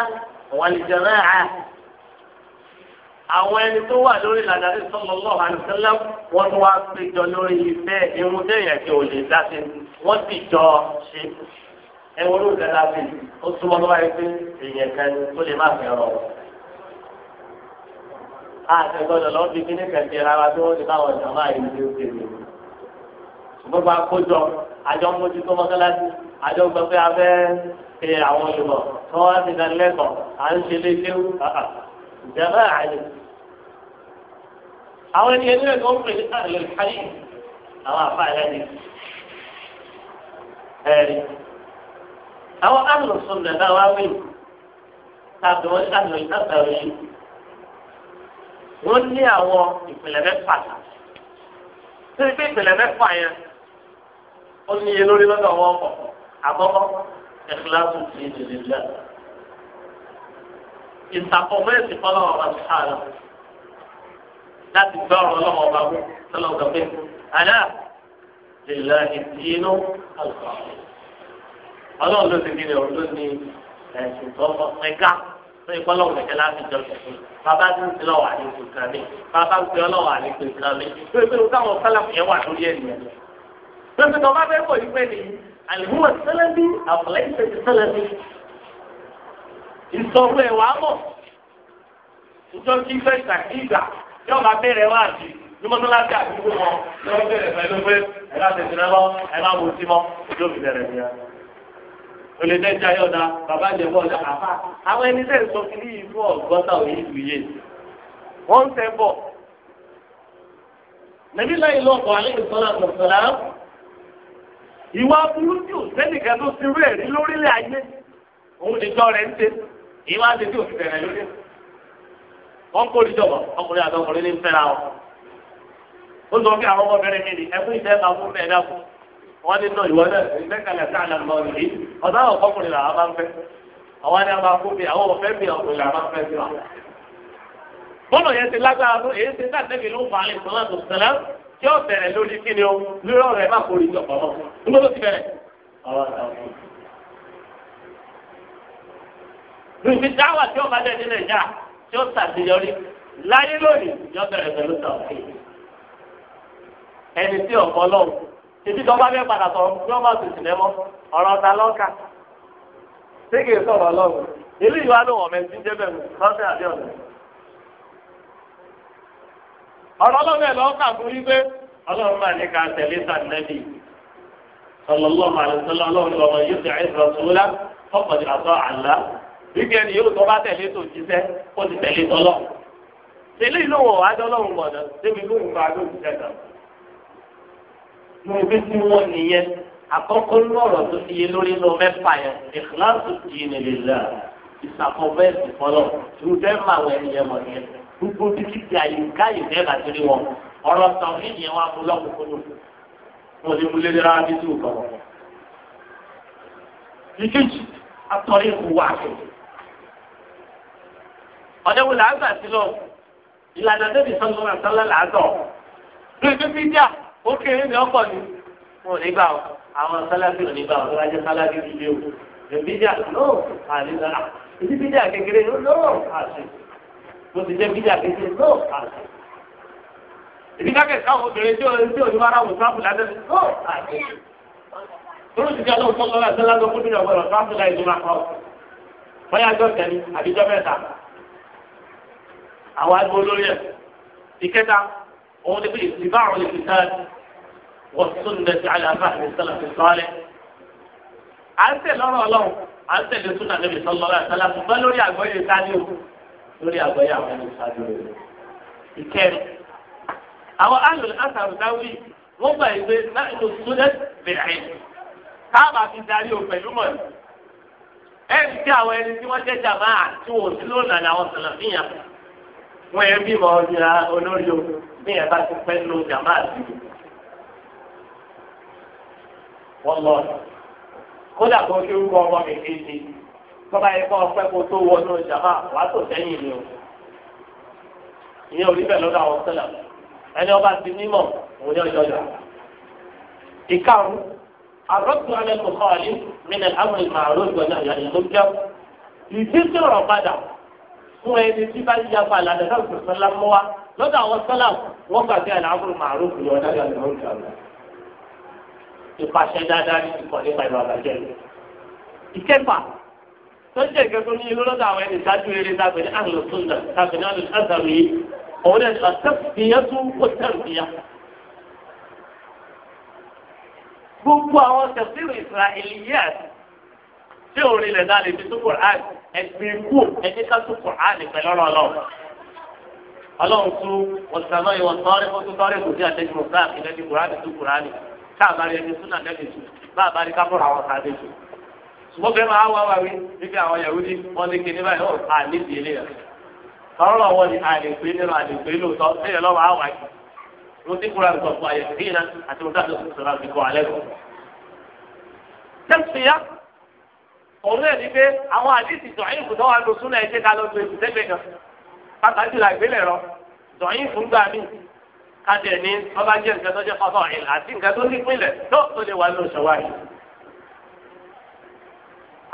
al àwọn ẹni tó wà lórí ìlànà àti sallallahu alaihi wasallam wọ́n tún wá péjọ lórí ìfẹ́ irun déyàn tí ò lè dá sí wọ́n sì jọ ṣe ẹwọ́n ló dá láti ó súnmọ́ lọ́wọ́ yìí pé èèyàn kan tó lè má fẹ́ rọ̀ àti gbọ́dọ̀ lọ́wọ́ bíi kí ní kẹ̀kẹ́ rárá tí wọ́n ti bá wọn jàmbá yìí ní oṣù tèmi ṣùgbọ́n bá àjọ mójútó mọ́sálásí àjọ gbọ́pẹ́ abẹ́ ṣe àwọn olùmọ̀ tí wọ́n ti dánilẹ́kọ̀ọ́ à ń ṣe léṣe ìjàmbá àyè àwọn ẹni ẹni lẹ́nu ọ̀pẹ ní àlọ́ ìkáyé àwọn àfa ẹlẹ́ni ẹ̀rí àwọn àlọ́ sọ̀rọ̀ náà wá wí tàbí wọ́n àlọ́ ìtàkàwé wọ́n ní àwọn ìpìlẹ̀ mẹ́fà tà sí ibi ìpìlẹ̀ mẹ́fà yẹn ó ní iye lórí lọ́dọ̀ wọn kọ̀ àkọ́kọ́ ẹ̀kíláàsì ti ìdílé lẹ́nu ìtàkùn mẹ́sì fọlọ́wọ́ bá ti ká lọ láti gbọ́ ọ̀rọ̀ ọlọ́wọ́ ọba wò lọ́lọ́wọ́ sọ pé àná lèlá ìdíyẹnú àlùkò ọlọ́run ló ti di rẹ̀ ọ̀rọ̀ ló ní ẹ̀sùn tó ọmọ ẹ̀ka fún ìpọ́lọ́wọ́ nìkan láti jọ ṣẹ̀ṣẹ̀ bàbá ti ń ti lọ́wọ́ àlékún ìsìlá mi bàbá ń pe ọlọ́wọ́ àlékún ìsìlá mi pépé o táwọn sálàmù yẹn wà lórí ẹ̀ nìyẹn tó bá fẹ́ pọ̀ yí pé nìyí àlùmọ́ sẹ́lẹ̀bí àfọlẹ́sẹ̀ sẹ́lẹ̀bí ìsọ̀rọ̀ yóò máa bẹ̀rẹ̀ wá àti ní mọ́tòláṣí àdúgbò wọn lọ́wọ́ bẹ̀rẹ̀ pẹ̀lú pé ẹ bá tẹ̀sí lọ́wọ́ ẹ bá mú sí mọ́ ojú òbí bẹ̀rẹ̀ ni olè dẹ́jà yóò da bàbá ìjẹ̀bú ọ̀dà àfa àwọn ẹni tẹ̀ sọ kí ní ìlú ọ̀gọ́ta òní ìlú yé wọ́n ń tẹ́ bọ̀ nàbí láyé lọ́kọ̀ alẹ́ ìsọ́lá tọ̀sọ̀lá ìwà burúkú sẹ́nìkan tó ti rú ẹ̀rí lórílẹ̀ ayé òun ìjọ rẹ̀ ń ṣe ìwà àti wọ́n kórè jọ̀bọ̀ ọkùnrin àti ọkùnrin ní fẹ́ra wọn. ó sọ pé àwọn ọmọbìnrin mi ni ẹkún ìfẹ́ máa fún bẹ́ẹ̀ dákun wọ́n ní nọ ìwọ náà ìfẹ́ kalẹ̀ sí àná lọ nìyí ọ̀dọ́ àwọn ọkùnrin làwọn máa ń fẹ́ àwọn ni a máa fún mi àwọn ọ̀fẹ́ mi ọkùnrin làwọn máa ń fẹ́ sí wa. bọ́lá yẹn ti lágbára ló èyí ti sàtẹ́bí ló fà á lè sọ́lá tó sẹ́lá tí ó bẹ̀rẹ̀ lórí kí ni o lórí ọ̀rẹ́ tí ó ṣàṣeyọrí láyé lónìí yọ bẹ̀rẹ̀ pẹ̀lú tàwọn ẹni tí ọ̀pọ̀ lọ́wọ́ títí tó bá fẹ́ padà sọ̀rọ̀ tí wọ́n bá sì sílẹ̀ mọ́ ọ̀rọ̀ ta lọ́ka tí kì í sọ̀rọ̀ lọ́wọ́ ilé ìwà ló wọ̀ mẹ́tí jẹ́ bẹ̀rù lọ́sẹ̀ àbí ọ̀nà. ọ̀rọ̀ lọ́wọ́ ẹ̀ lọ́ọ́ kà fún pé ọlọ́run máa ní ká tẹ̀lé sànẹ́bì sọlọ́lọ́ọ̀ ibi ẹni yóò tọ́ bá tẹ̀lé tó jíṣẹ́ kó ti tẹ̀lé tọ́lọ́ tẹ̀lé ìlú wọn adé ọlọ́run gbọ̀dọ̀ débi tó ń gba ló ti tẹ̀lé mo fi sí wọn nìyẹn àkọ́kọ́ lọ́rọ̀ tó ti yé lórí lọ mẹ́fà yẹn ìkíláàsì ti yé nílé lọ ìsàkọ́fẹ́ ìfọlọ́ ìlú tẹ́ máa wọ ẹni yẹn mọ̀ yẹn gbogbo títí ti àyíká yìí tẹ́ bá tẹ́lé wọn ọ̀rọ̀ sàn ní ìyẹn ìkejì atọ́rí ìkú wá ọ̀dẹ́ wo làá gbà sí lọ ìlànà débi sọ́nù àtàlà làátọ̀ lórí pípí díà ó kéré ní ọ̀pọ̀ ni wọn ò ní gbà àwọn sálábì ò ní gbà wọn lájẹ sálábì ìdílé o èmi díà lóò àlè náà èmi díà kékeré lóò àṣẹ mo ti jẹ bíjà kékeré lóò àṣẹ èmi kákẹ́ káwọn obìnrin tí òní òní wàrà wò sáfù ládé lóò àṣẹ olùsí jẹ́ lóòótọ́ lọ́la sálábì ó kúndùn ìyàwó rẹ̀ sáfù láì tó máa kọ́ wọ́n yá jọ́ kẹ́ni àbíjọ́ mẹ́ta àwọn àgbẹ̀ olórí ẹ̀ ìkẹta òun ni pé ìsìnbá àwọn ìfìsà wọ́n tún lè ti àlàáfà ìsàlà fi sọ́ọ́lẹ̀. à ń tẹ̀lé ọ̀rọ̀ ọlọ́run à ń tẹ̀lé súnà níbi sọ́lọ́lá ìsàlà ṣùgbọ́n lórí àgbọ̀yé sáájú lórí àgbọ̀yé àwọn ẹni sáájú rẹ̀. ìkẹrin àwọn àlùl àtàrù dáwì wọ́n gbà ìgbé láì lo súnà bẹ̀rẹ̀ káàbà fi darí o pẹ̀lú mọ̀ ẹ̀rí tí àwọn ẹni tí wọ́n jẹ́ jàmáà tí wọ́n ti lónà wọn yẹn bímọ ọjà olórí o ní ẹ bá ti pẹ́ nù jàmbá àti wọn lọ kódà kó kí orúkọ ọmọ mi kéde tọ́ba yẹ kó ọpẹ́ kó tó wọnú jàmbá wàá tó sẹ́yìn ni o ìyẹn ò rí bẹ́ẹ̀ lọ́dọ̀ àwọn sẹ́lẹ̀ ẹni ọba ti mímọ̀ òun ní ọjọ́ yọ. ìkarùn àrọ́tún alẹ́ kò kọ́ ọ̀lẹ́ mi nà ámúlẹ̀ màálù ìgbọ̀nà ìyàlẹ́ ló jẹ́ ìdí fún ẹni tí bá yíya fa àlàdà náà tó sọlá mọ́ wa lọ́dọ̀ àwọn sọ́là wọ́n gbàgbé àlàáfóró màrún fi ọ̀dà ìyàwó ìjọba. ìpàṣẹ dáadáa ní ìkọ̀ nípa ìwà àbàjẹ́ rẹ̀. ìkẹfà tó jẹ́ ìkẹ́kọ̀ọ́ ní ìlú lọ́dọ̀ àwọn ẹni ìdájú eré tàbí àlùsùnà tàbí àlùsàzàrù yìí òun náà sọ tẹ́fìyẹ́tù ó tẹ̀rùfìyà. gbogbo àwọn tẹ̀síìrì ìsirahìlì yẹ́ẹ̀sì tí òun ilẹ̀ náà lè fi tó Qur'an ẹ̀sìn ikú ẹ̀sìn ká tó Qur'an pẹ̀lú ọlọ́ọ̀lọ́. ọlọ́run tó ọ̀sán náà ìwọ̀n tọ́rẹ́ fún tó tọ́rẹ́ kò àtẹ́jú mọ̀ sáà fìlẹ́ bí Qur'an tó Qur'an káàbárí ẹni súnà lẹ́bi tù báàbárí kábọ̀rọ̀ àwọn sáà lẹ́bi ṣùgbọ́n bẹ́ẹ̀ máa wá wá wí níbi àwọn Yahudi wọn ní kíní báyìí ó à ní rẹ̀. tọ́rọ̀ òun náà ní pé àwọn àdìsí dọ̀yìn fún tọ́wọ́ àdó súnà ẹ̀jẹ̀ ká lọ sí ìtẹ́gbẹ̀ẹ́ kan pàtàkì jùlọ àgbélẹ̀ rọ dọ̀yìn fún gbà mí kájẹ ní ọba jẹ́ nǹkan tó jẹ́ fọ́fọ́ ìlà àti nǹkan tó nípìnlẹ̀ tó tó lè wà lóṣọ wáyé.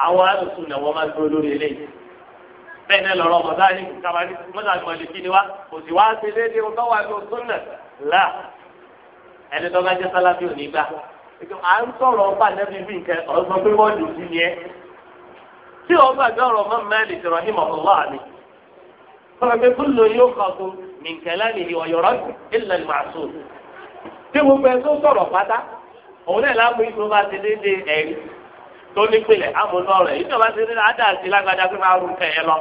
àwọn àdùsùn náà wọ́n máa ń dúró lórí eléyìí bẹ́ẹ̀ náà lọ́rọ̀ ọmọ sáà ní kàmání ni wá kò sì wá tí wọ́n gbàgbé ọ̀rọ̀ mọ́ Malik rahimahullah ni fọlọ́pẹ́ kúlò yóò kọ́ tó nìkẹ́lá nìyí ọ̀yọ́rọ́ ìlànà màṣú tí gbogbo sọ̀rọ̀ pátá òun náà bá ti ẹ̀rí tó nípìnlẹ̀ ọ̀rọ̀ yìí àti lágbàdá pé máa rú kẹ̀yẹ lọ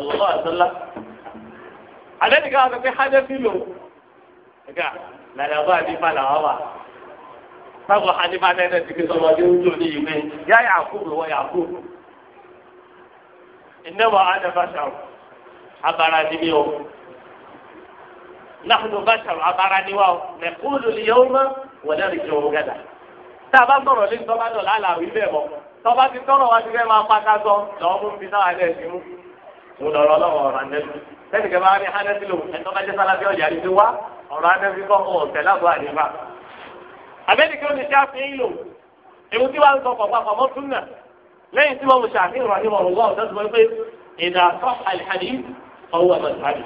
ọlọ́run nìkan sábà hanifa nẹ́ẹ̀dẹ́ ti fi sọ̀rọ̀ ọdún tó ní ìwé yá yakubu wọ yakubu ìnáwó adabasharu abara ni mi o nàkùnú basharu abara ni wa o mẹkúlù ni yẹwò mọ wọlé rìn jòwó gàdà tá a bá sọ̀rọ̀ lé tọ́ba náà lálàá wí bẹ́ẹ̀ mọ́ tọ́ba ti tọ́rọ̀ wá sí fẹ́ máa pátá sọ lọ́wọ́ mú mi náà alẹ́ sí mú mo lọ́rọ́ lọ́wọ́ ọ̀rọ̀ anẹ́bí sẹ́ni kẹ́ bá rí anẹ́bí lò ẹ̀tọ́ bá jẹ́ sálábí ọ̀yà ìdíwá ọ̀rọ̀ anẹ́bí kọ́ ọ̀ tẹ̀lé àbọ̀ àdìbá àbẹ́nìkan ní sáfìhìn lò ewu tí wàá sọ pàpà pàmò súnà lẹ́yìn tí wọ́n mu sáfìhìn rọ̀ níwọ̀n rọ̀ wọ́n tẹ́sí wọ́n pé ìdá sọ alhadith ọwọ́ àmàlùfàdì.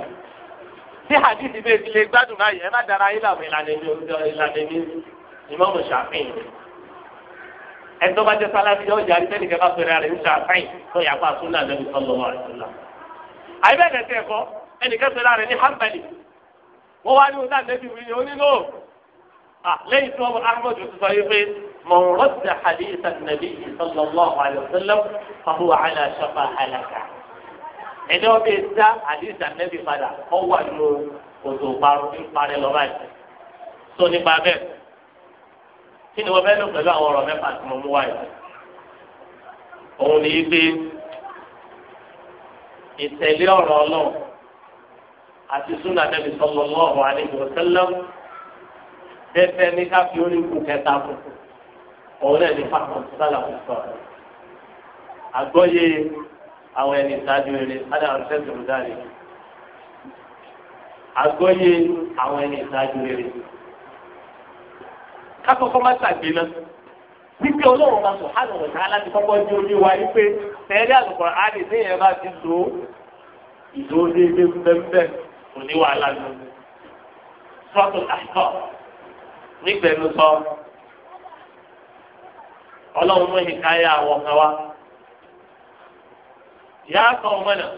tí hadith bẹ́ẹ̀ ti lè gbádùn báyìí ẹ má dara yín làwọn ìlànà ẹni ìlànà ẹni ìmọ̀ mu sáfìhìn. ẹ̀tọ́ bá jẹ́ sálábí yóò jà nípa ẹnìkan bá pèrè rẹ̀ ń sáfìhìn tó yàgbá súnà lẹ́nu sọ́lọ́wọ́ àdúrà. àyẹ̀bẹ̀ lẹ́yìn tí wọ́n ahmed ti sọ yìí pé mọ̀rọ́dà hadith anabi sallallahu alayhi wa sallam fahu ala shafa halaka. ẹni wọ́n bẹ dá hadith anabi padà ọ wà ló kòtò parọ́ ní parẹ́ lọ́ba yìí. sọ nípa bẹ́ẹ̀ kí ni wọ́n fẹ́ lò pẹ̀lú àwọn ọ̀rọ̀ mẹ́fà tí mo mú wáyé. òun ni yìí pé ìtẹ̀lé ọ̀rọ̀ ọlọ́run àti sunnah anabi sallallahu alayhi wa sallam tẹ́tẹ́ ní ká fi orí kù kẹta fún òun náà ní pàtó sálà fún sọ àgbọ́yé àwọn ẹni ìtajú eré sálà àrùsẹ́sì rúdàrí àgbọ́yé àwọn ẹni ìtajú eré kákọ́kọ́ má tàgbé náà wípé ọlọ́run máa sọ hánà ọ̀tá láti kọ́kọ́ di orí wa wípé tẹ̀lé àlùkò àdè téèyàn bá ti so ìdó déédéé bẹ́ẹ̀ bẹ́ẹ̀ kò ní wàhálà lọ. sọ́tò àìsàn nígbẹ̀nu sọ ọlọ́run mú ìkáyà àwọn kan wá ìyá kan ọmọ náà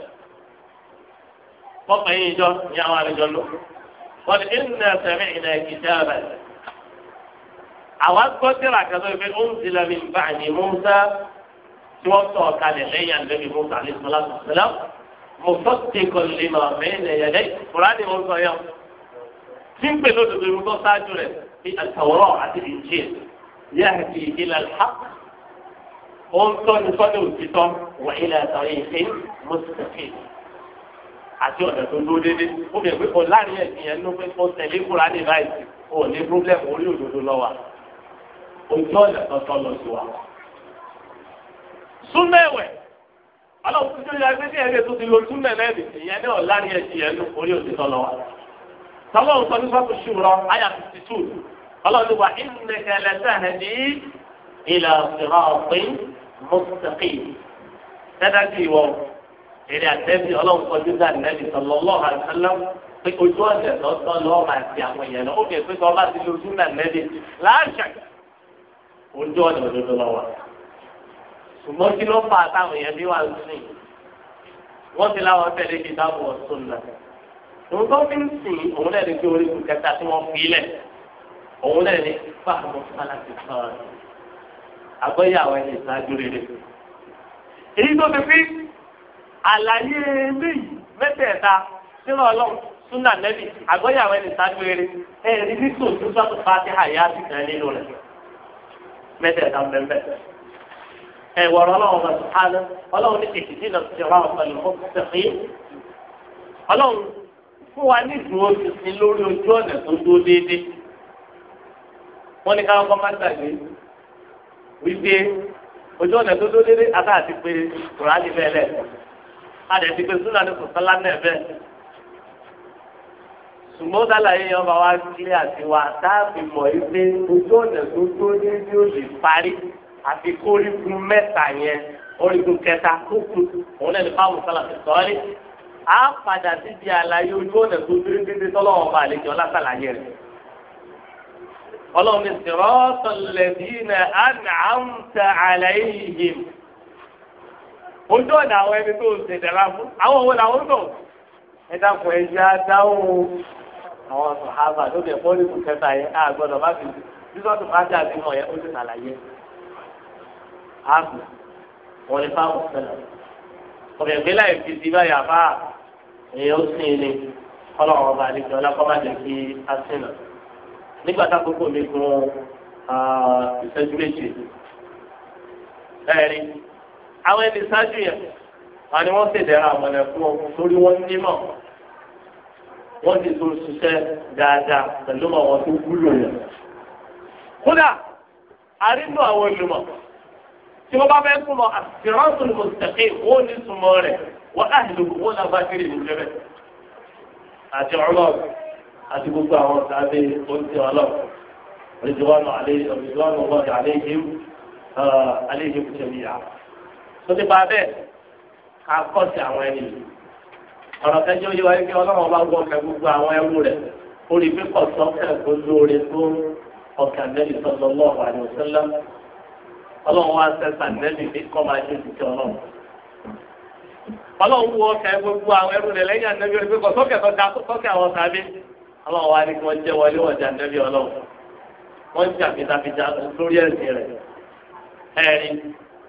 wọ́n fẹ̀yìn ìjọ ní àwọn àlejò lò wọ́n ní ìnà sẹ̀mí ìnà ìkìtẹ́ rẹ̀ àwọn akọ́sílẹ̀ àkàtọ́ ìfẹ́ ó ń tilẹ̀ mi bá ní Musa tí wọ́n tọ̀ kalẹ̀ lẹ́yìn àlejò Musa alayhi salatu wassalam mọ̀tọ́tẹ̀kọ̀ lè máa mẹ́rin ẹ̀yẹ̀dẹ́ ìfúrádìí wọn sọ yẹn tí ń pè lódodo ìrúkọ sáájú rẹ̀. في التوراة àti الإنجيل يهدي إلى الحق ó ń tọ́ وإلى sọ́dọ̀ òtítọ́ wà ilẹ̀ àtàwọn ìṣe mọ́sítẹ́fì àti ọ̀dọ̀ tó dúró déédéé ó bẹ̀rẹ̀ pé kò láàrin ẹ̀sìn yẹn ló pé kò tẹ̀lé kúra ní báyìí ò ní pírọ́blẹ̀mù orí òdodo lọ wa ojú ọ̀nà tọ́tọ́ lọ sí wa. súnmọ́ ẹ̀wẹ̀ ọlọ́run tó ti rí agbẹ́sẹ̀ yẹn tó ti lo súnmọ́ ẹ̀ náà nìyẹn ní ọ̀lárin ẹ̀sìn yẹn ló orí òtítọ́ lọ tọ́lọ́run sọ ní sọ́kù ṣùrọ̀ àyà fifty two ọlọ́run wà innaka latahdi ila siratin mustaqim dáadáa ìwọ èrè àtẹ́bí ọlọ́run kọjú dá nẹ́bí sallallahu alaihi wasallam pé ojú ọ̀dẹ̀ lọ́tọ́ lọ́ọ́ máa ti àwọn èèyàn náà ó bẹ̀ pé kọ́ bá ti lójú náà nẹ́bí láàṣà ojú ọ̀dẹ̀ òdodo lọ́wọ́ ṣùgbọ́n wọ́n ti láwọn tẹ̀lé kìtàbù ọ̀tún náà. òun tó fi ń sìn òun náà ní orí kù kẹta tí wọ́n fi lẹ̀ òun náà ní fáàmù fàlàtì kan àgbẹ̀yàwó ẹni ìsáájú rere. èyí tó fi fi àlàyé eléyìí mẹ́tẹ̀ẹ̀ta sínú ọlọ́run súnà nẹ́bí àgbẹ̀yàwó ẹni ìsáájú rere ẹ̀rí ní tòótọ́ sọ́tò fàtí àyà sí kan nínú rẹ̀ mẹ́tẹ̀ẹ̀ta mẹ́mẹ́ ẹ̀ wọ̀rọ̀ ọlọ́run bá fún wa ní ìdúró tuntun lórí ojú ọ̀nà tó dúró déédéé wọ́n ní káwọn kọ́ máa gbàgbé wípé ojú ọ̀nà tó dúró déédéé aká àti pé kùránì bẹ́ẹ̀ lẹ̀ adẹ̀ ti pé súnà ní kùsọ́lá náà bẹ́ẹ̀ ṣùgbọ́n sálàyé yẹn ọba wa kílẹ̀ àti wa táàbì mọ̀ wípé ojú ọ̀nà tó dúró déédéé ó lè parí àti kórìkù mẹ́ta yẹn orígun kẹta kókù òun náà ní báwo sálà ti sọ ọ́ á padà sí di àlàyé ojú ọ̀nà tó dúró dídí tọ́lọ́wọ́n bá àlejò ọlásàlàyé rẹ̀. ọlọ́run ní sirata alladhina an'amta alayhim. ojú ọ̀nà àwọn ẹni tó ṣe dára fún àwọn òun làwọn ń bọ̀. ẹ dákun ẹ jẹ́ àwọn lóde ẹ̀fọ́ ní yẹn gbọ́dọ̀ fi dà sí ó ti èèyàn sì ni ọlọ́run ọba àlejò ọlákọ́mọdé kí á sìnà nígbà tákòókò mi gun ìṣẹ́jú méje ẹ̀rí àwọn ẹni ṣáájú yẹn wọn ni wọ́n ṣèdẹ̀rẹ̀ àmọ̀lẹ̀ fún ọ torí wọ́n nímọ̀ wọ́n ti tó ṣiṣẹ́ dáadáa pẹ̀lú àwọn tó wúlò yẹn. kódà àrínú àwọn olùmọ̀ tí wọ́n bá fẹ́ kú mọ́ àtìrọ́sùn mùsùlùmí wọ́n ní sùnmọ́ rẹ̀. وأهل á lò wọ́n náà bá kiri ìlú lẹ́bẹ̀. àti ọlọ́ọ̀ àti عليه àwọn sábẹ́ عليهم ọlọ́ọ̀ rìdíwọ́nù rìdíwọ́nù ọlọ́ọ̀dẹ àléhìm àléhìm jẹ̀míyà. tó ti bá ah, bẹ́ẹ̀ ká kọ́ sí àwọn ẹni ọ̀rọ̀ kẹjọ yìí wáyé kí ọlọ́run bá gbọ́ kẹ gbogbo àwọn ẹrú rẹ̀ ó rí pé tó lóore tó ọkàn nẹ́bí sallallahu alaihi wasallam ọlọ́run wá sẹ́sà nẹ́bí kọ́ máa ṣe ìṣẹ́ ọlọ́run. ọlọ́run wọ ọkà gbogbo àwọn ẹrú rẹ̀ lẹ́yìn ànábì rẹ̀ pé sọ́kẹ̀ tó da àwọn sábẹ́ ọlọ́run wa ni kí wọ́n jẹ́ wọlé ọjà ànábì ọlọ́run wọ́n jà fìtafìta lórí ẹ̀sìn rẹ̀ ẹ̀rí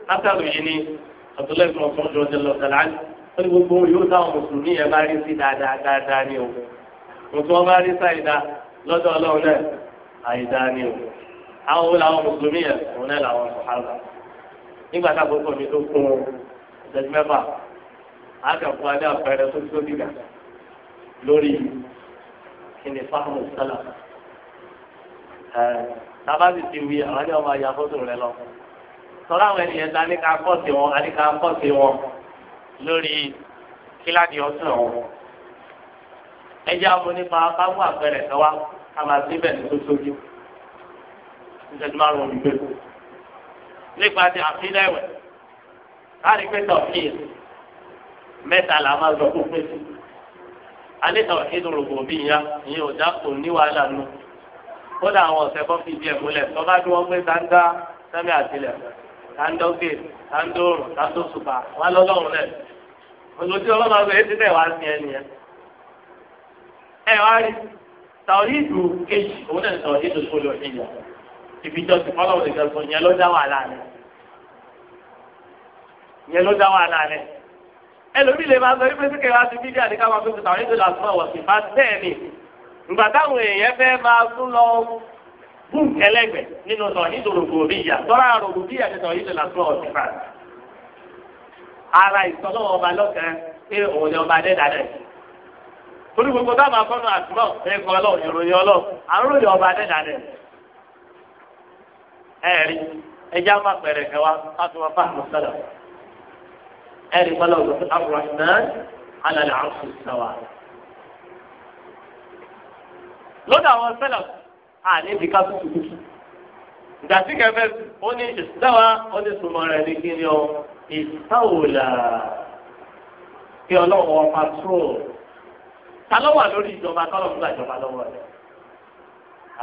látàlù yìí ni ọ̀tọ́lẹ́gbọ̀n ọ̀tún ọjọ́ lọ́sàlá ó ní gbogbo yóò táwọn mùsùlùmí yẹn bá rí sí dáadáa dáadáa ní o mùsùlùmí bá rí lọ́dọ̀ ọlọ́run náà ní o àwọn wo làwọn mùsùlùmí yẹn òun náà làwọn sọ̀hálà nígbà mi tó kún un àgàfọ́ adé àpẹẹrẹ tó tó dìgbà lórí kíni fáwọn sálà tábà sì ti wí àwọn ẹni ọmọ ayé afọ́tò rẹ lọ sọ́dọ̀ àwọn ènìyàn ta ní ká kọ́ sí wọn àní ká kọ́ sí wọn lórí kíláàdì ọ̀sán wọn ẹjẹ́ àwọn onípa káwọn àpẹẹrẹ kan wá ká máa síbẹ̀ ní tó tójú ìṣẹ́jú márùn ún ìgbésẹ̀ nípa ti àfihàn ẹ̀wẹ̀ láti pé tọ̀fíìsì mẹ́ta là máa lọ kó pé sí. alẹ́ tàwọn ìdúró kò bí ya ìyẹn ò dá kò ní wàhálà nù. kódà àwọn ọ̀sẹ̀ kan fi díẹ̀ múlẹ̀ tọ́ba tí wọ́n gbé sáńdá sẹ́mi àtìlẹ̀ sáńdọ́gè sáńdọ́rùn sáńdọ́sùpà wà lọ́lọ́run rẹ̀. olùdí ọlọ́mọ àgbẹ̀ ètí bẹ́ẹ̀ wá sí ẹ nìyẹn. ẹ wá rí tàwọn ìdù kejì òun náà tàwọn ìdù sólò ìyà ìfijọ́sìn fọlọ́run ìgbàgbọ́ yẹn ẹlòmí lè máa sọ wípé síkè wá sí bídíà ní máa fi tàwọn ìdílé àtúmọ̀ wọ̀ sí máa tẹ̀ ní. ìgbà táwọn èèyàn fẹ́ máa tún lọ bú ẹlẹ́gbẹ̀ nínú sọ ìdòrògbò bíyà tọ́ra àrògbò bíyà ní sọ ìdílé àtúmọ̀ wọ̀ sí máa. ara ìsọlọ́wọ́ ọba lọ́kẹ́ pé òun ni ọba dẹ́ dáadáa torí gbogbo táwọn akọ́nù àtúmọ̀ ẹ̀kọ́ ọlọ́run ìròyìn ọlọ́run àròyìn ọba dẹ́ dáadáa ẹ̀rí gbọ́dọ̀ wọ́n Ar-Rahman ala al-arshi istawa. lọ́dọ̀ àwọn sẹ́lẹ̀ àní ibi ká tutù tutù. ìdásí kẹfẹ́ ó ní istawa ó ní sùnmọ́ rẹ̀ ní kí ni ọ ìsáwòlà kí ọlọ́run patrol ta ló lórí ìjọba tọ́lọ̀ fún àjọba lọ́wọ́ rẹ̀.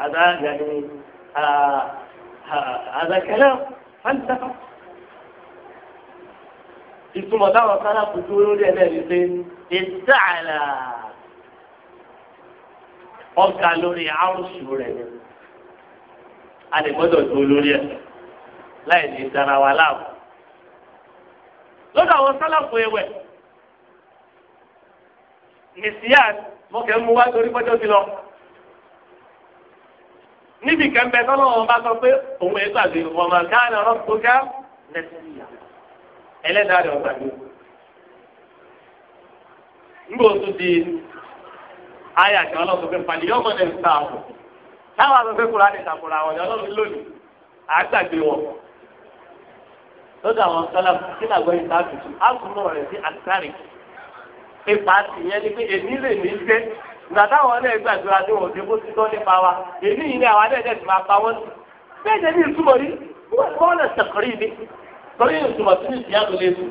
àdá yẹn ni àdàkẹ́lẹ́ fẹ́ǹtẹ́fẹ́ ìtumọ̀ táwọn kan náà kùtù lórí ẹ̀ náà ni pé ìtàlà ọ̀gá lórí àrùsù rẹ̀ ni a lè gbọ́dọ̀ tó lórí ẹ̀ láì ní dára wa láàbù. lọ́dọ̀ àwọn sálàfù ewẹ̀ mìsíàn mọ̀kẹ́ mú wá torí pọ́jọ́ ti lọ. níbi kẹ́ńpẹ́ tọ́lọ́wọ́n bá sọ pé òun ètò àgbèrè wọn máa ká ẹ̀rọ tó ká lẹ́sìn ìyàwó ẹlẹ́dàá rẹ̀ ọ̀gbàgbé. Nígbà tó di ayé àti ọlọ́sọ pé pàdé yọmọ ní ìta àpò. Táwọn àti pé kúrò á ní ìtàkùrọ̀ àwọn ọ̀dọ́ ọlọ́run lónìí, à ń gbàgbé wọn. Lọ́dọ̀ àwọn sọ́lá kí làgbọ́ ìta àtútù, á tún mọ̀ rẹ̀ sí àtàrí. Pípa ti yẹn ni pé èmi lè ní jẹ́. Ìgbà táwọn ọlẹ́ gbàdúrà ní òde bó ti tọ́ nípa wa, èmi yìí ni àwọn adẹ́dẹ́ ti máa pa wọ́n. Bẹ́ẹ̀ ni ìtumọ̀ rí, wọ́n lọ ni torí ìtumọ̀ sí ní ìyáàdó lé tu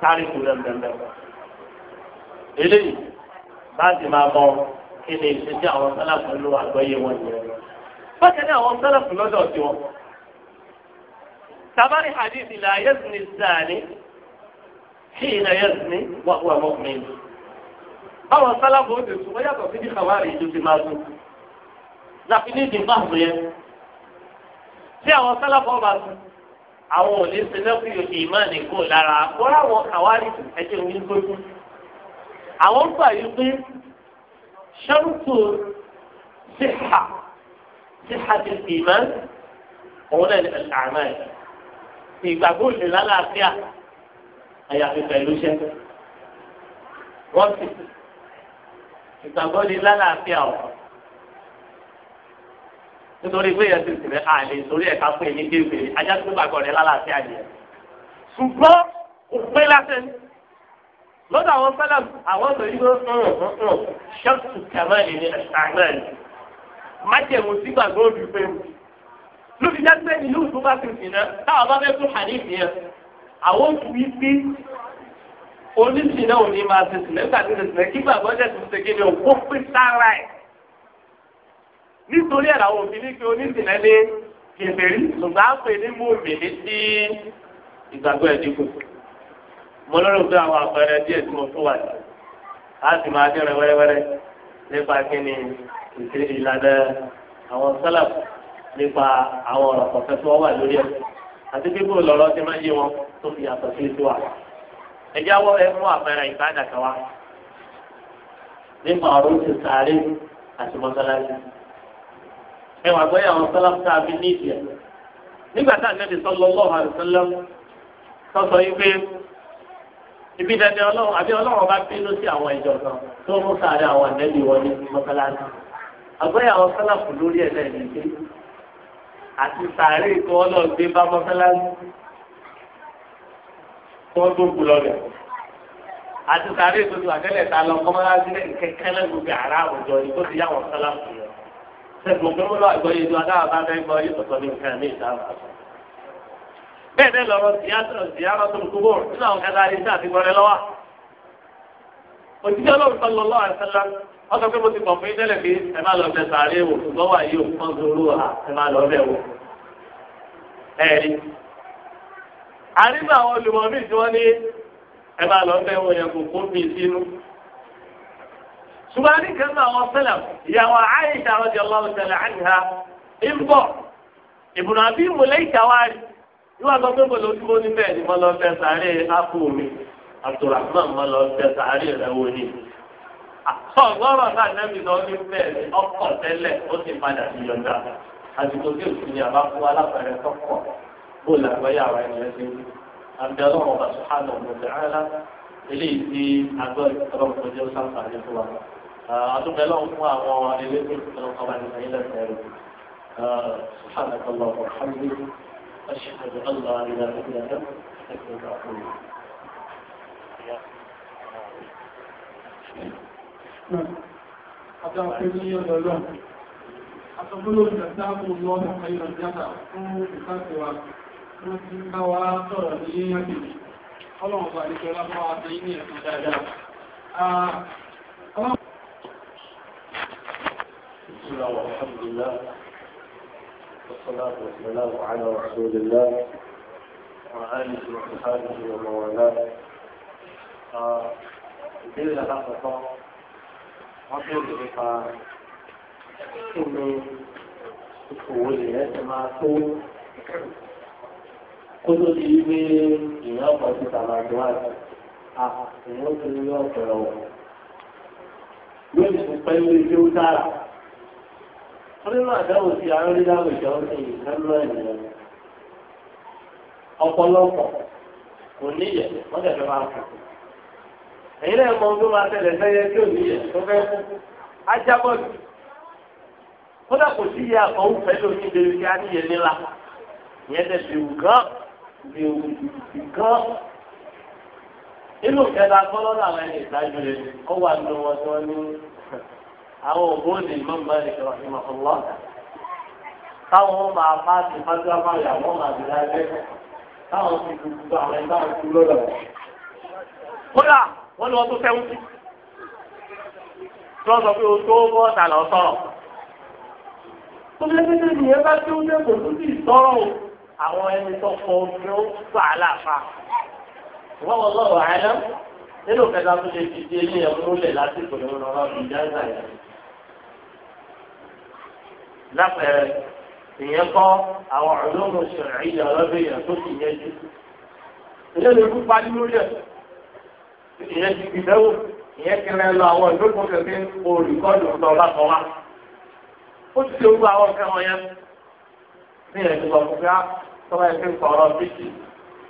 kárí kù lẹ́mdẹ́mdẹ́. eléyìí báàgì máa mọ kí ni ìṣesí àwọn sálàfù ló àgbọ́yé wọn yẹn. bákan náà àwọn sálàfù lọ́dọ̀ sí wọn. tabari hadith la yazni zani hina yazni wa huwa mu'min. báwọn sálàfù ó ti sùn wọ́n yàtọ̀ sí bí kàwárí ìlú ti máa sùn. làfi ní ìdí máa sùn tí àwọn sálàfù ọba sùn àwọn òní sinẹ́kù yòókì ìmánì kò lára kóra àwọn àwárí ẹ̀jẹ̀ òní gbogbo. àwọn gbà yìí pé ṣẹ́rùtù síhà síhà ti fi ìmán òun náà ní àmà ẹ̀. ìgbàgbọ́ òní lálàáfíà àyàfi pẹ̀lú iṣẹ́. wọ́n ti ìgbàgbọ́ òní lálàáfíà ọ̀hún nítorí pé yẹn ti sì rẹ àlè torí ẹ̀ ká pé ní kéwìrì ajá tó gbàgbọ́ rẹ lálàáfíà nìyẹn. ṣùgbọ́n kò pé lásán lọ́dọ̀ àwọn sálàm àwọn sọ yìí ló mm, mm, mm, ṣẹ́kù kàmáàlì ní àgbẹ̀rẹ̀ májẹ̀mú sí gbàgbọ́ òbí pé lóbi dágbé ìlú tó bá ti sìn náà táwọn bá fẹ́ tún hadith yẹn àwọn òkú yìí pé oníṣìí náà máa ṣe sílẹ̀ nítorí ẹ̀ làwọn òfin ní pé onísìnlẹ̀ lé kèfèrí ṣùgbọ́n á pè ní mòmìnì sí ìgbàgbọ́ ẹ̀ dínkù. mo lọ́rọ̀ pé àwọn àpẹẹrẹ díẹ̀ tí mo fún wa yìí á sì máa dín rẹ wẹ́rẹ́wẹ́rẹ́ nípa kíni ìṣe ìlànà àwọn sálàfù nípa àwọn ọ̀rọ̀ kọ̀ọ̀kan tí wọ́n wà lórí ẹ̀ àti pé bóòlù ọ̀rọ̀ ti máa ń yé wọn tó fi yàtọ̀ sí tiwa. ẹ jáwọ́ ẹ mú àpẹẹrẹ ìbádàkà wa nípa ọ̀rọ̀ ti ẹ wà àwọn tá a fi ní ìdíyà nígbà tá ànábì sallallahu alaihi sọsọ yìí pé ibi dandan ọlọ́run àbí ọlọ́run bá bínú sí àwọn ìjọ kan tó mú sáré àwọn wọn ní mọ́kálásí àwọn kù lórí àti sáré gbé bá kó tó kù àti sáré ìtòtò ta lọ àwùjọ yìí tó ti yá àwọn sẹ́gun pé wọ́n lọ àgbọ̀yé ju adáwà bá fẹ́ gbọ́ yóò tọ̀tọ̀ ní nǹkan ní ìdáhùn. bẹ́ẹ̀ bẹ́ẹ̀ lọ́rọ̀ ziyara tó ń kúbọ̀ nínú àwọn kẹta ayé sí àtìgbọ́rẹ́ lọ́wọ́. òtítọ́ ọlọ́run sọlọ lọ́wọ́ àṣẹlá wọ́n sọ pé mo ti kọ̀ fún ìtẹ́lẹ̀ pé ẹ má lọ bẹ sàárè wò ṣùgbọ́n wà yìí òkú ọ̀dọ́rú wa ẹ má lọ bẹ wò. ẹ̀rí àrígbà àwọn olùmọ̀ míì tí wọ́n ní ẹ má lọ bẹ wò yẹn kò kó mi sínú ṣùgbọ́n a ní kan náà wọn sẹ́lẹ̀ ìyàwó Aisha radiyallahu ta'ala anha ń bọ̀ ìbùnà àbí ìmùlẹ̀ ìkàwárí yóò àgbọ̀ pé bọ̀lọ̀ ojúbọ níbẹ̀ ni mo lọ fẹ́ sàárè ápò mi Abdulrahman mo lọ fẹ́ sàárè rẹ̀ wò ni. ọgọ́rọ̀ náà nẹ́bí lọ ní bẹ́ẹ̀ ni ọkọ̀ tẹ́lẹ̀ ó ti padà sí yọ̀ǹda àsìkò tí òsì ni àbá fún alápẹ̀rẹ̀ tọkọ̀ bó làgbáyà wa ẹ̀yẹ àdúgbò fún àwọn eléwé ọlọ́kọ̀ọ́bá ní ilẹ̀ tẹ̀rẹ̀ سبحانك اللهم وبحمدك أشهد أن لا إله إلا أنت أستغفرك وأتوب إليك. Àtọ́gbọ́lò ìjọba ọlọ́run ayé ìjọba fún ìfàṣẹwà fún ti ń bá wa sọ̀rọ̀ ní yíyànjú. Ọlọ́run bá ní kẹ́lá fún àtẹ́yìn ní ẹ̀sùn dáadáa. بسم الله والحمد لله والصلاة والسلام على رسول الله وآله وصحبه ومن والاه ìbéèrè alákọ̀ọ́kọ́ wọ́n béèrè nípa kí ni òwò ìyẹn ti máa tó kó tó di wípé ìyẹn ọkọ̀ ti tàbí àdúrà à ìyẹn ó ti rí ọ̀pẹ̀ ọ̀wọ̀. Bí ó ti pẹ́ lé ilé ó dára. Onímọ̀ àdáwò sí àwọn orílẹ̀-èdè ìjọ ń na ọdún máa tẹ̀lé sẹ́yẹ tí ò níyẹ̀ tó fẹ́ sí pẹ̀lú omi ìdèrè a níyẹ̀ nílá. Ìyẹn tẹ̀ fi wù Inú kẹta àwọn ẹni ìtajú rẹ̀ wà nínú wọn tí wọ́n ní àwọn òbóde mọ́mọ́lì rahimahullah táwọn máa bá ti fájú àmàlà wọn máa bì lábẹ́ táwọn ti gbogbo àwọn ẹgbẹ́ àwọn kú lọ́dọ̀ wọn. kódà wọn ni wọn tó fẹ́ wúti tí wọn sọ pé o tó bọ́ ọ̀tà lọ sọ̀rọ̀. tó lé títí nìyẹn bá tí ó yẹ kó tó sì sọ̀rọ̀ o àwọn ẹni tó kọ omi ó gbà láfa. wọ́n wọ́n lọ́rọ̀ àyẹ̀ nínú kẹta tó lè fi di ilé ẹ̀ múlẹ̀ lásìkò ìrànlọ́wọ́ ìjà ń yẹn lápẹẹrẹ ìyẹn kọ́ àwọn ọ̀dọ́mọ̀ ṣẹ̀rẹ̀ ìyá ọlọ́dún yẹn tó sì yẹn jù ìyẹn lè kú pálí lórí ẹ̀ ìyẹn ti gbìdẹ́wò ìyẹn kẹrẹ lọ àwọn ìdókòwò kẹfẹ́ olùkọ́ni ọ̀dọ́ ọba kan wá ó ti ṣe gbogbo àwọn ọ̀fẹ́ wọn yẹn ní ìrìn ìgbà fún fíà tọ́wọ́ ẹ̀ fi ń sọ̀rọ̀ bíkì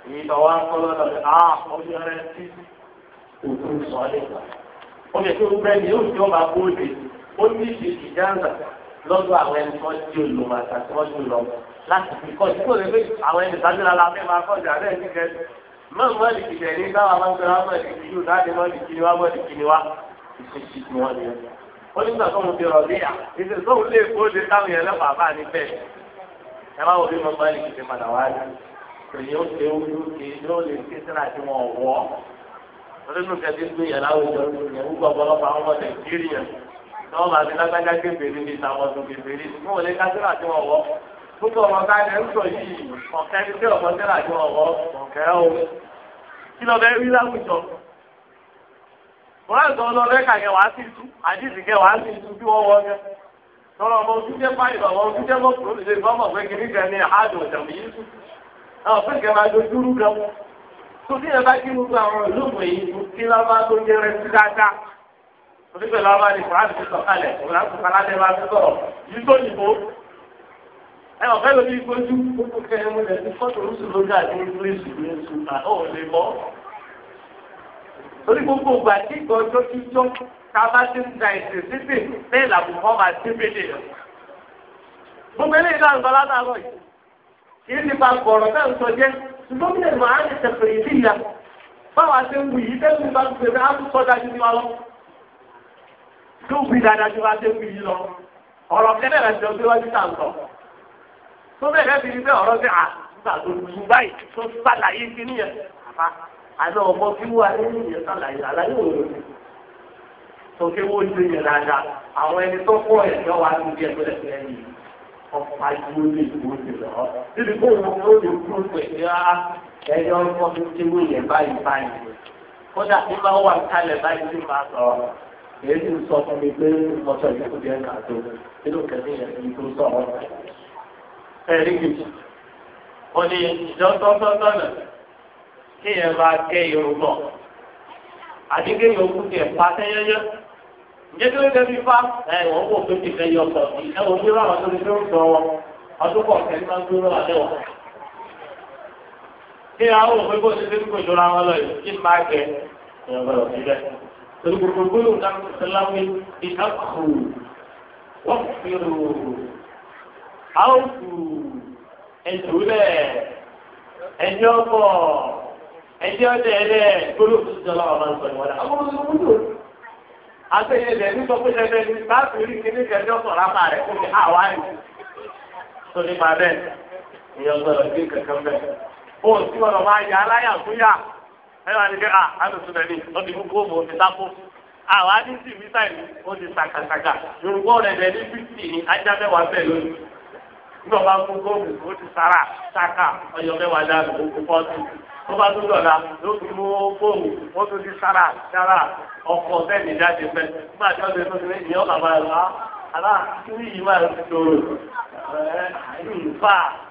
èyí lọ́wọ́ akọ́lọ́ lọ́dọ̀ àá ọdún ẹrẹ tí òkú sọ̀ọ́ nípa ó yẹ kí ó bẹ́ẹ̀ ni yóò fi ọba lọ́dọ̀ àwọn ẹni tí wọ́n ti olùmọ̀ àti àti wọ́n ti lọ láti fi kọ́ ìdíkò rẹ̀ pé àwọn ẹni ìtajú la la fẹ́ máa kọ́ ìjà bẹ́ẹ̀ nígbẹ́ mọ́ọ̀mù mọ́ọ̀lì kìtẹ̀ ní báwa máa ń gbé wọn mọ́ọ̀lì kìtì yóò dáadé mọ́ọ̀lì kìtì wá mọ́ọ̀lì kìtì wá ìṣèṣì ni wọ́n ní ẹ̀. ó nígbà tó ń fi rọ̀ bí yà ìṣe tó ń kó lè táwọn yẹn lọ́pàá bá ní bẹ́ẹ̀. ẹ má wo bí mo mọ́ọ̀lì kìtì padà ní wọn fi lágbájá kébèrè ní ìtàkọ̀tún kébèrè fún òun lè tí wọn wọ púpọ̀ ọmọ káàdì ẹ̀rúsọ yìí ọ̀kẹ́ tí ọ̀pọ̀ tẹ́lá tí wọn wọ ọ̀kẹ́ o kí lọ bẹ rí láwùjọ. Kùrán tó lọ lẹ́ka yẹn wàá sí tú àdìsí kẹ wàá sí tú bí wọ́n wọ yẹn. Tọ́lọ̀ ọmọ ojú jẹ́ páyìlì ọmọ ojú jẹ́ mọ́ kúrò lè pé kìíní onígbè lọ́wọ́ ni kùránì ti sọ̀kalẹ̀ kùránì ti sọ̀kalẹ̀ àti ẹ̀rọ àti sọ̀rọ̀ yìí tó yìnbó. ẹ ò fẹ́ lórí ìgbójú gbogbo kẹrin mo lè fi fọ́tò oṣù lóga àti ìgbésù ní oṣù náà ó lè mọ́. torí gbogbo ìgbà tí ìgbà ọjọ́ jíjọ́ ká bá ti ń da ìsìn síbè bẹ́ẹ̀ làbùkọ́ máa ti bèlè rẹ̀. gbogbo eléyìí náà ń sọ látàrọ̀ yìí kì í ti pa gbọ̀rọ̀ náà ń sọ jẹ́ ṣùgbọ́n bí ẹ̀rọ àárín tó ń fi dáadáa ju bá ṣe ń fi yí lọ ọ̀rọ̀ kẹ́lẹ́ rẹ̀ ti lọ síwájú náà sọ. tó bẹ̀rẹ̀ fi ní bẹ́ẹ̀ ọ̀rọ̀ sí à nígbà tó lù báyìí tó sàlàyé sí níyẹn àbá àná ọmọ kí wà lẹ́yìn ìyẹn sàlàyé àlàyé òòrùn tòkè wọ́n ti yẹn dáadáa àwọn ẹni tó kọ́ ẹ̀jọ́ wa ti di ẹgbẹ́ ẹgbẹ́ yìí ọ̀pá ìwé ní ìwé ti lọ. níbi kó wọn kó lè kúrò tó ti wọ́n yẹn báyìí báyìí. kódà tí èyí ń sọ fún mi pé ọjọ́ ìlú bí ẹ̀ka àjò nínú kẹ́lí yẹn tó sọ ọ́. ẹ̀rí kejì wọ́n ní ìjọ́sọ́sọ́sọ́nà kí yẹn bá gé irun bọ̀ àdígé yòókù tiẹ̀ pa sẹ́yẹ́yẹ́ njẹ́kẹ́ ló dẹ́bi fa ẹ̀ wọ́n wò pé ti fẹ́ yọ sọ ẹ̀ wọ́n gbé báwọn tó ti fẹ́ sọ wọn ọdún pọ̀ kẹ́lí kí ni àwọn òpin bó ti ń kojúra wọn lọ yìí kí n máa gẹ ẹ̀ torí gbogbo gbólóhùn dáhùn sọláwé ti àkùrù wọ́n fìrò àwùjù ẹ̀dùnlẹ̀ ẹ̀dí ọkọ̀ ẹ̀dí ọdẹ ẹ̀dẹ gbólóhùn tó jọlọ ọ̀rọ̀ sọ ìwọ̀n náà. àwọn olùdókòwò àtẹ̀yẹlẹ̀ nípa pé ẹ̀dẹ̀ ní báàbí rí kíní kẹ́ẹ̀dẹ́ ọkọ̀ rápá rẹ̀ kó ní àwa rẹ̀ tó nípa bẹ́ẹ̀ ìyọ̀gbọ̀n ẹ wá ní à alùsùn rẹ ni ó ti mú góòmù àwọn adísì mísáìlì ó ti sàkàsàkà yorùbá ọ̀rẹ́ rẹ ní fífì ní ajá mẹ́wàá bẹ́ẹ̀ lónìí ní ọba mú góòmù ó ti sára sáka ọyọ mẹ́wàá dànù ó kọ́ sí tó tó dọ̀la ló fi mú góòmù ó tún ti sára sára ọkọ̀ bẹ́ẹ̀ ní jáde bẹ́ẹ̀ nígbà tí wọ́n ti tó ti ní ìyọ́ bàbá rẹ̀ wá ah, aláàkíní yìí máa ń tòrò ẹ̀ẹ́dì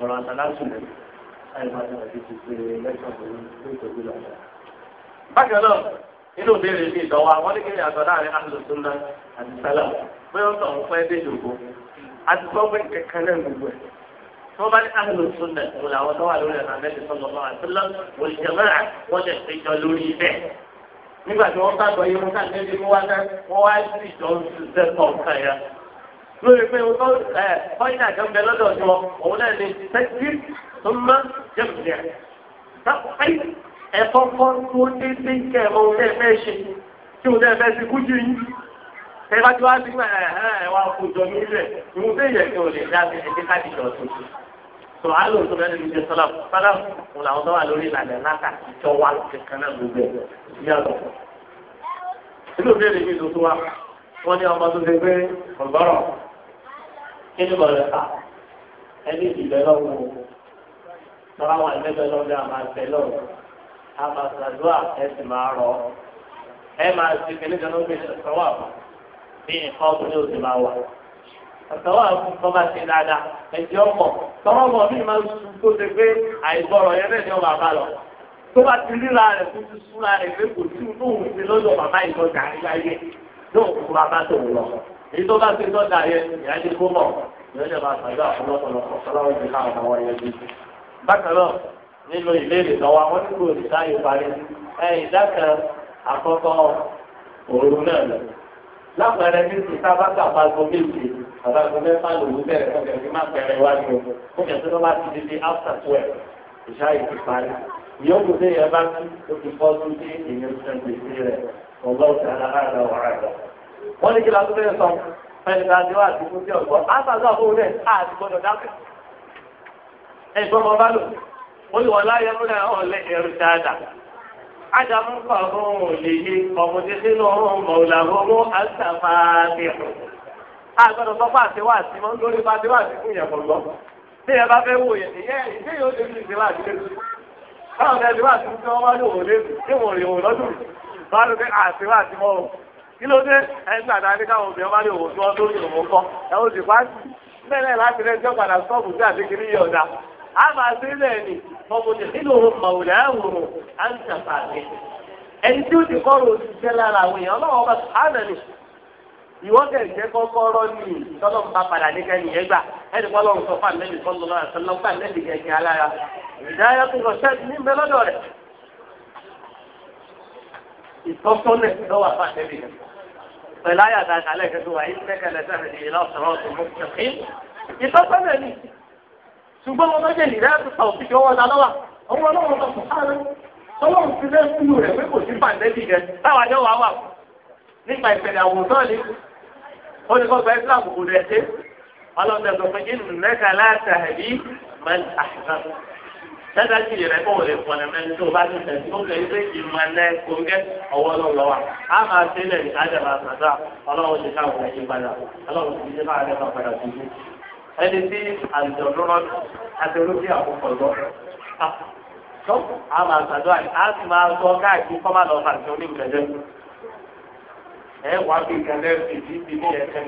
ọ̀rọ̀ àtàlásùlẹ̀ àìbájá àti ti ṣe lẹ́sàn pẹ̀lú ìtọ́jú lọ́dà. bákan náà nínú ìbéèrè mi ìdánwò àwọn oníkèrè àtọ̀ láàrin àlùsùn náà àti sálà bóyá ó tàn fún ẹgbẹ́ ìdògbò àti gbọ́gbẹ́ kẹ̀kẹ́ náà gbogbo ẹ̀. ثم أهل السنة والعوضوة لنا النبي صلى الله عليه وسلم والجماعة وتحتجلوا لي به nígbà tí wọ́n bá gbọ́ yìí wọ́n ká wọ́n wá sí ìjọ ṣiṣẹ́ tọ̀ọ̀kan yẹn lórí pé fọ́yìnà kan bẹ lọ́dọ̀ ọ̀ṣun òun náà ni tẹ́tí tó má jẹ́kùnrin ẹ̀. sáfẹ́ ẹ̀fọ́ fọ́ tó dé sí kẹ́ ẹ̀ tẹ́ fẹ́ ṣe tí òun náà fẹ́ ṣe kú jù yín. ẹ bá ti wá sí pé ẹ wá kó jọ ní ilẹ̀ ìwọ̀n tó yẹ kí o lè dá sí ẹ̀jẹ̀ káàdì jọ tó tó. tó a lò tó lẹ́nu sọ́lá fọ́lá òun làwọn tó wà lórí ìlànà láta ìjọ wa ẹni bọ̀ rẹ̀ ká ẹni ìbẹ̀ lọ́wọ́ tọ́lá wọn ẹgbẹ́ lọ́wọ́ a máa bẹ̀ lọ́wọ́ a máa ṣàdúrà ẹ sì máa rọ ẹ máa ṣe kẹ́lẹ́ kan lóbi ṣọwọ́ àbọ̀ bí nǹkan ọkùnrin ò sì máa wà ọ̀sọ̀wọ́ àbúkú kọ́ bá ṣe dáadáa ẹ̀jẹ̀ ọkọ̀ tọ́wọ́ bọ̀ mí máa ń sun tó ṣe pé àìgbọ́rọ̀ yẹn bẹ́ẹ̀ ni ọba bá lọ tó bá ti ríra rẹ̀ fún ti rẹ̀ pé kò sí inú òun ti lọ́dọ̀ bàbá ìtọ́jà ayé lóòkú bàbá tó èyí tó bá ti sọ́dà yẹ ìyá ti kó mọ̀ ìyá ti máa sàgbà ọ̀pọ̀lọpọ̀lọpọ̀ ọlọ́run ti káwọn àwọn ẹyẹ bí. bákan náà nínú ìbéèrè lọ́wọ́ àwọn tí kò ní sáyé parí ẹ ìdá kan àkọ́kọ́ òru náà lọ. lápẹẹrẹ ní ti sábàkà pàgọ́ méje àbáko mẹ́fà lòún bẹ̀rẹ̀ kọ́kẹ́ fi má pẹ̀rẹ̀ wájú o kò kẹ́sì ló bá ti di di after ti parí. ìyókù tó yẹ bá tún ó ti fọ́ tún dé wọ́n ní kí lásán fẹ́ sọ ẹni ká ti wá àdúgbò sí ọ̀gbọ́n àtàzà fóun náà àti gbọ́dọ̀ dákẹ́ ẹ̀gbọ́n bọ́ bá lò ó lè wọ́n láyé múlẹ̀ ọ̀lẹ́ ẹ̀rù dáadáa ádámù kọ̀ọ̀kan ò lè yí ọ̀mùtí sínú ọ̀rùn mọ̀ọ́làwọ́ àtàfààbẹ̀rù àgbọ̀dọ̀ sọ fún àtiwá àti mọ́ lórí bá ti wá àti fún ìyẹ̀kọ̀ lọ bí ẹ bá fẹ́ wò yẹn ìyẹn ìdí yóò lè fi ìṣẹ̀lẹ̀ àti lẹ́nu báwọn ẹni wá àti fún tí wọ́n wá lò wò lẹ́nu tí wọ́n rìn wò lọ́dún bá lóde àtiwá àti mọ́ kí ló dé ẹgbẹ́ àdáni káwọn obìnrin wá ní òwò tí wọ́n lórí òwò kọ́ ẹ ó sì fásitì bẹ́ẹ̀ láti rẹ̀ jọ́ padà sọ́ọ̀bù sí àdékiri yìí ọ̀dà a máa ṣe bẹ́ẹ̀ ni ọmọdé nínú màwùlẹ̀ ẹ̀wùrù à ń tàpá ẹni tí ó ti òṣìṣẹ́ lára àwọn èèyàn ọlọ́wọ́ bá kọ́kọ́rọ́ bá padà ní kẹ́ni yẹn gbà ẹni kọ́ lọ́run sọ fún àlẹ́ ìtọ́sọ́nà lọ́wọ́ àfàṣẹ́bí rẹ̀. pẹ̀lú àyà dáadáa alẹ́ kẹ́kẹ́ wa yìí tẹ́kẹ̀ lẹ́sẹ̀ rẹ̀ ìlà ọ̀sán ọ̀sán mú kẹ́kẹ́. ìtọ́sọ́nà ni ṣùgbọ́n wọn méjèèjì rẹ̀ ti sọ òfin ọwọ́ dáná wà ọwọ́ ọlọ́run tó sùn sáré tọ́lọ́run ti lẹ́ fúlù rẹ̀ pé kò sí pàǹdẹ́bì rẹ̀ táwa jọ wà wà nípa ìpẹ̀lẹ̀ àwòrán ni ó ní kọ́kọ́ islam kò rẹ̀ ṣe ọlọ́run tẹ̀sán pé kí nìkan láti àhẹ́bí máa ń dada ti yẹrẹ kó o lè fọnẹ tó bá ti tẹ tó lè gbé ìmọ̀ ẹ̀ kóńgẹ́ ọwọ́ ló wa a máa ṣe lẹ̀ àdàbà sàdà ọlọ́run ti ká òun ẹ̀yìn ọlọ́run ti ṣe máa dẹ́ka padà sí i ẹni tí àjọ̀dúnrún àti olókè àkókò lọ tó a máa sàdọ̀ àti a sì máa sọ káàkiri kọ́ máa lọ fà sí onígbẹ̀dẹ́ ẹ wá bí kẹlẹ́ fìdí ìdílé ẹ̀kẹ́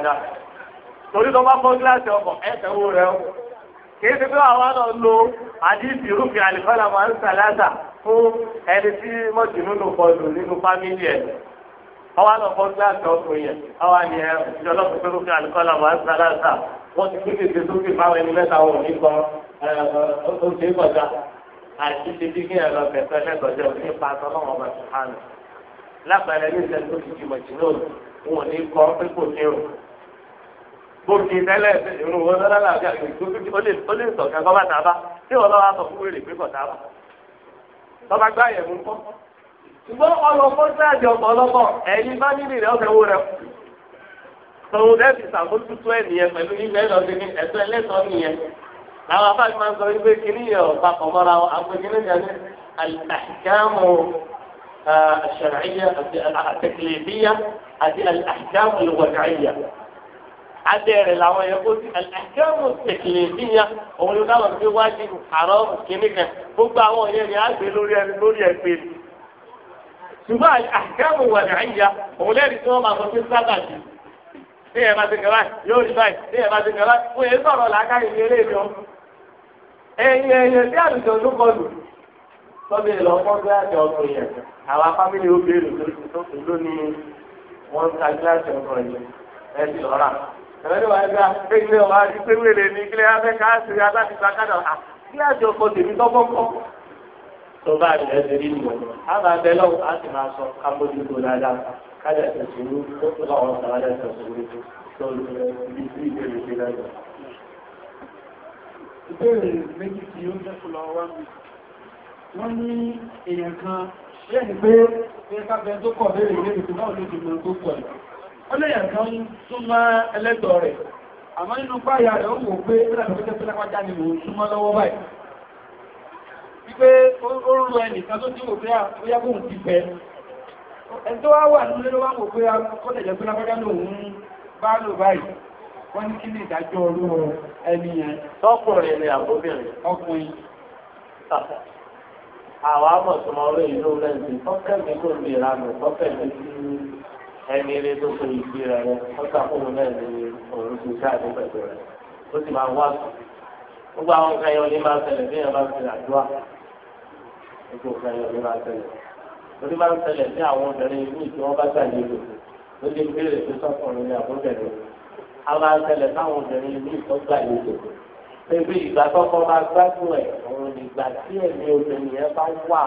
kí torí tó bá bọ́ gíláàsì ọkọ̀ ẹ̀sẹ̀ wo rẹ̀ o. kìí ṣe pé àwa náà lo àdìsí rúfin àlìfọ́lá máa ń sàlásà fún ẹni tí mọ̀jùnú ló fọdù nínú fámìlì ẹ̀. àwa náà bọ́ gíláàsì ọkọ̀ yẹn àwa ni ẹ ìjọlọ́pọ̀ pé rúfin àlìfọ́lá máa ń sàlásà wọ́n ti kú tètè sókè fáwọn ẹni mẹ́ta wọn ò ní kọ́ oṣù ìkọjá àti ti bí kí ẹ lọ bẹ̀tọ̀ ẹlẹ́gọ̀dẹ́ òní pàtó ọlọ́wọ́n bá ti hàn kó kì í tẹ́lẹ̀ irú wọn lọ́la làbíà ó lè sọ̀kẹ́ kọ́ bá tàbá tí wọn lọ́wọ́ sọ fún wèrè pé kọ̀ tàbá tọ́ba gbá yẹ̀ mú kọ́. ṣùgbọ́n ọlọ́pọ̀ sáàjì ọ̀pọ̀lọpọ̀ ẹ̀yin bá rẹ̀ ọ̀fẹ́ wo rẹ̀ tòun rẹ̀ fi ṣàkóso ẹ̀ pẹ̀lú ilẹ̀ lọ́dún ẹ̀tọ́ ẹlẹ́tọ̀ọ́ nìyẹn làwọn afáàjì máa ń sọ wípé kiri yẹ ọ̀pá kọ̀mọ́ra àgbẹ̀gẹ́lẹ́gẹ́lẹ́ àìkàmù الشرعية التكليفية هذه الأحكام الوضعية abẹ́rẹ́ làwọn yẹn kó àkẹ́wò tẹ̀lé níyà òun ló dábàá pé wájú àrọ́ kìíní gbogbo àwọn yẹn ni lórí ẹni lórí ẹgbẹ́ ṣùgbọ́n wà ní òun tí wọ́n máa sọ pé sábà jù ní ẹ̀ ti kẹ́lá yóò rí báyìí ní ẹ̀ ti kẹ́lá fún sọ̀rọ̀ eré bí àlùjọ ló kọ lù ẹ̀rọ wa gba ẹgbẹ́ wa ìgbé wèrè ní ilé abẹ́ ká sí aláàbí gbàgádà ha kíláàsì ọkọ tèmi tọ́gbọ́n kọ́. tó bá rẹ̀ ẹ́ ti nù á máa bẹ lọ́wọ́ á sì máa sọ kámójútó dáadáa kájà tẹ̀sùrú ó tún bá wọn sàrà dẹ̀ tẹ̀sùrú tó ibi tí ìbéèrè ti lẹ́yìn. ìbéèrè méjì tí ó ń dẹ́kun lọ wá mi wọ́n ní èèyàn kan lẹ́yìn pé ẹ̀ka bẹ tó kọ̀ béèrè ìbéèrè tó báwo ló ti mọ tó pọ̀ yìí ọlẹ́yà kan súnmọ́ ẹlẹ́tọ̀ rẹ̀ àmọ́ nínú páyà rẹ̀ ó wò pé ẹlẹ́tọ̀ pẹ́lápájá ni mò ń súnmọ́ lọ́wọ́ báyìí wípé ó rú ẹnìkan tó tí wò pé àwọ́yá ah, kò ń ti fẹ́ ẹni tó wá wà nílé ló wá wò pé akọ́lẹ̀jẹ̀ ah, pẹ́lápájá wọ́n ní kí ní ìdájọ́ orú ẹni yẹn tọ́kùnrin ni àbóbìnrin ọkùnrin àwọn àmọ̀ tó máa rí ìlú rẹ̀ sí tọ́kẹ́ mi kò lè ra nù tọ́kẹ́ mi ẹni eré tó so ìdí rẹ rẹ ọ̀sán fún un náà ní òun ti ká ní pẹ̀lú rẹ ó sì máa wá sùn gbogbo àwọn nǹkan yẹn ní máa ṣẹlẹ̀ bí yẹn bá ti rà dúà gbogbo nǹkan yẹn ní máa ṣẹlẹ̀ lórí máa ń ṣẹlẹ̀ àwọn obìnrin ìlú tí bá ṣàyè lò ló lè béèrè tó sọ́kùnrin ní àbúrò a máa ń ṣẹlẹ̀ obìnrin ìlú tó gbà pépé ìgbà tọ́kọ́ máa gbádùn ẹ̀ òun nígbà tí ẹ̀mí obìnrin yẹn bá wà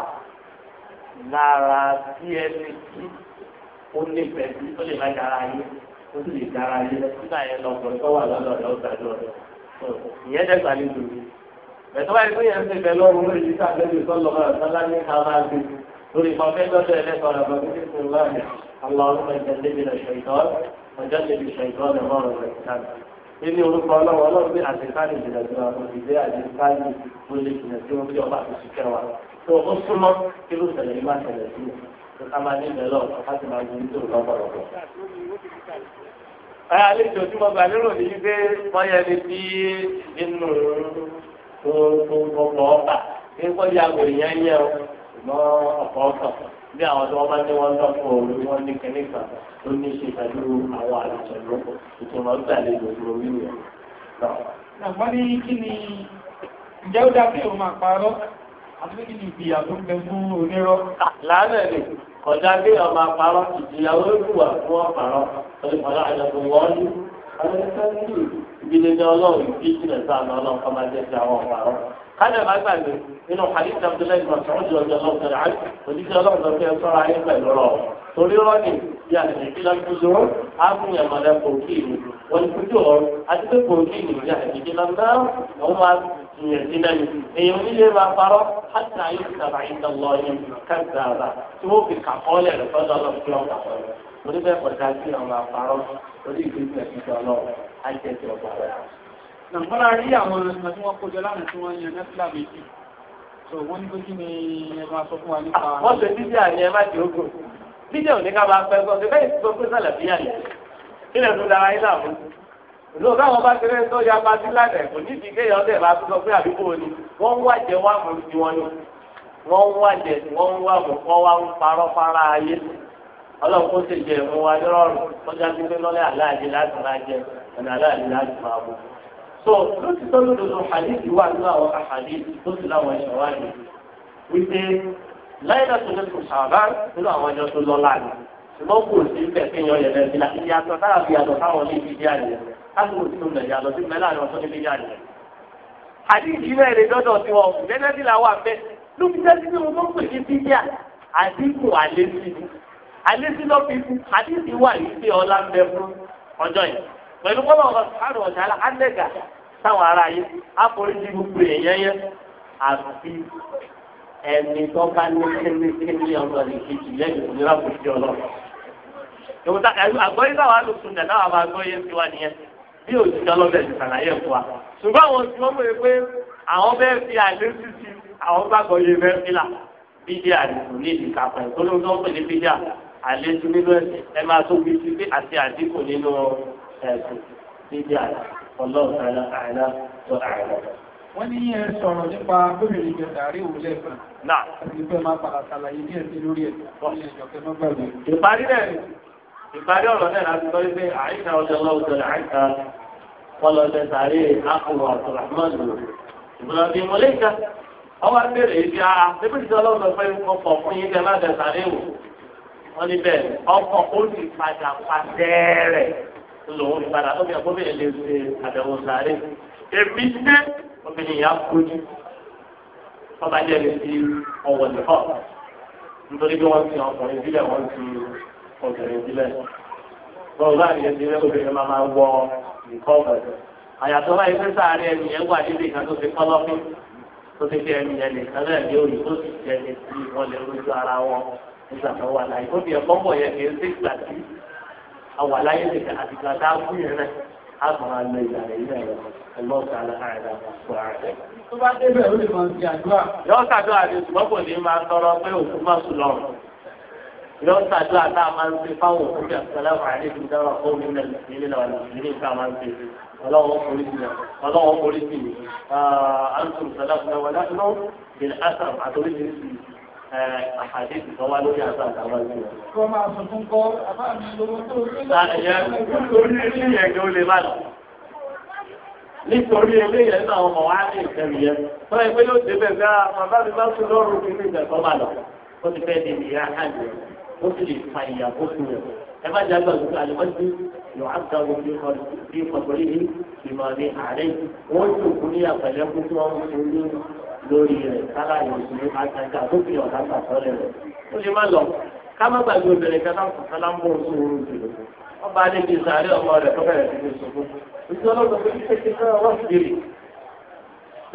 lára bí ẹni ó lè pẹ̀lú ó lè má dára yé ó sì lè dára yé nígbà yẹn lọ ọkùnrin tó wà lọ́dọ̀ rẹ̀ ó gbàdúrà rẹ̀ ìyẹn dẹ́gbà ní ìlú bẹ̀tọ́ báyìí pé yẹn ń bẹ̀rẹ̀ lọ́rùn lórí ìdíkà lórí ìsọ́lọ́ ọ̀rọ̀ sọ́lá ní káwá gbé lórí ìfọ̀fẹ́ lọ́dọ̀ ẹlẹ́kọ̀ọ́ rẹ̀ bọ̀ nígbà tó wà ní aláwọ̀ ìjẹ́lẹ́bìnrin ṣèkọ́ ọjọ́ ìbí ṣèkọ́ ọ̀rọ̀ ọ̀rọ̀ rẹ̀ kánà nínú orúkọ ọlọ́wọ́ ọlọ́run bí àṣekáàlì ìjìnlẹ̀ tó wà fún ìdílé àṣekáàlì tó lè jìnà tí wọ́n fi ọba àti ṣìkẹ́ wa tó ó súnmọ́ kí ló ṣẹlẹ̀ yìí má ṣẹlẹ̀ sí i kó ní ìbẹ̀lọ̀ ká máa gbin tó lọ́pọ̀lọpọ̀. ẹ àlejò tí mo gbà lérò ní pé wọ́n yẹ ní bí inú ọ̀pọ̀ ọ̀pà kí wọ́n yà wò yẹn yẹ o ọ̀pọ̀ ọ̀pọ̀ bí àwọn tí wọ́n bá ní wọ́n dọ́kọ̀ òru wọ́n ní kíní kan tó ní ṣe pẹ̀lú àwọn àlejò lóko ìtumọ̀ gbàlejò lórí rẹ̀ náà. ní kí ni ǹjẹ́ ó dá àbíkí ni ìbìyà tó ń ni ọ̀dà gbé ọmọ àpárọ̀ ìjìyàwó ìwà fún ọ̀pàrọ̀ ọ̀dà àjọpọ̀ wọ́ọ́lù ọ̀dẹ́sẹ́ńtì ìbílẹ̀ ní ọlọ́run ìbí ìjìnlẹ̀ sáànù ọlọ́run kọ́ máa jẹ́ ti àwọn ọ̀pàrọ̀. kálí ẹ̀ máa gbàgbé nínú hadith abdullahi masoud ọjọ́ ọlọ́run tẹ̀lé àyè oníṣẹ́ ọlọ́run tó fẹ́ sọ́ra ayé pẹ̀lú rọ̀ torí rọ́ọ̀nì bí àtẹ̀lẹ́ bí lágbóso ágùnyàn mọ̀lẹ́ kò kí ìlú wọn kújú ọ̀rọ̀ àti pé ìyẹ̀sílẹ̀ èèyàn nílé máa parọ́ láti ayé ìsàbà ìdánwò ọyàn kẹta àbá tí wọ́n fi kàkọ́ọ́lẹ̀ rẹ̀ fọ́dọ̀ lọ sí ọ̀gá ọ̀rẹ́ orí bẹ́ẹ̀ pọ̀tà sí ọ̀gá parọ́ orí ìgbésẹ̀ ìjọ lọ àìjẹsẹ̀ ọ̀gá rẹ̀. nàmọ́ra rí àwọn ọ̀nà tí wọ́n kójọ lánàá tí wọ́n yan nẹ́fìlà méjì tó wọ́n ní kójú ni ẹ máa sọ fún wa nípa. wọ́n ṣe dídí àní ẹ má ti ogun dídí òní ká máa fẹ́ gbọ́ lóò káwọn bá tẹ̀lé tó ya pati lánàá kò ní ìdíkẹ́ yọ ọ́dẹ̀ bá tó sọ pé àbíkó ni wọ́n ń wájẹ wá mú ti wọn ni wọ́n ń wájẹ wọ́n ń wá mú kọ́ wá ń parọ́ fara ayé ọlọ́run kó ṣe jẹ ìmú wa nírọ̀rùn tọ́jà sí pé lọ́lẹ́ aláàjì láti máa jẹ ẹ̀nà aláàjì láti máa mú. so ló ti tọ́ lódodo hadith wà nínú àwọn hadith tó sì láwọn ẹ̀ṣọ́ wá ní wípé láyé náà tó lè kó sàbá nínú àwọn ẹjọ́ tó lọ́lá ni ṣùgbọ́n kò sí bẹ̀ káàkiri sínú nàìjíríà lọ sí mẹ́lá àwọn ọ̀sán níbi yára rẹ̀. àdìsí náà lè dọ́dọ̀ sí wọn gẹ́gẹ́ bí làwọn àfẹ́ ló fi jẹ́ sínú tó ń pè ní bíbíà àdínkù àlésí àlésí ló fi fún àdìsí wà yìí pé ọlá ń bẹ fún ọjọ́ yìí pẹ̀lú kọ́lọ̀ ọ̀sán ọ̀sán alẹ́gà táwọn ará yìí àforíjì gbogbo èèyàn yẹn àti ẹni tó bá ní kékeré ọ̀rọ̀ lè kejì lẹ́yìn òmìnira kò sí ọlọ́run. ìwòsàn àgbọ̀yé táwọn alùpùpù náà náà máa gbọ́yé sí wa nìyẹn bí òṣìṣẹ́ ọlọ́bẹ̀ ti sàlàyé fún wa. ṣùgbọ́n àwọn tí wọ́n mọ̀ pé àwọn bẹ́ẹ̀ fi àìlè títí àwọn gbàgbọ́ yé bẹ́ẹ̀ fi là bídí àdìsùn ní ìdìkàpọ̀ ìtọ́lọ́ tó ń pè ní bídí àlejò nínú ẹ̀sìn ẹ máa tó fi ti pé àti àdínkù nínú ẹ̀sìn bídí ọlọ́run àìlá àìlá tó àìlá. wọ́n ní ẹ sọ̀rọ̀ nípa gómìnà ìjọba rí òun lẹ́ẹ̀kan. náà àti ìfẹ́ máa padà ìparí ọ̀rọ̀ náà láti sọ wípé àyíká ọjọ́ lọ́wọ́ sọ̀rọ̀ àyíká wọn lọ sẹ sàárè àkùrọ̀ àtùràmọ́ lò ìbùdó bíi mọ̀lẹ́kà ọwọ́ abẹ́rẹ́ ibi ara níbi tí ọlọ́run sọ pé mo pọ̀ fún yín bẹ́ẹ̀ má sẹ sàárè wò wọ́n ní bẹ́ẹ̀ ọkọ̀ ó sì padà pàtẹ́rẹ̀ lòun ti padà lóbi ẹ̀kọ́ bẹ́ẹ̀ lè ṣe àbẹ̀wò ṣe obìnrin yà obìnrin sílẹ̀. Bọ́ọ̀ bá àyè sílẹ̀ obìnrin máa máa wọ nǹkan ọ̀gbọ̀dọ̀. Àyàtọ̀ báyìí pé sáàárín ẹni yẹn wà níbi ìkan tó fi kọ́lọ́fín tó fi fi ẹni yẹn nìkan náà ní òyìn tó sì jẹ ní ti wọ́n lè rojú ara wọn nígbà tó wà láyé. Ó fi ẹ̀kọ́ pọ̀ yẹn kì í sí ìgbà tí àwà láyé nìkan àti ìgbà tá a kú yẹn náà á kàn máa lo ìgbà rẹ̀ yìí náà ọlọ́ọ̀ta aláàrẹ̀ àkọ́kọ́ rẹ̀. Tó bá débẹ̀ ó lè máa ń fi àdúrà. Yọ́ọ̀ta àdúrà ni ṣùgbọ́n kò ní máa tọrọ pé òkú má sùn lọ́rùn. لو سألوا عن ما نصفه وقل السلام عليكم دار قوم من المسلمين والمسلمين كما نصفه ولو قلتنا ولو قلتني أنتم سلفنا ونحن بالأثر أتريد اسمي àhàdìsì tó wá lórí àṣà àtàwọn ìlú. Kọ́ máa sọ fún kọ́ àbáàmì lówó tó rí lọ́wọ́. Nítorí eléyẹ̀ náà ọmọ wa ní ìkẹrì yẹn, tó ẹgbẹ́ ló débẹ̀ bí a bàbá mi bá tún lọ́rùn kí ní ìgbà tó máa lọ, ó ti fẹ́ di ìyá àjẹ́ ó sì lè fa ìyà ó sì rẹ̀. ẹ má dàgbà wípé àlùmọ́sí yóò á gba omi bí kọ̀tọ̀rí ní ìmọ̀ ní àárẹ̀ wọ́n sì kú ní àpẹẹrẹ kú tí wọ́n ń fún ní lórí rẹ̀ sára ìròyìn àtàkà tó fi ọ̀dà sàtọ́lẹ̀ rẹ̀. ó lè má lọ ká má gbàgbé obìnrin kan náà sọ̀tọ́ láńbó oṣù oorun jùlọ. wọ́n bá lè fi sàárẹ̀ ọmọ rẹ̀ tó bẹ̀rẹ̀ sí ní sọ̀tọ́. ìṣòro tó fi ṣe kí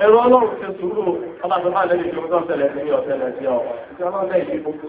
ẹ̀rọ ọlọ́run ṣe sùúrù ọba tó bá lẹ́yìn tó ń tọ́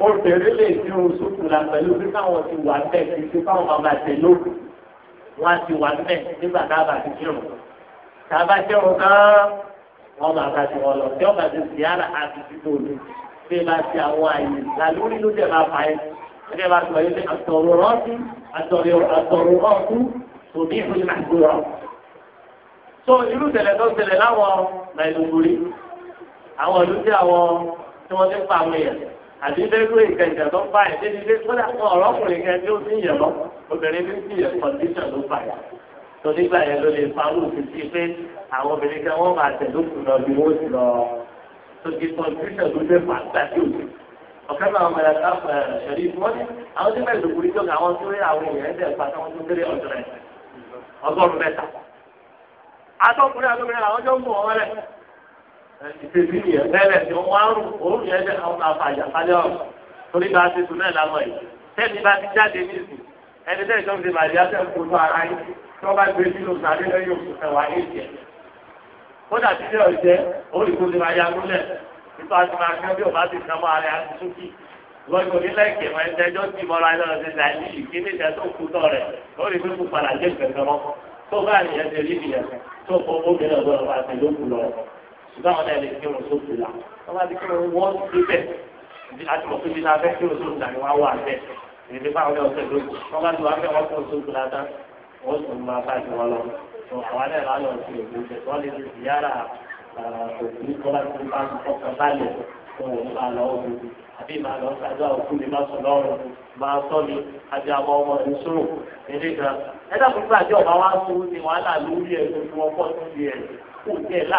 obìnrin lè fi ohun sókùn la pẹ̀lú bí káwọn ti wà bẹ́ẹ̀ kí fi káwọn máa bá tẹ̀ lókun wọn ti wà bẹ́ẹ̀ nígbà tá a bá ti kírun tá a bá kírun tán wọn máa bá ti wọn lọ tí wọn bá ti sì yára àti ti tó lu bí ẹ bá ti àwọn àyè làlórí ló dẹ̀ máa fà yẹn ló dẹ̀ máa sọ yẹn pé àtọ̀rọ̀ rọ́ọ̀tù àtọ̀rọ̀ rọ́ọ̀tù òbí ìfúnni máa gbóra. so irú tẹ̀lẹ̀ tó tẹ̀lẹ̀ láwọn Maiduguri àwọn ìlú tí àwọn tí wọ́n ti àti dẹ́gbẹ́ ìkẹjà tó bá ẹ̀ débi dé kódà ọ̀rọ̀kùnrin kan tí ó ti ń yẹ̀ lọ obìnrin tí ti yẹ̀ kọ̀ǹdíṣàn ló fà yà tó nígbà yẹn ló lè fa lóò fi sí pé àwọn obìnrin kan wọ́n máa tẹ̀lé òkú lọ bí wọ́n ti lọ tó ti kọ̀ǹdíṣàn ló lè fà gbàdúrà ọ̀kẹ́ bá wọn mẹ́ta ṣẹ̀rí wọ́n ní àwọn tí mẹ́rin lòkùnrin tó ga àwọn tó rí àwọn èèyàn ẹ̀dẹ̀ ìfèsì yẹn lẹ́lẹ̀ tí wọ́n á rùn òórùn yẹn lẹ́ àwọn àfàjà kálẹ̀ ọ̀rọ̀ torí bá a ti sùn náà lámọ̀ yìí tẹ́ni bá ti jáde nísìn ẹni tẹ́ni tó ń ṣe màdìyà tẹ́ ń kojú ara yín tí wọ́n bá gbé sínú sàdé lẹ́yìn oṣù kẹwàá èjì ẹ̀ kódà tí yóò jẹ́ òórùn kò ti máa ya lólẹ̀ nípa tí máa kẹ́ bí òbá ti sàn mọ́ ara yẹn lọ́jọ́ nílẹ̀ ìkẹ̀mọ́ ẹ̀ńtẹ́ ẹjọ́ ti mọ́ra ẹ̀ lọ́dọ̀ ṣẹ̀ṣẹ̀ àyè ìkéde ìṣẹ́ tó kú tọ̀ rẹ̀ lórí pé kò padà jẹ́ ìgbẹ̀gbẹ̀ mọ́ tó bá ìyẹn ṣe rí ìyẹn tó fọ́ obìnrin ọ̀dọ́ ọ̀pá àti ìlú kù lọ́wọ́ ṣùgbọ́n àwọn ẹ̀lẹ́ kí wọ́n sóòtù là wọ́n bá ti kí wọ́n wọ́n síbẹ̀ àti mọ̀ síbi náà fẹ́ kí wọ́n sóòtù là ni wọ́n wà bẹ́ẹ̀ èdè fáwọn ọ̀dọ́ ọ̀sẹ̀ lóko wọ́n bá ti wà fẹ́ wọ́n kí wọ́n sóòtù là tán wọ́n sì máa bá ti wọ́n lọ àwọn alẹ́ rà lọ sí òkú ṣe wọ́n lè ti yára òkú kọ́lá tó bá ń kọ́kọ́ balẹ̀ òun bá lọ òkú àbí màá lọ sáájú àwòkú mi má sùn lọ́rùn máa sọ mi àti àwọn ọmọ ìṣòro èdè kan ẹ dàbí pé àjọ ọba sọ ní wàhálà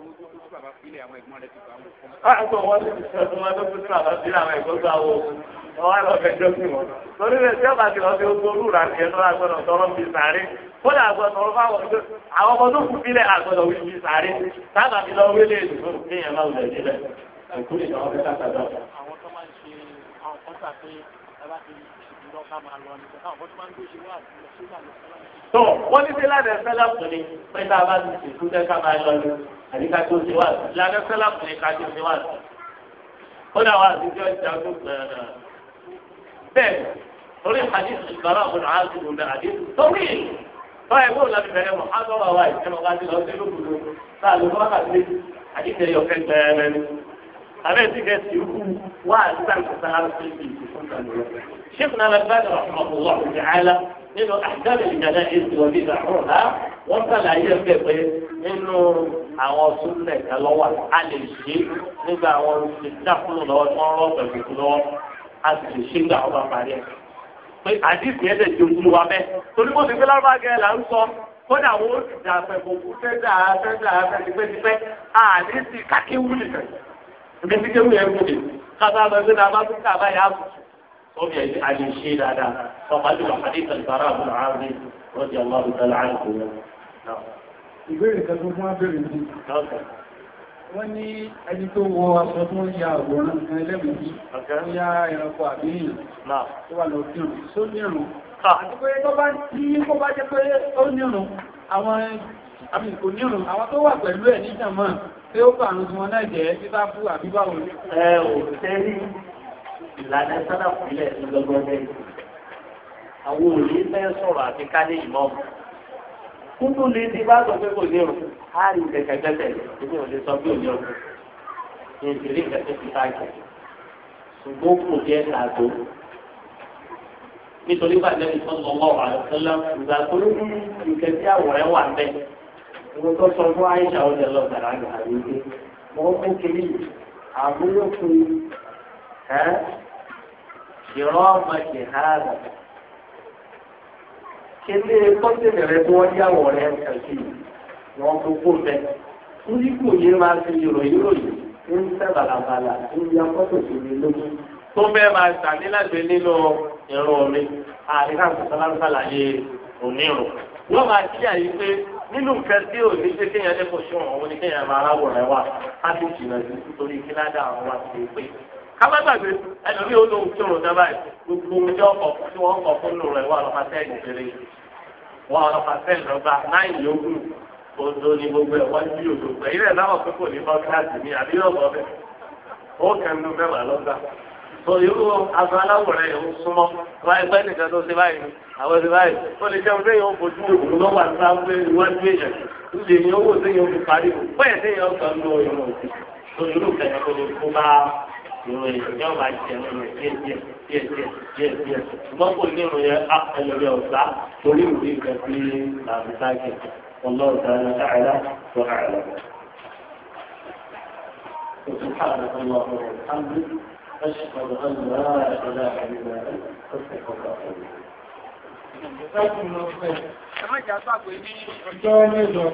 sílẹ̀ àwọn ẹ̀gbọ́n rẹ ti bá wọn. láàpọ̀ ah, wọn ti sọ fún wọn tó kún sí àwọn sílẹ̀ àwọn ẹ̀gbọ́n gbà wọ ọwọ́ àlọ́ fẹ́ jọ sí wọn. torí rẹ̀ tí ọba ti lọ sí ojú olú rà tiẹ̀ lọ́wọ́ agbọ́dọ̀ tọrọ bí sàárẹ̀ kódà agbọ́dọ̀ ọ̀rọ̀ fáwọn ọdún àwọn ọmọ tó kù sílẹ̀ agbọ́dọ̀ wí bí sàárẹ̀ sábà ti lọ wílé ìdùnnú kéèyàn máa wùdẹ̀ sílẹ̀ àwọn tó máa ń ṣe àwọn kọ́ńtà pé ẹ bá ti tó wọ́n ní sí ládẹ sẹ́lá fún ni pé tá a bá ti sèkú tẹ́ ká máa lọ ní àbí ká tó ṣe wá sí ládẹ sẹ́lá fún ni ká tó ṣe wá sí. ó dà wá sí tí ó ti àgbo gbẹ̀rẹ̀ bẹ́ẹ̀ torí hadith ìbára ọ̀gbọ̀n àti ìbùdó hadith torí báyìí kó lọ́ọ́ bẹ̀rẹ̀ mọ̀ ádọ́rọ̀ wa ìṣẹ́ mọ̀ wá sí lọ́ọ́ sí lókùnrin náà ló bá kà sí àdìsẹ́ yọ̀kẹ́ gbẹ̀rẹ̀ abẹ́ ti kẹ́ sí ikú wá àtúntàkùn sáárà sí ibi شيخنا الألباني رحمه الله تعالى nínú àdáni ìjàdá èsì wọn nígbà ọ̀hún ha wọ́n sàlàyé pẹ̀pẹ́ nínú àwọn súnlẹ̀ kan lọ́wọ́ a lè ṣe nígbà àwọn olùdíjáfúnù lọ́wọ́ tí wọ́n rọ́ pẹ̀lú lọ́wọ́ a sì lè ṣe nígbà wọn bá parí ẹ̀. pé àdìsí ẹ̀ tẹ̀sí ojú wa bẹ́ẹ̀ torí kò sí pé lárúbá gẹ̀ẹ́ là ń sọ kódà wo dàpẹ̀ kò kú fẹ́ dà fẹ́ dà fẹ́ tipẹ́tipẹ́ àdìsí kákéwúlì kan ibi tí kéwù yẹn kúndé kábàá lọ sí nàbà tó kábà yà kù sóbi ẹ̀ àlè ṣe dáadáa sọ̀kà ló wà hàdí kàlùbárà àbúrò àárín lọ́dí ọlọ́run tẹ́lẹ̀ àyè kò yẹ. ìbéèrè kan tó fún abẹ́rẹ́ mi. wọ́n ní ẹni tó wọ aṣọ tó ń ya àwòrán kan ẹlẹ́mìí tó ya ẹranko àbíyàn tó wà lọ fíìmù tó ní ìrùn. àti pé tó bá tí kó bá jẹ́ pé ó ní ìrùn àwọn àmì kò ní ìrùn àwọn tó wà pẹ̀lú ẹ̀ níjàmọ́ tí ó bá àrùn wọn náà jẹ́ títà fún àbíbáwò. ẹ ò tẹ́rí ìlànà sọ́dà fìlẹ̀ lọ́gbọ́dẹ́ àwọn òní fẹ́ sọ̀rọ̀ àti kálí ìmọ̀ kúndùn lè ti bá sọ pé kò ní o á rí kẹ̀kẹ́kẹ́kẹ́ èmi ò lè sọ pé ò ní o ní ìdílé kẹ̀kẹ́ ti bá jẹ ṣùgbọ́n kò jẹ́ àgbo nítorí bàjẹ́ ìtọ́jú ọmọ wà lọ́sọ́lá ìgbà tó ń bí ìkẹ́sí àwòrán wà bẹ́ẹ̀ ìwọ̀n tó sọ fún àìsà ọ̀dẹ lọ gbàrà gbàrà wípé wọ́n fún kiri àmúlòkun ẹ́ ìrọ́ ọmọdé hàrà kele kọ́sìnì rẹ tí wọ́n yàwọ̀ rẹ kàkí wọ́n tó kó bẹ́ẹ̀ níbi kò yé máa fi ìròyìn ròyìn ń tẹ́ balabala ń ya fọ́tò sí mi lójú tó bẹ́ẹ̀ máa tàbí láti nínú ìrùn mi àríkà kò sọ́lá ń òmíràn wọ́n máa kíyà yìí nínú nǹkan tí ò ní pé kéèyàn ní kò sùn òun ni kéèyàn máa ráwọ̀ rẹ̀ wá láti jìnnà sí nítorí kí ládàá àwọn wá ti pé kábàgbàgbé ẹlòmíì ó lóun tí òun dábàá gbogbo ohun tí tí fún lò wà kéré wà odo ni gbogbo tó irú aṣọ aláwòrán yẹn ń súnmọ́ wá ẹgbẹ́ nìkan tó ṣe báyìí àwọn ṣe báyìí ó lè jẹun pé yóò fojú òkú lọ́wọ́ àti láwùjọ ìwádìí èèyàn lè ní owó tí yóò fi parí o bẹ́ẹ̀ tí yóò sọ ní oyún o tó irú kẹ̀kẹ́ tó lè kó bá ìròyìn ìjọba máa jẹ nínú díẹ̀ díẹ̀ díẹ̀ díẹ̀ díẹ̀ ṣùgbọ́n ní ìròyìn والله تعالى أعلى وأعلم سبحانك اللهم وبحمدك أشهد أن لا إله إلا أنت أستغفرك وأتوب إليك. Ẹ má jà sáàpù ní ọjọ́ mélòó.